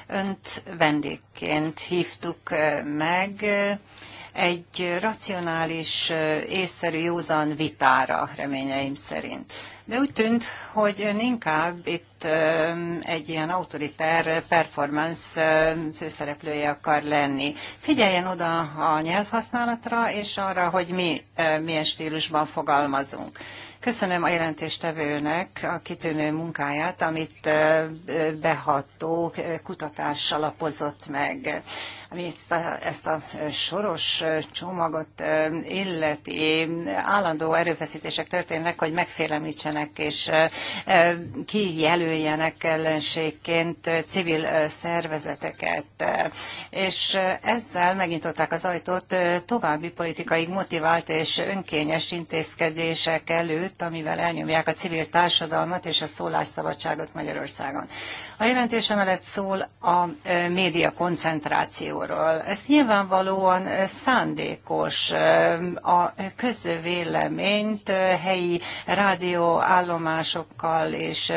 [SPEAKER 6] önt vendégként hívtuk meg egy racionális, észszerű, józan vitára, reményeim szerint. De úgy tűnt, hogy ön inkább itt egy ilyen autoriter performance főszereplője akar lenni. Figyeljen oda a nyelvhasználatra, és arra, hogy mi milyen stílusban fogalmazunk. Köszönöm a jelentéstevőnek a kitűnő munkáját, amit beható kutatás alapozott meg ami ezt a, ezt a soros csomagot illeti, állandó erőfeszítések történnek, hogy megfélemlítsenek és kijelöljenek ellenségként civil szervezeteket. És ezzel megnyitották az ajtót további politikai motivált és önkényes intézkedések előtt, amivel elnyomják a civil társadalmat és a szólásszabadságot Magyarországon. A jelentés emellett szól a média koncentráció Unióról. Ez nyilvánvalóan szándékos. A közvéleményt helyi rádióállomásokkal és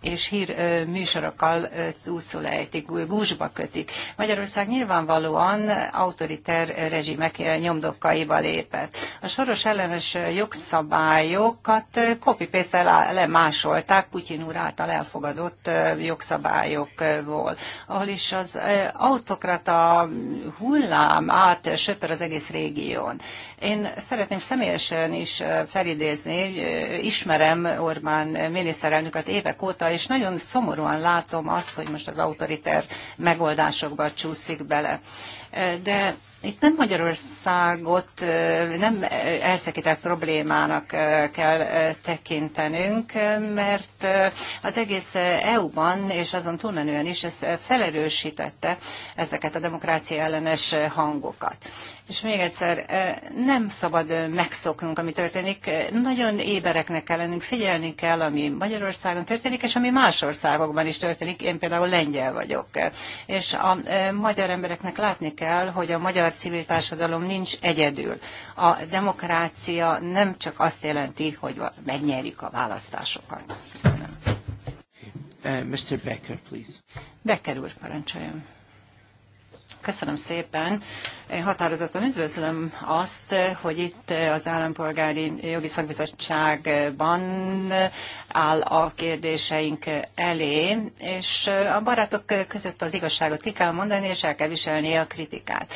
[SPEAKER 6] és hír műsorokkal úszul ejtik, gúzsba kötik. Magyarország nyilvánvalóan autoriter rezsimek nyomdokkaiba lépett. A soros ellenes jogszabályokat copy lemásolták Putyin úr által elfogadott jogszabályokból, ahol is az autokrata hullám át söpör az egész régión. Én szeretném személyesen is felidézni, ismerem Orbán miniszterelnöket évek óta, és nagyon szomorúan látom azt, hogy most az autoriter megoldásokba csúszik bele. De itt nem Magyarországot nem elszekített problémának kell tekintenünk, mert az egész EU-ban és azon túlmenően is ez felerősítette ezeket a demokrácia ellenes hangokat. És még egyszer, nem szabad megszoknunk, ami történik. Nagyon ébereknek kell lennünk, figyelni kell, ami Magyarországon történik, és ami más országokban is történik. Én például lengyel vagyok. És a magyar embereknek látni kell, hogy a magyar civil társadalom nincs egyedül. A demokrácia nem csak azt jelenti, hogy megnyerjük a választásokat. Köszönöm.
[SPEAKER 1] Uh, Mr. Becker, please.
[SPEAKER 6] Becker úr, parancsoljon. Köszönöm szépen. Én határozottan üdvözlöm azt, hogy itt az Állampolgári Jogi Szakbizottságban áll a kérdéseink elé, és a barátok között az igazságot ki kell mondani, és el kell viselni a kritikát.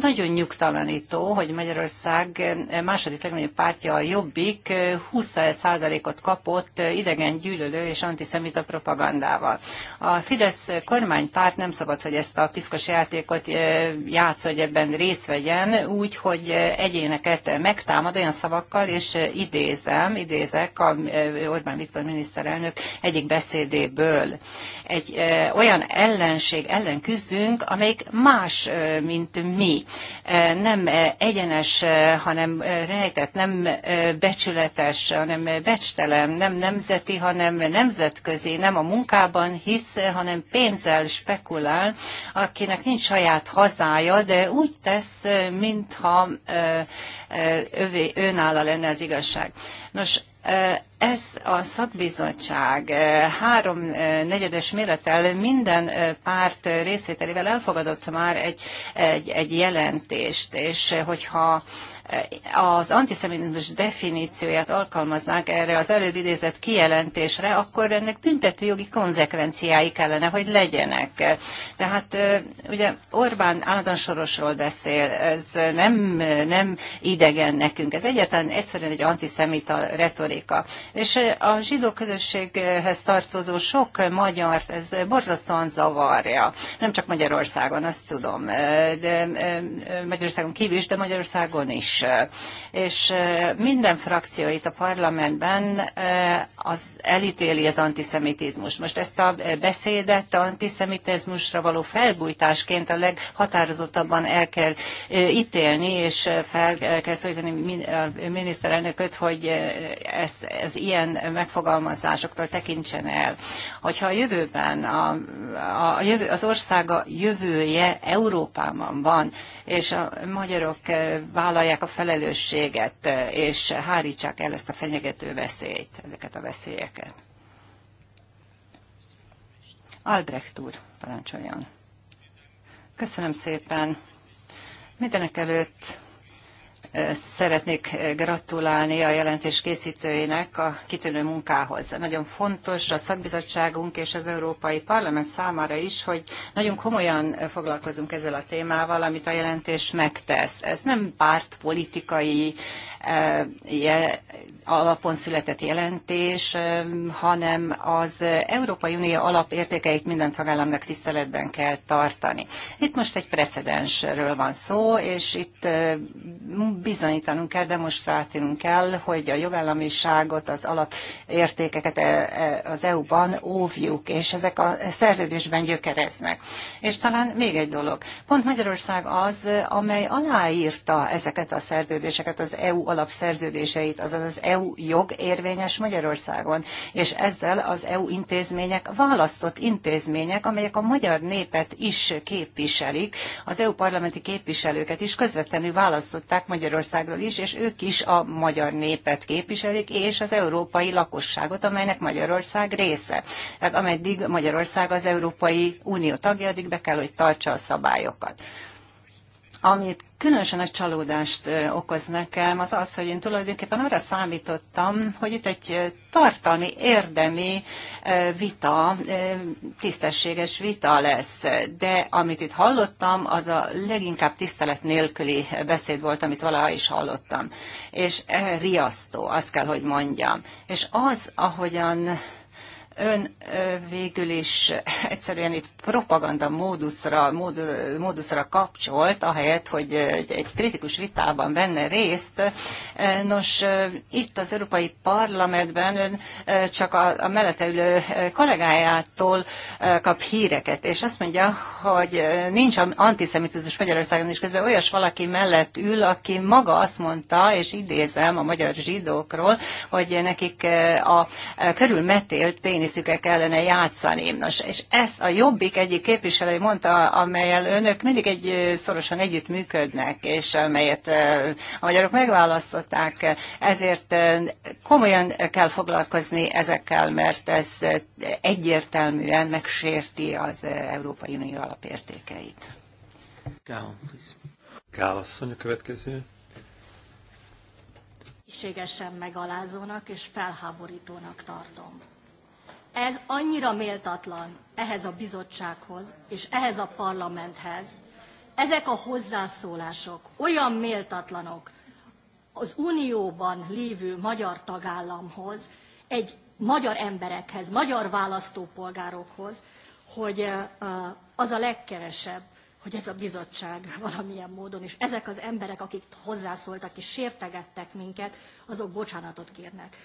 [SPEAKER 6] Nagyon nyugtalanító, hogy Magyarország második legnagyobb pártja a Jobbik 20%-ot kapott idegen gyűlölő és antiszemita propagandával. A Fidesz kormánypárt nem szabad, hogy ezt a piszkos játékot eh, játsz, hogy ebben részt vegyen, úgy, hogy egyéneket megtámad olyan szavakkal, és idézem, idézek a eh, Orbán Viktor miniszterelnök egyik beszédéből. Egy ö, olyan ellenség ellen küzdünk, amelyik más, ö, mint mi. E, nem egyenes, e, hanem rejtett, nem e, becsületes, hanem becstelem, nem nemzeti, hanem nemzetközi, nem a munkában hisz, hanem pénzzel spekulál, akinek nincs saját hazája, de úgy tesz, mintha e, övé, önállal lenne az igazság. Nos, ez a szakbizottság eh, három eh, negyedes mérettel minden eh, párt részvételével elfogadott már egy, egy, egy jelentést, és hogyha az antiszemitizmus definícióját alkalmaznák erre az előbb idézett kijelentésre, akkor ennek jogi konzekvenciái kellene, hogy legyenek. Tehát ugye Orbán állandóan Sorosról beszél, ez nem, nem idegen nekünk, ez egyetlen egyszerűen egy antiszemita retorika. És a zsidó közösséghez tartozó sok magyar, ez borzasztóan zavarja. Nem csak Magyarországon, azt tudom, de Magyarországon kívül is, de Magyarországon is. És minden frakció itt a parlamentben az elítéli az antiszemitizmus. Most ezt a beszédet a antiszemitizmusra való felbújtásként a leghatározottabban el kell ítélni, és fel kell szólítani a miniszterelnököt, hogy ez, ez ilyen megfogalmazásoktól tekintsen el. Hogyha a jövőben a, a jövő, az országa jövője Európában van, és a magyarok vállalják a felelősséget, és hárítsák el ezt a fenyegető veszélyt, ezeket a veszélyeket. Albrecht úr, parancsoljon. Köszönöm szépen. Mindenek előtt Szeretnék gratulálni a jelentés készítőinek a kitűnő munkához. Nagyon fontos a szakbizottságunk és az Európai Parlament számára is, hogy nagyon komolyan foglalkozunk ezzel a témával, amit a jelentés megtesz. Ez nem pártpolitikai eh, alapon született jelentés, hanem az Európai Unió alapértékeit minden tagállamnak tiszteletben kell tartani. Itt most egy precedensről van szó, és itt bizonyítanunk kell, demonstrálnunk kell, hogy a jogállamiságot, az alapértékeket e, e, az EU-ban óvjuk, és ezek a szerződésben gyökereznek. És talán még egy dolog. Pont Magyarország az, amely aláírta ezeket a szerződéseket, az EU alapszerződéseit, azaz az EU EU jog érvényes Magyarországon, és ezzel az EU intézmények választott intézmények, amelyek a magyar népet is képviselik, az EU parlamenti képviselőket is közvetlenül választották Magyarországról is, és ők is a magyar népet képviselik, és az európai lakosságot, amelynek Magyarország része. Tehát ameddig Magyarország az Európai Unió tagja, addig be kell, hogy tartsa a szabályokat. Amit különösen egy csalódást okoz nekem, az az, hogy én tulajdonképpen arra számítottam, hogy itt egy tartalmi, érdemi vita, tisztességes vita lesz. De amit itt hallottam, az a leginkább tisztelet nélküli beszéd volt, amit valaha is hallottam. És eh, riasztó, azt kell, hogy mondjam. És az, ahogyan Ön végül is [LAUGHS] egyszerűen itt propaganda móduszra, mód, móduszra kapcsolt, ahelyett, hogy egy kritikus vitában venne részt. Nos, itt az Európai Parlamentben ön csak a, a mellette ülő kollégájától kap híreket, és azt mondja, hogy nincs antiszemitizmus Magyarországon, és közben olyas valaki mellett ül, aki maga azt mondta, és idézem a magyar zsidókról, hogy nekik a körülmetélt pénisz részükkel kellene játszani. Nos, és ezt a Jobbik egyik képviselő mondta, amelyel önök mindig egy szorosan együtt működnek, és amelyet a magyarok megválasztották, ezért komolyan kell foglalkozni ezekkel, mert ez egyértelműen megsérti az Európai Unió alapértékeit.
[SPEAKER 3] Gál, asszony a következő
[SPEAKER 8] mélységesen megalázónak és felháborítónak tartom. Ez annyira méltatlan ehhez a bizottsághoz és ehhez a parlamenthez. Ezek a hozzászólások olyan méltatlanok az unióban lévő magyar tagállamhoz, egy magyar emberekhez, magyar választópolgárokhoz, hogy az a legkevesebb, hogy ez a bizottság [LAUGHS] valamilyen módon, és ezek az emberek, akik hozzászóltak és sértegettek minket, azok bocsánatot kérnek.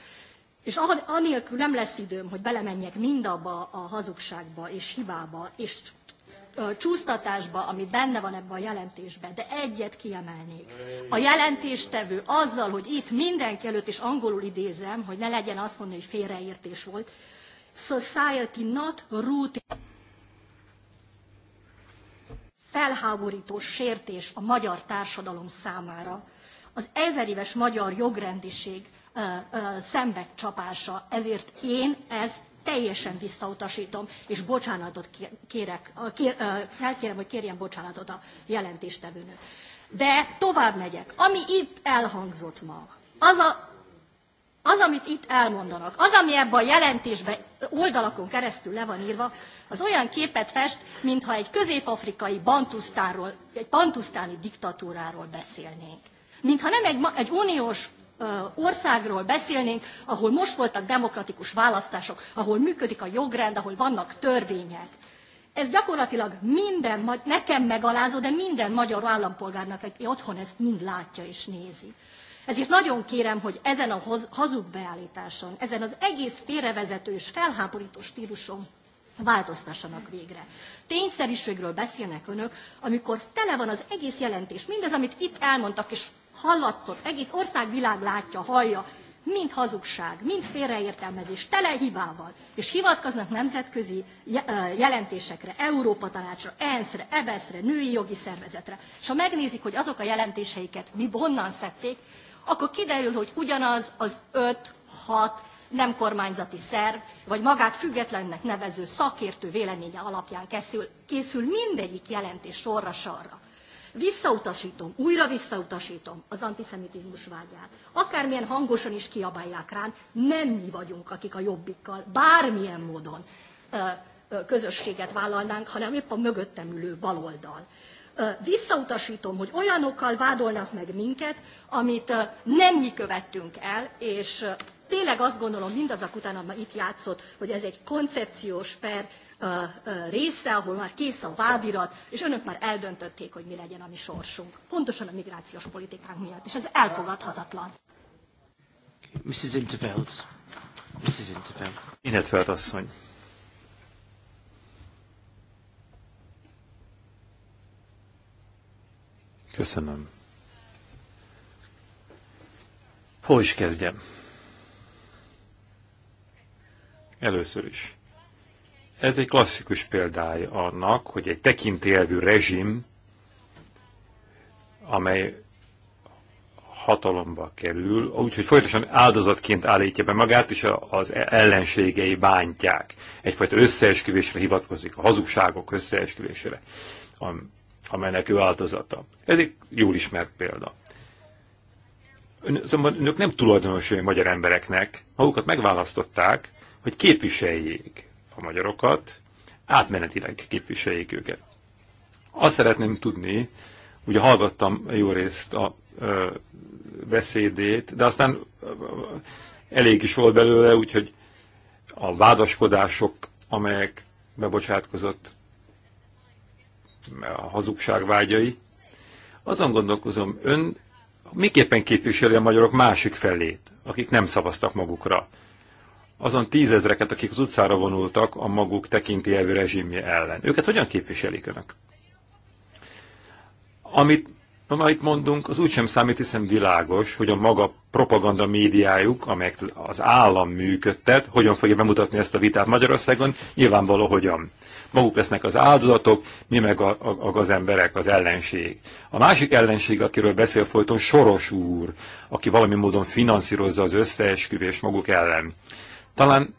[SPEAKER 8] És anélkül nem lesz időm, hogy belemenjek mindabba a hazugságba és hibába és csúsztatásba, ami benne van ebben a jelentésben, de egyet kiemelnék. A jelentéstevő azzal, hogy itt mindenki előtt, és angolul idézem, hogy ne legyen azt mondani, hogy félreértés volt, society not rooted felháborító sértés a magyar társadalom számára. Az ezeréves magyar jogrendiség szembecsapása. Ezért én ezt teljesen visszautasítom, és bocsánatot kérek, kér, felkérem, hogy kérjen bocsánatot a jelentéstevőnő. De tovább megyek. Ami itt elhangzott ma, az, a, az, amit itt elmondanak, az, ami ebben a jelentésben oldalakon keresztül le van írva, az olyan képet fest, mintha egy közép-afrikai bantusztánról, egy bantusztáni diktatúráról beszélnénk. Mintha nem egy, egy uniós országról beszélnénk, ahol most voltak demokratikus választások, ahol működik a jogrend, ahol vannak törvények. Ez gyakorlatilag minden, nekem megalázó, de minden magyar állampolgárnak, aki otthon ezt mind látja és nézi. Ezért nagyon kérem, hogy ezen a hazug beállításon, ezen az egész félrevezető és felháborító stíluson változtassanak végre. Tényszerűségről beszélnek önök, amikor tele van az egész jelentés, mindez, amit itt elmondtak, és hallatszott, egész országvilág látja, hallja, mind hazugság, mind félreértelmezés, tele hibával, és hivatkoznak nemzetközi jelentésekre, Európa Tanácsra, ENSZ-re, EBESZ-re, női jogi szervezetre. És ha megnézik, hogy azok a jelentéseiket mi honnan szedték, akkor kiderül, hogy ugyanaz az 5-6 nem kormányzati szerv, vagy magát függetlennek nevező szakértő véleménye alapján készül, készül mindegyik jelentés sorra-sorra. Visszautasítom, újra visszautasítom az antiszemitizmus vágyát. Akármilyen hangosan is kiabálják ránk, nem mi vagyunk, akik a jobbikkal bármilyen módon közösséget vállalnánk, hanem épp a mögöttem ülő baloldal. Visszautasítom, hogy olyanokkal vádolnak meg minket, amit nem mi követtünk el, és tényleg azt gondolom mindazok után, ami itt játszott, hogy ez egy koncepciós per, része, ahol már kész a vádirat, és önök már eldöntötték, hogy mi legyen a mi sorsunk. Pontosan a migrációs politikánk miatt, és ez elfogadhatatlan.
[SPEAKER 3] Mrs. Interveld. Mrs. Interveld. Inetveld asszony. Köszönöm. Hol is kezdjem? Először is. Ez egy klasszikus példája annak, hogy egy tekintélvű rezsim, amely hatalomba kerül, úgyhogy folyamatosan áldozatként állítja be magát, és az ellenségei bántják. Egyfajta összeesküvésre hivatkozik, a hazugságok összeesküvésére, amelynek ő áldozata. Ez egy jól ismert példa. Ön, szóval önök nem tulajdonosai magyar embereknek, magukat megválasztották, hogy képviseljék a magyarokat, átmenetileg képviseljék őket. Azt szeretném tudni, ugye hallgattam jó részt a ö, beszédét, de aztán ö, elég is volt belőle, úgyhogy a vádaskodások, amelyek bebocsátkozott a hazugság vágyai, azon gondolkozom, ön miképpen képviseli a magyarok másik felét, akik nem szavaztak magukra azon tízezreket, akik az utcára vonultak a maguk tekintélyelvű rezsimje ellen. Őket hogyan képviselik önök? Amit, amit mondunk, az úgysem számít, hiszen világos, hogy a maga propaganda médiájuk, amelyek az állam működtet, hogyan fogja bemutatni ezt a vitát Magyarországon, nyilvánvaló hogyan. Maguk lesznek az áldozatok, mi meg a, a, az emberek, az ellenség. A másik ellenség, akiről beszél folyton, Soros úr, aki valami módon finanszírozza az összeesküvés maguk ellen talán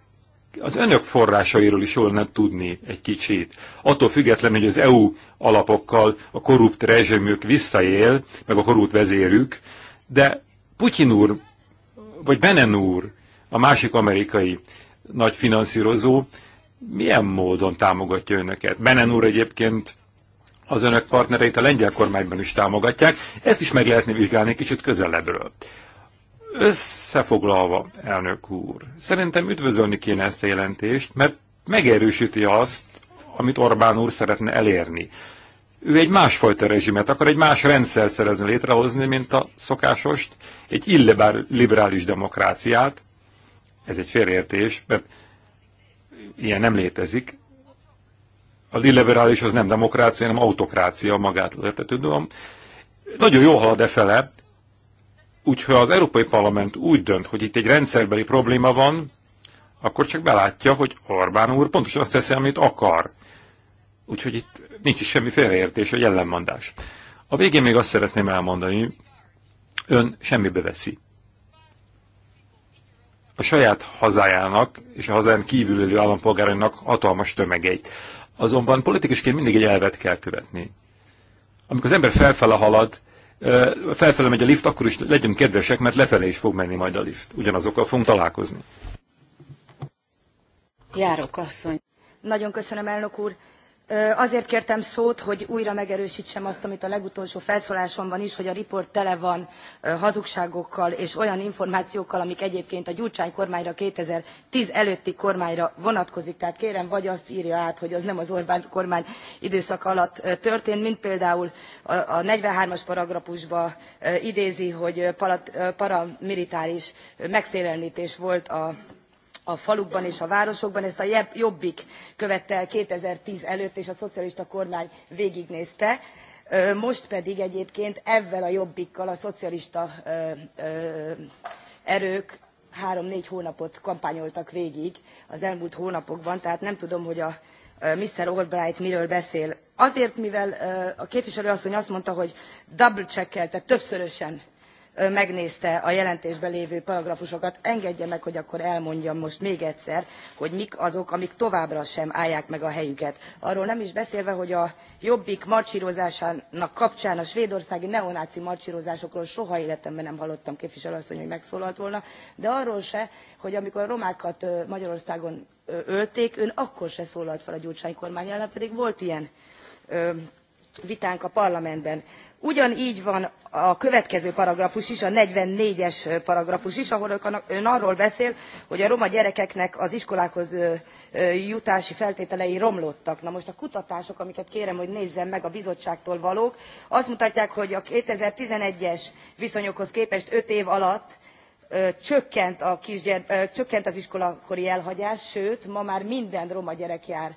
[SPEAKER 3] az önök forrásairól is jól nem tudni egy kicsit. Attól függetlenül, hogy az EU alapokkal a korrupt rezsömük visszaél, meg a korrupt vezérük, de Putyin úr, vagy Benen úr, a másik amerikai nagy finanszírozó, milyen módon támogatja önöket? Benen úr egyébként az önök partnereit a lengyel kormányban is támogatják, ezt is meg lehetne vizsgálni kicsit közelebbről. Összefoglalva, elnök úr, szerintem üdvözölni kéne ezt a jelentést, mert megerősíti azt, amit Orbán úr szeretne elérni. Ő egy másfajta rezsimet akar, egy más rendszer szerezni létrehozni, mint a szokásost, egy liberális demokráciát. Ez egy félértés, mert ilyen nem létezik. A liberális az nem demokrácia, hanem autokrácia magát tudom. Nagyon jó halad e fele, Úgyhogy az Európai Parlament úgy dönt, hogy itt egy rendszerbeli probléma van, akkor csak belátja, hogy Orbán úr pontosan azt teszi, amit akar. Úgyhogy itt nincs is semmi félreértés vagy ellenmondás. A végén még azt szeretném elmondani, ön semmibe veszi. A saját hazájának és a hazán kívül élő állampolgárainak hatalmas tömegeit. Azonban politikusként mindig egy elvet kell követni. Amikor az ember felfele halad, felfelé megy a lift, akkor is legyünk kedvesek, mert lefelé is fog menni majd a lift. Ugyanazokkal fogunk találkozni.
[SPEAKER 9] Járok, asszony. Nagyon köszönöm, elnök úr. Azért kértem szót, hogy újra megerősítsem azt, amit a legutolsó felszólásomban is, hogy a riport tele van hazugságokkal és olyan információkkal, amik egyébként a Gyurcsány kormányra 2010 előtti kormányra vonatkozik. Tehát kérem, vagy azt írja át, hogy az nem az Orbán kormány időszak alatt történt, mint például a 43-as paragrafusba idézi, hogy paramilitáris megfélemlítés volt a a falukban és a városokban ezt a jobbik követte el two thousand and ten előtt és a szocialista kormány végignézte most pedig egyébként evvel a jobbikkal a szocialista erők három négy hónapot kampányoltak végig az elmúlt hónapokban tehát nem tudom hogy a mr albright miről beszél. azért mivel a képviselő asszony azt mondta hogy double check kel tehát többszörösen megnézte a jelentésben lévő paragrafusokat engedje meg hogy akkor elmondjam most még egyszer hogy mik azok amik továbbra sem állják meg a helyüket arról nem is beszélve hogy a jobbik marcsrozásának kapcsán a svédországi neonáci marcsrozásokról soha életemben nem hallottam képviselő asszony hogy megszólalt volna de arról se hogy amikor a romákat magyarországon ölték ön akkor se szólalt fel a gyurcsány kormány ellen pedig volt ilyen vitánk a parlamentben. ugyangy van a következő paragrafus is a forty four es paragrafus is ahol ön arról beszél hogy a roma gyerekeknek az iskolákhoz jutási feltételei romlottak. na most a kutatások amiket kérem hogy nézzen meg a bizottságtól valók azt mutatják hogy a two thousand and eleven es viszonyokhoz képest five év alatt csökkent, a csökkent az iskolakori elhagyás sőt ma már minden roma gyerek jár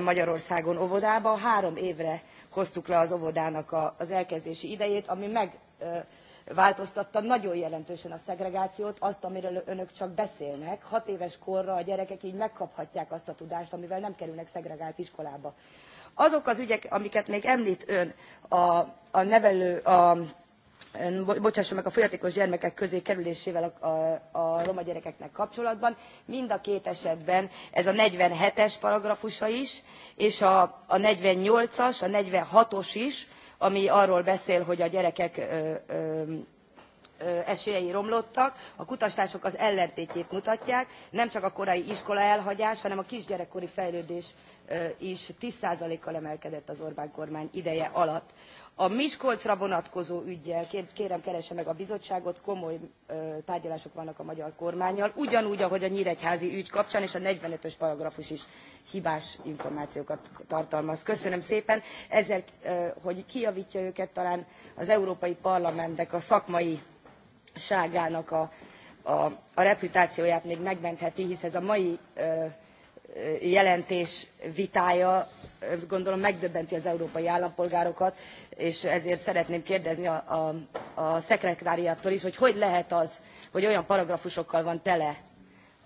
[SPEAKER 9] magyarországon óvodába három évre hoztuk le az óvodának az elkezdési idejét, ami megváltoztatta nagyon jelentősen a szegregációt, azt, amiről önök csak beszélnek. Hat éves korra a gyerekek így megkaphatják azt a tudást, amivel nem kerülnek szegregált iskolába. Azok az ügyek, amiket még említ ön a, a nevelő, a bocsásson meg a fogyatékos gyermekek közé kerülésével a, a, a roma gyerekeknek kapcsolatban. Mind a két esetben ez a 47-es paragrafusa is, és a, a 48-as, a 46-os is, ami arról beszél, hogy a gyerekek ö, ö, esélyei romlottak a kutatások az ellentétjét mutatják nemcsak a korai iskolaelhagyás hanem a kisgyerekkori fejlődés is 10%-kal emelkedett az Orbán kormány ideje alatt. A Miskolcra vonatkozó ügyjel, kérem keresse meg a bizottságot, komoly tárgyalások vannak a magyar kormányjal, ugyanúgy, ahogy a nyíregyházi ügy kapcsán, és a 45-ös paragrafus is hibás információkat tartalmaz. Köszönöm szépen. Ezzel, hogy kijavítja őket, talán az Európai Parlamentnek a szakmai ságának a, a, a reputációját még megmentheti, hisz ez a mai jelentés vitája gondolom megdöbbenti az európai állampolgárokat, és ezért szeretném kérdezni a, a, a szekretáriától is, hogy hogy lehet az, hogy olyan paragrafusokkal van tele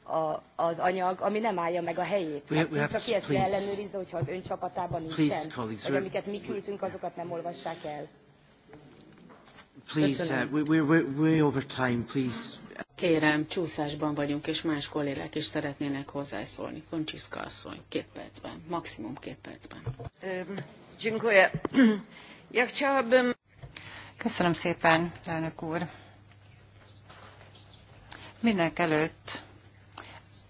[SPEAKER 9] a, az anyag, ami nem állja meg a helyét. Hát, csak ki ezt please, ellenőrizze, hogyha az ön csapatában nincsen, please, vagy amiket mi küldtünk, azokat nem olvassák el.
[SPEAKER 1] Please, uh, we're, we're, we're over time, please.
[SPEAKER 4] Kérem, csúszásban vagyunk, és más kollégák is szeretnének hozzászólni. Koncsiszka asszony, két percben, maximum két percben.
[SPEAKER 10] Dziękuję. Ja chciałabym...
[SPEAKER 6] Köszönöm szépen, elnök úr. Mindenek előtt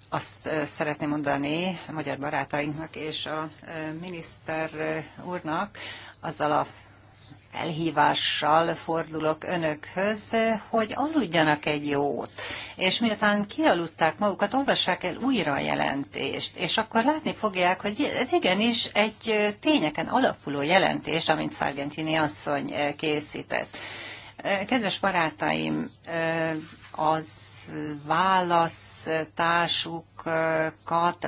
[SPEAKER 6] azt szeretném mondani a magyar barátainknak és a miniszter úrnak azzal a felhívással fordulok önökhöz, hogy aludjanak egy jót. És miután kialudták magukat, olvassák el újra a jelentést, és akkor látni fogják, hogy ez igenis egy tényeken alapuló jelentés, amint Szargentini asszony készített. Kedves barátaim, az választásukat,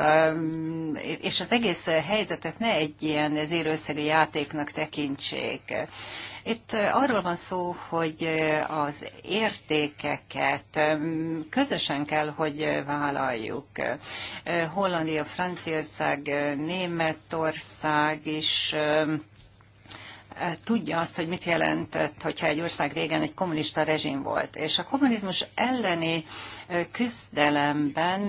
[SPEAKER 6] és az egész helyzetet ne egy ilyen zérőszerű játéknak tekintsék. Itt arról van szó, hogy az értékeket közösen kell, hogy vállaljuk. Hollandia, Franciaország, Németország is tudja azt, hogy mit jelentett, hogyha egy ország régen egy kommunista rezsim volt. És a kommunizmus elleni küzdelemben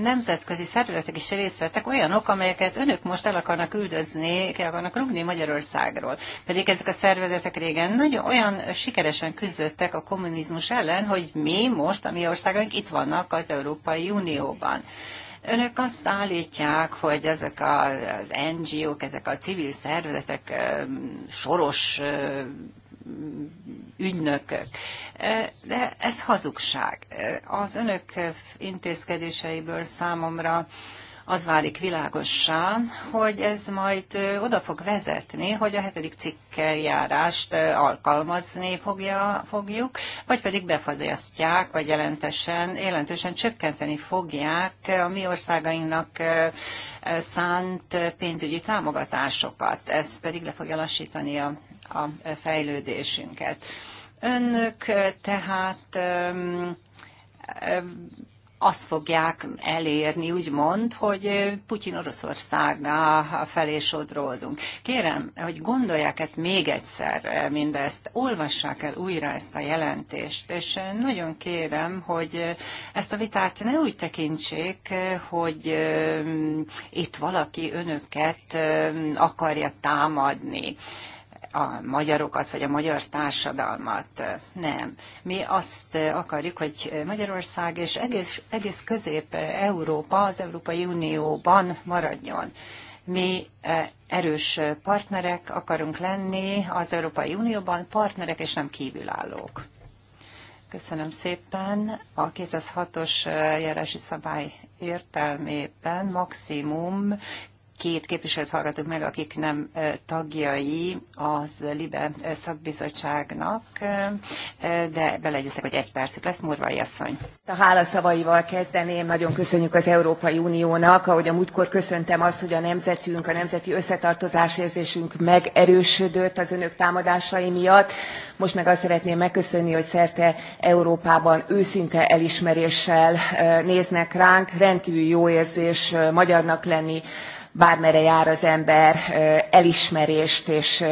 [SPEAKER 6] nemzetközi szervezetek is részt vettek, olyanok, amelyeket önök most el akarnak üldözni, ki akarnak rugni Magyarországról. Pedig ezek a szervezetek régen nagyon olyan sikeresen küzdöttek a kommunizmus ellen, hogy mi most, a mi országaink itt vannak az Európai Unióban. Önök azt állítják, hogy ezek az NGO-k, ezek a civil szervezetek soros ügynökök. De ez hazugság. Az önök intézkedéseiből számomra az válik világossá, hogy ez majd oda fog vezetni, hogy a hetedik cikkeljárást alkalmazni fogja, fogjuk, vagy pedig befazasztják, vagy jelentesen, jelentősen csökkenteni fogják a mi országainknak szánt pénzügyi támogatásokat. Ez pedig le fogja lassítani a, a fejlődésünket. Önök tehát azt fogják elérni, úgymond, hogy Putyin Oroszország felé sodródunk. Kérem, hogy gondolják ezt még egyszer mindezt, olvassák el újra ezt a jelentést, és nagyon kérem, hogy ezt a vitát ne úgy tekintsék, hogy itt valaki önöket akarja támadni a magyarokat, vagy a magyar társadalmat. Nem. Mi azt akarjuk, hogy Magyarország és egész, egész Közép-Európa az Európai Unióban maradjon. Mi erős partnerek akarunk lenni az Európai Unióban, partnerek és nem kívülállók. Köszönöm szépen. A 206-os járási szabály értelmében maximum két képviselőt hallgatunk meg, akik nem tagjai az LIBE
[SPEAKER 10] szakbizottságnak,
[SPEAKER 6] de beleegyeztek, hogy egy percük lesz. Murvai asszony.
[SPEAKER 10] A hála szavaival kezdeném. Nagyon köszönjük az Európai Uniónak. Ahogy a múltkor köszöntem azt, hogy a nemzetünk, a nemzeti összetartozás érzésünk megerősödött az önök támadásai miatt. Most meg azt szeretném megköszönni, hogy szerte Európában őszinte elismeréssel néznek ránk. Rendkívül jó érzés magyarnak lenni, bármerre jár az ember, elismerést és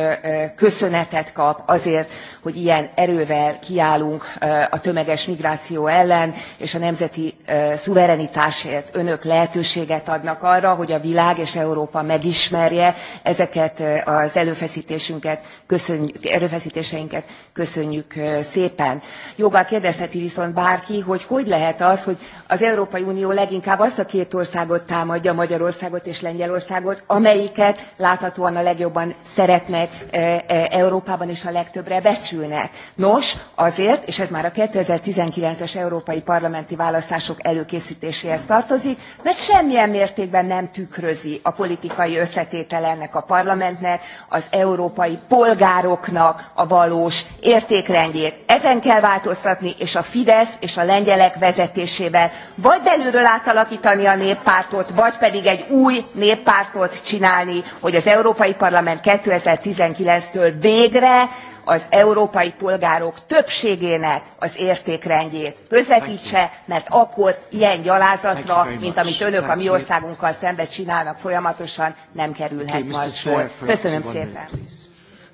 [SPEAKER 10] köszönetet kap azért, hogy ilyen erővel kiállunk a tömeges migráció ellen, és a nemzeti szuverenitásért önök lehetőséget adnak arra, hogy a világ és Európa megismerje ezeket az erőfesztéseinket köszönjük, erőfeszítéseinket köszönjük szépen. Joggal kérdezheti viszont bárki, hogy hogy lehet az, hogy az Európai Unió leginkább azt a két országot támadja, Magyarországot és Lengyelországot, Magyarországot, amelyiket láthatóan a legjobban szeretnek e, e, Európában és a legtöbbre becsülnek. Nos, azért, és ez már a 2019-es európai parlamenti választások előkészítéséhez tartozik, mert semmilyen mértékben nem tükrözi a politikai összetétele ennek a parlamentnek, az európai polgároknak a valós értékrendjét. Ezen kell változtatni, és a Fidesz és a lengyelek vezetésével. Vagy belülről átalaktani a néppártot, vagy pedig egy új néppártot pártot csinálni hogy az európai parlament two thousand and nineteen től végre az európai polgárok többségének az értékrendjét közvettse mert akkor ilyen gyalázatra mint amit önök a mi országunkkal szemben csinálnak folyamatosan nem kerülhet majd sor. köszönöm szépen!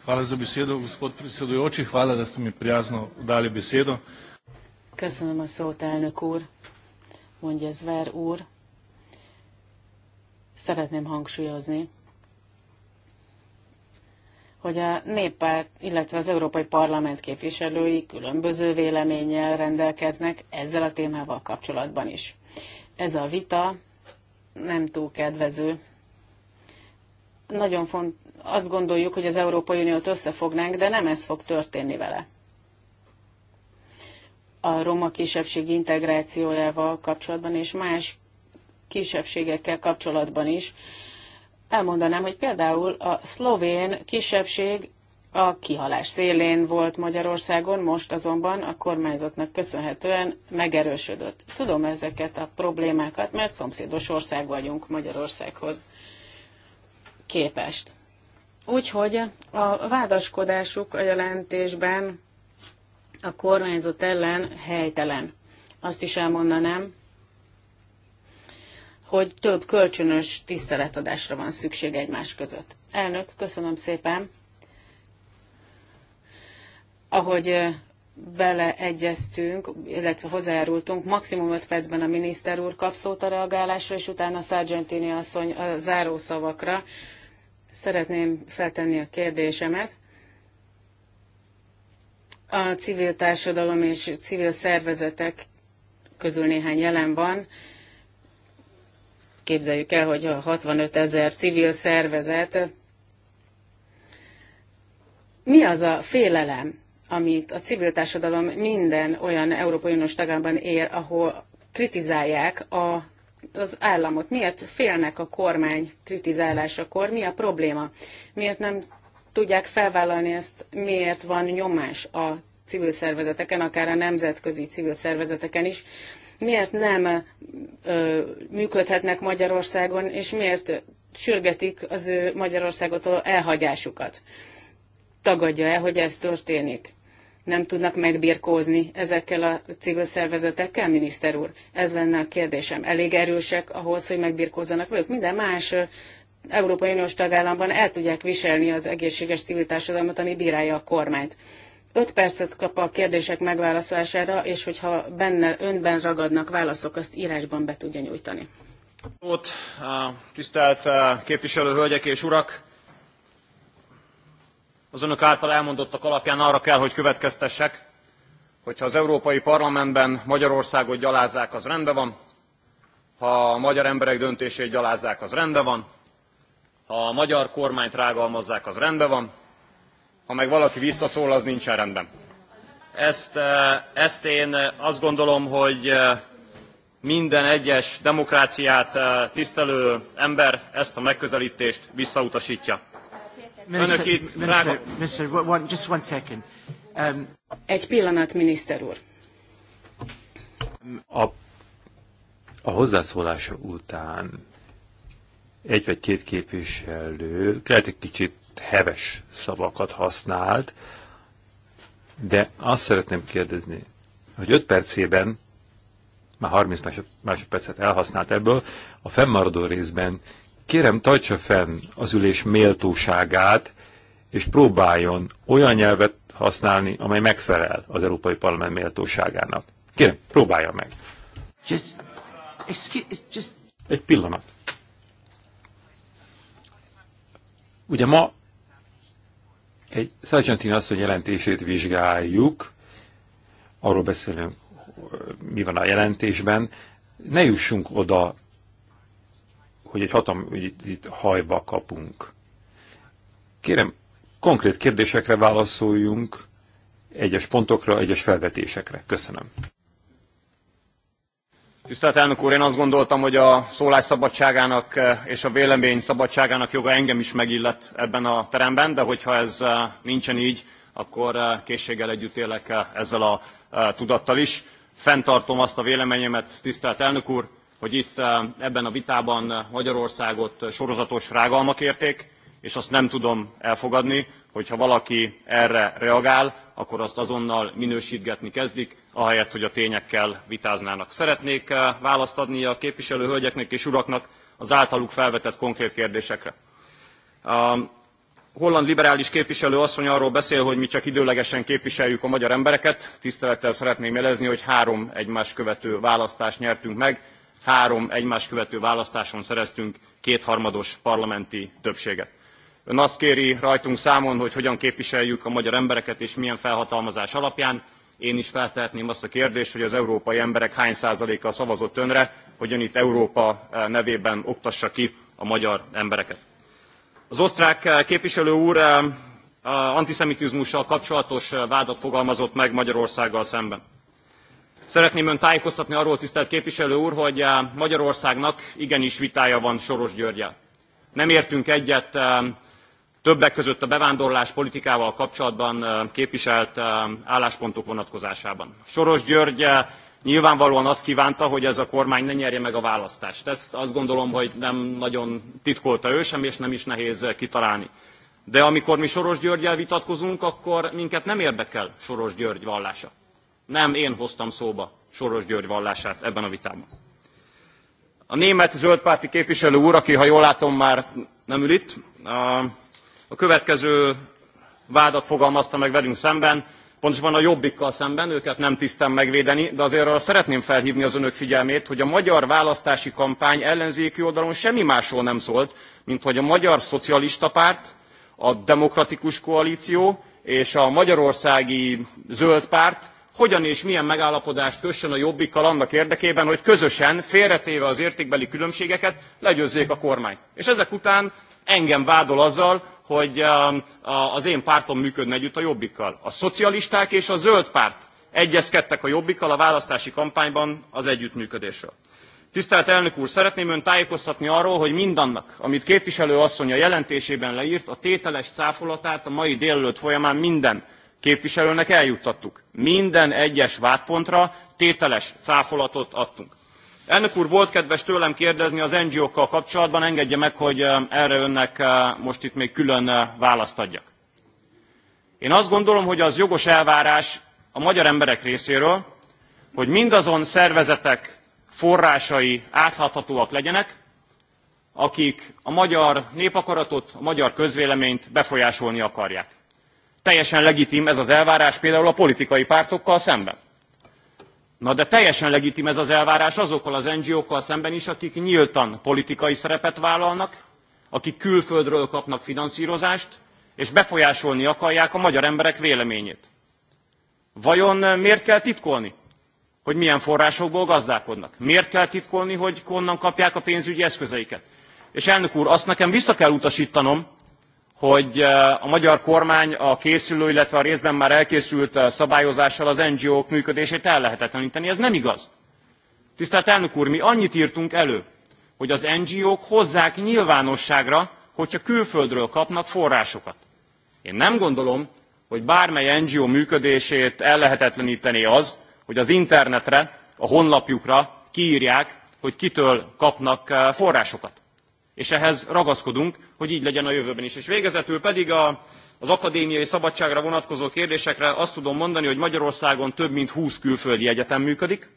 [SPEAKER 3] Hvala za besedo, gospod predsedujoči. Hvala, da ste mi prijazno dali besedo.
[SPEAKER 4] Köszönöm a szót, elnök úr, mondja Zver úr szeretném hangsúlyozni, hogy a néppárt, illetve az Európai Parlament képviselői különböző véleménnyel rendelkeznek ezzel a témával kapcsolatban is. Ez a vita nem túl kedvező. Nagyon font, azt gondoljuk, hogy az Európai Uniót összefognánk, de nem ez fog történni vele. A roma kisebbség integrációjával kapcsolatban és más kisebbségekkel kapcsolatban is. Elmondanám, hogy például a szlovén kisebbség a kihalás szélén volt Magyarországon, most azonban a kormányzatnak köszönhetően megerősödött. Tudom ezeket a problémákat, mert szomszédos ország vagyunk Magyarországhoz képest. Úgyhogy a vádaskodásuk a jelentésben a kormányzat ellen helytelen. Azt is elmondanám, hogy több kölcsönös tiszteletadásra van szükség egymás között. Elnök, köszönöm szépen. Ahogy beleegyeztünk, illetve hozzájárultunk, maximum 5 percben a miniszter úr kap szót a reagálásra, és utána Sargentini asszony a záró szavakra. Szeretném feltenni a kérdésemet. A civil társadalom és civil szervezetek közül néhány jelen van Képzeljük el, hogy a 65 ezer civil szervezet mi az a félelem, amit a civil társadalom minden olyan Európai Uniós tagállamban ér, ahol kritizálják a, az államot? Miért félnek a kormány kritizálásakor? Mi a probléma? Miért nem tudják felvállalni ezt? Miért van nyomás a civil szervezeteken, akár a nemzetközi civil szervezeteken is, miért nem ö, működhetnek Magyarországon, és miért sürgetik az ő Magyarországotól elhagyásukat. Tagadja el, hogy ez történik. Nem tudnak megbirkózni ezekkel a civil szervezetekkel, miniszter úr? Ez lenne a kérdésem. Elég erősek ahhoz, hogy megbirkózzanak velük? Minden más Európai Uniós tagállamban el tudják viselni az egészséges civil társadalmat, ami bírálja a kormányt. 5 percet kap a kérdések megválaszolására, és hogyha benne önben ragadnak válaszok, azt írásban be tudja nyújtani.
[SPEAKER 7] Ott, tisztelt képviselő hölgyek és urak! Az önök által elmondottak alapján arra kell, hogy következtessek, hogyha az Európai Parlamentben Magyarországot gyalázzák, az rendben van, ha a magyar emberek döntését gyalázzák, az rendben van, ha a magyar kormányt rágalmazzák, az rendben van, ha meg valaki visszaszól, az nincsen rendben. Ezt, eh, ezt én eh, azt gondolom, hogy eh, minden egyes demokráciát tisztelő ember ezt a megközelítést visszautasítja.
[SPEAKER 11] Minister, Önök itt,
[SPEAKER 4] minister, rága... minister, one, just one second. Um... Egy pillanat, miniszter úr.
[SPEAKER 3] A, a hozzászólása után egy vagy két képviselő lehet egy kicsit heves szavakat használt, de azt szeretném kérdezni, hogy 5 percében, már 30 másodpercet elhasznált ebből, a fennmaradó részben kérem tartsa fenn az ülés méltóságát, és próbáljon olyan nyelvet használni, amely megfelel az Európai Parlament méltóságának. Kérem, próbálja meg. Just, excuse, just... Egy pillanat. Ugye ma egy Sargentin asszony jelentését vizsgáljuk, arról beszélünk, mi van a jelentésben, ne jussunk oda, hogy egy hatam, hogy itt, itt hajba kapunk. Kérem, konkrét kérdésekre válaszoljunk, egyes pontokra, egyes felvetésekre. Köszönöm.
[SPEAKER 7] Tisztelt elnök úr, én azt gondoltam, hogy a szólás szabadságának eh, és a vélemény szabadságának joga engem is megillet ebben a teremben, de hogyha ez eh, nincsen így, akkor eh, készséggel együtt élek ezzel a tudattal is. Fenntartom azt a véleményemet, tisztelt elnök úr, hogy itt ebben a vitában Magyarországot sorozatos rágalmak érték, és azt nem tudom elfogadni, hogyha valaki erre reagál, akkor azt azonnal minősítgetni kezdik, ahelyett, hogy a tényekkel vitáznának. Szeretnék eh, választ adni a képviselőhölgyeknek és uraknak az általuk felvetett konkrét kérdésekre. A holland liberális képviselő asszony arról beszél, hogy mi csak időlegesen képviseljük a magyar embereket. Tisztelettel szeretném jelezni, hogy három egymás követő választást nyertünk meg, három egymás követő választáson szereztünk kétharmados parlamenti többséget. Ön azt kéri rajtunk számon, hogy hogyan képviseljük a magyar embereket és milyen felhatalmazás alapján én is feltehetném azt a kérdést hogy az európai emberek hány százaléka szavazott önre hogy ön itt európa e, nevében oktassa ki a magyar embereket. az osztrák e, képviselő úr e, antiszemitizmussal kapcsolatos vádat fogalmazott meg magyarországgal szemben. szeretném önt tájékoztatni arról tisztelt képviselő úr hogy magyarországnak igenis vitája van soros györggyel. nem értünk egyet többek között a bevándorlás politikával kapcsolatban képviselt álláspontok vonatkozásában. Soros György nyilvánvalóan azt kívánta, hogy ez a kormány ne nyerje meg a választást. Ezt azt gondolom, hogy nem nagyon titkolta ő sem, és nem is nehéz kitalálni. De amikor mi Soros Györgyel vitatkozunk, akkor minket nem érdekel Soros György vallása. Nem én hoztam szóba Soros György vallását ebben a vitában. A német zöldpárti képviselő úr, aki ha jól látom már nem ül itt, a következő vádat fogalmazta meg velünk szemben, pontosabban a jobbikkal szemben, őket nem tisztem megvédeni, de azért arra szeretném felhívni az önök figyelmét, hogy a magyar választási kampány ellenzéki oldalon semmi másról nem szólt, mint hogy a Magyar Szocialista Párt, a Demokratikus Koalíció és a Magyarországi Zöld Párt hogyan és milyen megállapodást kössön a jobbikkal annak érdekében, hogy közösen, félretéve az értékbeli különbségeket, legyőzzék a kormányt. És ezek után engem vádol azzal, hogy um, az én pártom működne együtt a jobbikkal. A szocialisták és a zöld párt egyezkedtek a jobbikkal a választási kampányban az együttműködésről. Tisztelt elnök úr, szeretném ön tájékoztatni arról, hogy mindannak, amit képviselő asszony a jelentésében leírt, a tételes cáfolatát a mai délelőtt folyamán minden képviselőnek eljuttattuk. Minden egyes vádpontra tételes cáfolatot adtunk. Elnök úr, volt kedves tőlem kérdezni az NGO-kkal kapcsolatban, engedje meg, hogy erre önnek most itt még külön választ adjak. Én azt gondolom, hogy az jogos elvárás a magyar emberek részéről, hogy mindazon szervezetek forrásai átláthatóak legyenek, akik a magyar népakaratot, a magyar közvéleményt befolyásolni akarják. Teljesen legitim ez az elvárás például a politikai pártokkal szemben. Na de teljesen legitim ez az elvárás azokkal az NGO-kkal szemben is, akik nyíltan politikai szerepet vállalnak, akik külföldről kapnak finanszírozást, és befolyásolni akarják a magyar emberek véleményét. Vajon eh, miért kell titkolni, hogy milyen forrásokból gazdálkodnak? Miért kell titkolni, hogy honnan kapják a pénzügyi eszközeiket? És elnök úr, azt nekem vissza kell utasítanom, hogy eh, a magyar kormány a készülő, illetve a részben már elkészült eh, szabályozással az NGO-k működését ellehetetleníteni. Ez nem igaz. Tisztelt elnök úr, mi annyit írtunk elő, hogy az NGO-k hozzák nyilvánosságra, hogyha külföldről kapnak forrásokat. Én nem gondolom, hogy bármely NGO működését ellehetetlenítené az, hogy az internetre, a honlapjukra kiírják, hogy kitől kapnak eh, forrásokat. És ehhez ragaszkodunk, hogy így legyen a jövőben is. És végezetül pedig a, az akadémiai szabadságra vonatkozó kérdésekre azt tudom mondani, hogy Magyarországon több mint 20 külföldi egyetem működik.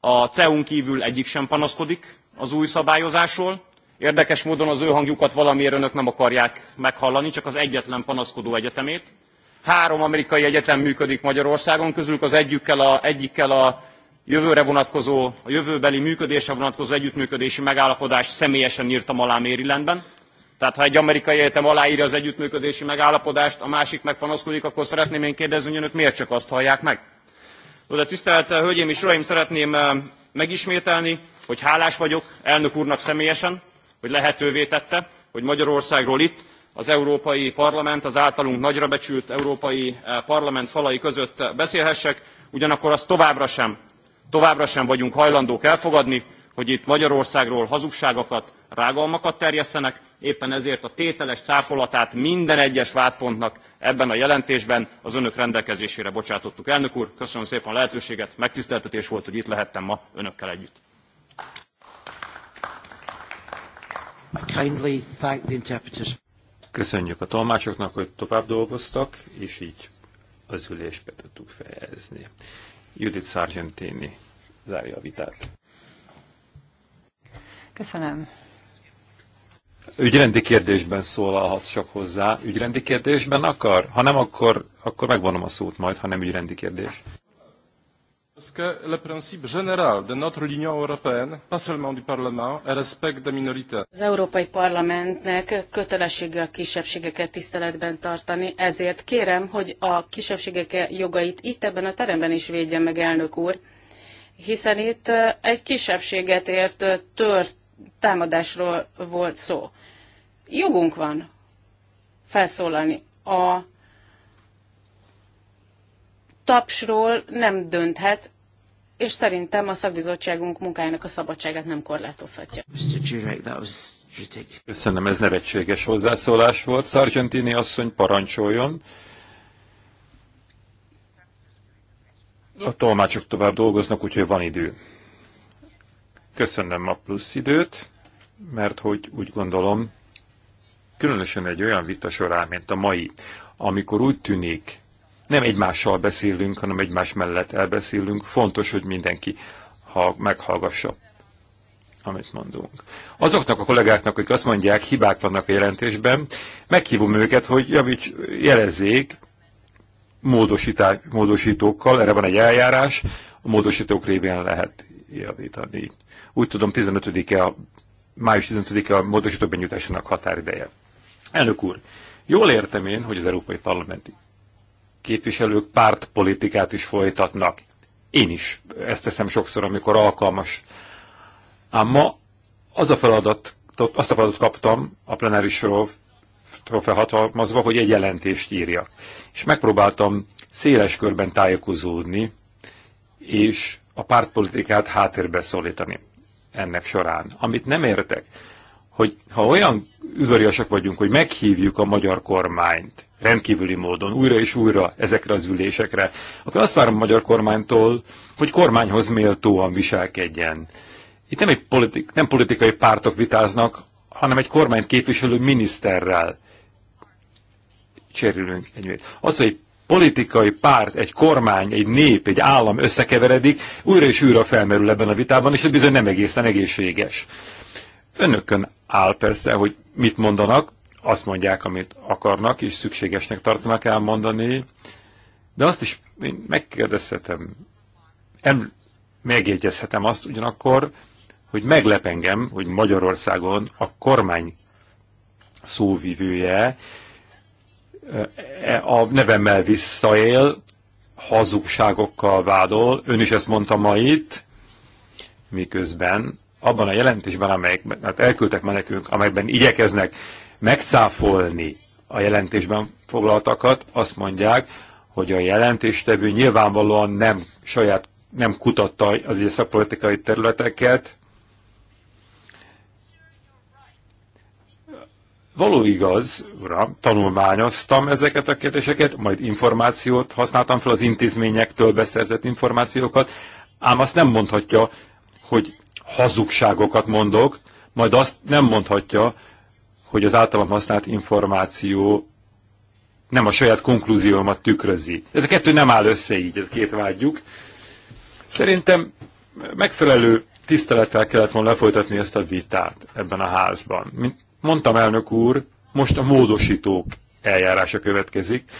[SPEAKER 7] A CEUN kívül egyik sem panaszkodik az új szabályozásról. Érdekes módon az ő hangjukat valamiért önök nem akarják meghallani, csak az egyetlen panaszkodó egyetemét. Három amerikai egyetem működik Magyarországon, közülük az egyikkel a, egyikkel a jövőre vonatkozó, a jövőbeli működésre vonatkozó együttműködési megállapodást személyesen írtam alá Marylandben. Tehát ha egy amerikai egyetem aláírja az együttműködési megállapodást, a másik megpanaszkodik, akkor szeretném én kérdezni, hogy önök miért csak azt hallják meg. De tisztelt eh, Hölgyeim és Uraim, szeretném eh, megismételni, hogy hálás vagyok elnök úrnak személyesen, hogy lehetővé tette, hogy Magyarországról itt az Európai Parlament, az általunk nagyra becsült Európai eh, Parlament falai között beszélhessek, ugyanakkor azt továbbra sem továbbra sem vagyunk hajlandók elfogadni hogy itt magyarországról hazugságokat rágalmakat terjesszenek éppen ezért a tételes cáfolatát minden egyes vádpontnak ebben a jelentésben az önök rendelkezésére bocsátottuk. elnök úr köszönöm szépen a lehetőséget megtiszteltetés volt hogy itt lehettem
[SPEAKER 3] ma önökkel együtt. Köszönjük a tolmácsoknak, hogy tovább dolgoztak, és így az ülést be tudtuk fejezni. Judith Sargentini zárja a vitát. Köszönöm. Ügyrendi kérdésben szólalhat csak hozzá. Ügyrendi kérdésben akar? Ha nem, akkor, akkor megvonom a szót majd, ha nem ügyrendi kérdés le principe général de notre Union européenne, pas seulement du Parlement, est respect des minorités.
[SPEAKER 4] Az Európai Parlamentnek kötelessége a kisebbségeket tiszteletben tartani, ezért kérem, hogy a kisebbségek jogait itt ebben a teremben is védje meg elnök úr, hiszen itt egy kisebbséget ért tört támadásról volt szó. Jogunk van felszólalni. A tapsról nem dönthet, és szerintem a szakbizottságunk munkájának a szabadságát nem korlátozhatja.
[SPEAKER 3] Köszönöm, ez nevetséges hozzászólás volt. Sargentini asszony parancsoljon. A tolmácsok tovább dolgoznak, úgyhogy van idő. Köszönöm a plusz időt, mert hogy úgy gondolom, különösen egy olyan vita során, mint a mai, amikor úgy tűnik, nem egymással beszélünk, hanem egymás mellett elbeszélünk. Fontos, hogy mindenki ha meghallgassa, amit mondunk. Azoknak a kollégáknak, akik azt mondják, hibák vannak a jelentésben, meghívom őket, hogy javíts, jelezzék módosítókkal, erre van egy eljárás, a módosítók révén lehet javítani. Úgy tudom, 15-e a, május 15-e a módosítók benyújtásának határideje. Elnök úr, jól értem én, hogy az Európai Parlamenti képviselők pártpolitikát is folytatnak. Én is ezt teszem sokszor, amikor alkalmas. Ám ma az a feladat, azt a feladatot kaptam a plenárisról felhatalmazva, hogy egy jelentést írjak. És megpróbáltam széles körben tájékozódni, és a pártpolitikát háttérbe szólítani ennek során. Amit nem értek, hogy ha olyan üzariasak vagyunk, hogy meghívjuk a magyar kormányt, rendkívüli módon újra és újra ezekre az ülésekre, akkor azt várom a magyar kormánytól, hogy kormányhoz méltóan viselkedjen. Itt nem, egy politik, nem politikai pártok vitáznak, hanem egy kormányt képviselő miniszterrel cserélünk egymét. Az, hogy egy politikai párt, egy kormány, egy nép, egy állam összekeveredik, újra és újra felmerül ebben a vitában, és ez bizony nem egészen egészséges. Önökön áll persze, hogy mit mondanak, azt mondják, amit akarnak, és szükségesnek tartanak elmondani, de azt is én megkérdezhetem, em, megjegyezhetem azt ugyanakkor, hogy meglep engem, hogy Magyarországon a kormány szóvivője e, a nevemmel visszaél, hazugságokkal vádol, ön is ezt mondta ma itt, miközben abban a jelentésben, amelyek, hát elküldtek menekünk, amelyben igyekeznek megcáfolni a jelentésben foglaltakat, azt mondják, hogy a jelentéstevő nyilvánvalóan nem saját, nem kutatta az éjszakpolitikai területeket. Való igaz, uram, tanulmányoztam ezeket a kérdéseket, majd információt használtam fel az intézményektől beszerzett információkat, ám azt nem mondhatja, hogy hazugságokat mondok, majd azt nem mondhatja, hogy az általam használt információ nem a saját konklúziómat tükrözi. Ez a kettő nem áll össze így, ez két vágyjuk. Szerintem megfelelő tisztelettel kellett volna lefolytatni ezt a vitát ebben a házban. Mint mondtam, elnök úr, most a módosítók eljárása következik.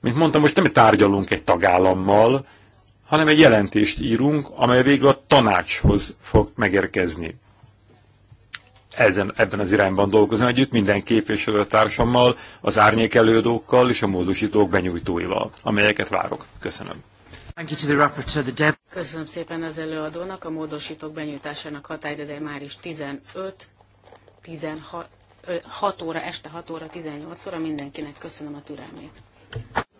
[SPEAKER 3] Mint mondtam, most nem tárgyalunk egy tagállammal, hanem egy jelentést írunk, amely végül a tanácshoz fog megérkezni ezen, ebben az irányban dolgozom együtt minden képviselőtársammal, az árnyékelődókkal és a módosítók benyújtóival, amelyeket várok. Köszönöm.
[SPEAKER 4] Köszönöm szépen az előadónak. A módosítók benyújtásának határideje már is 15, 16, 6 óra, este 6 óra, 18 óra. Mindenkinek köszönöm a türelmét.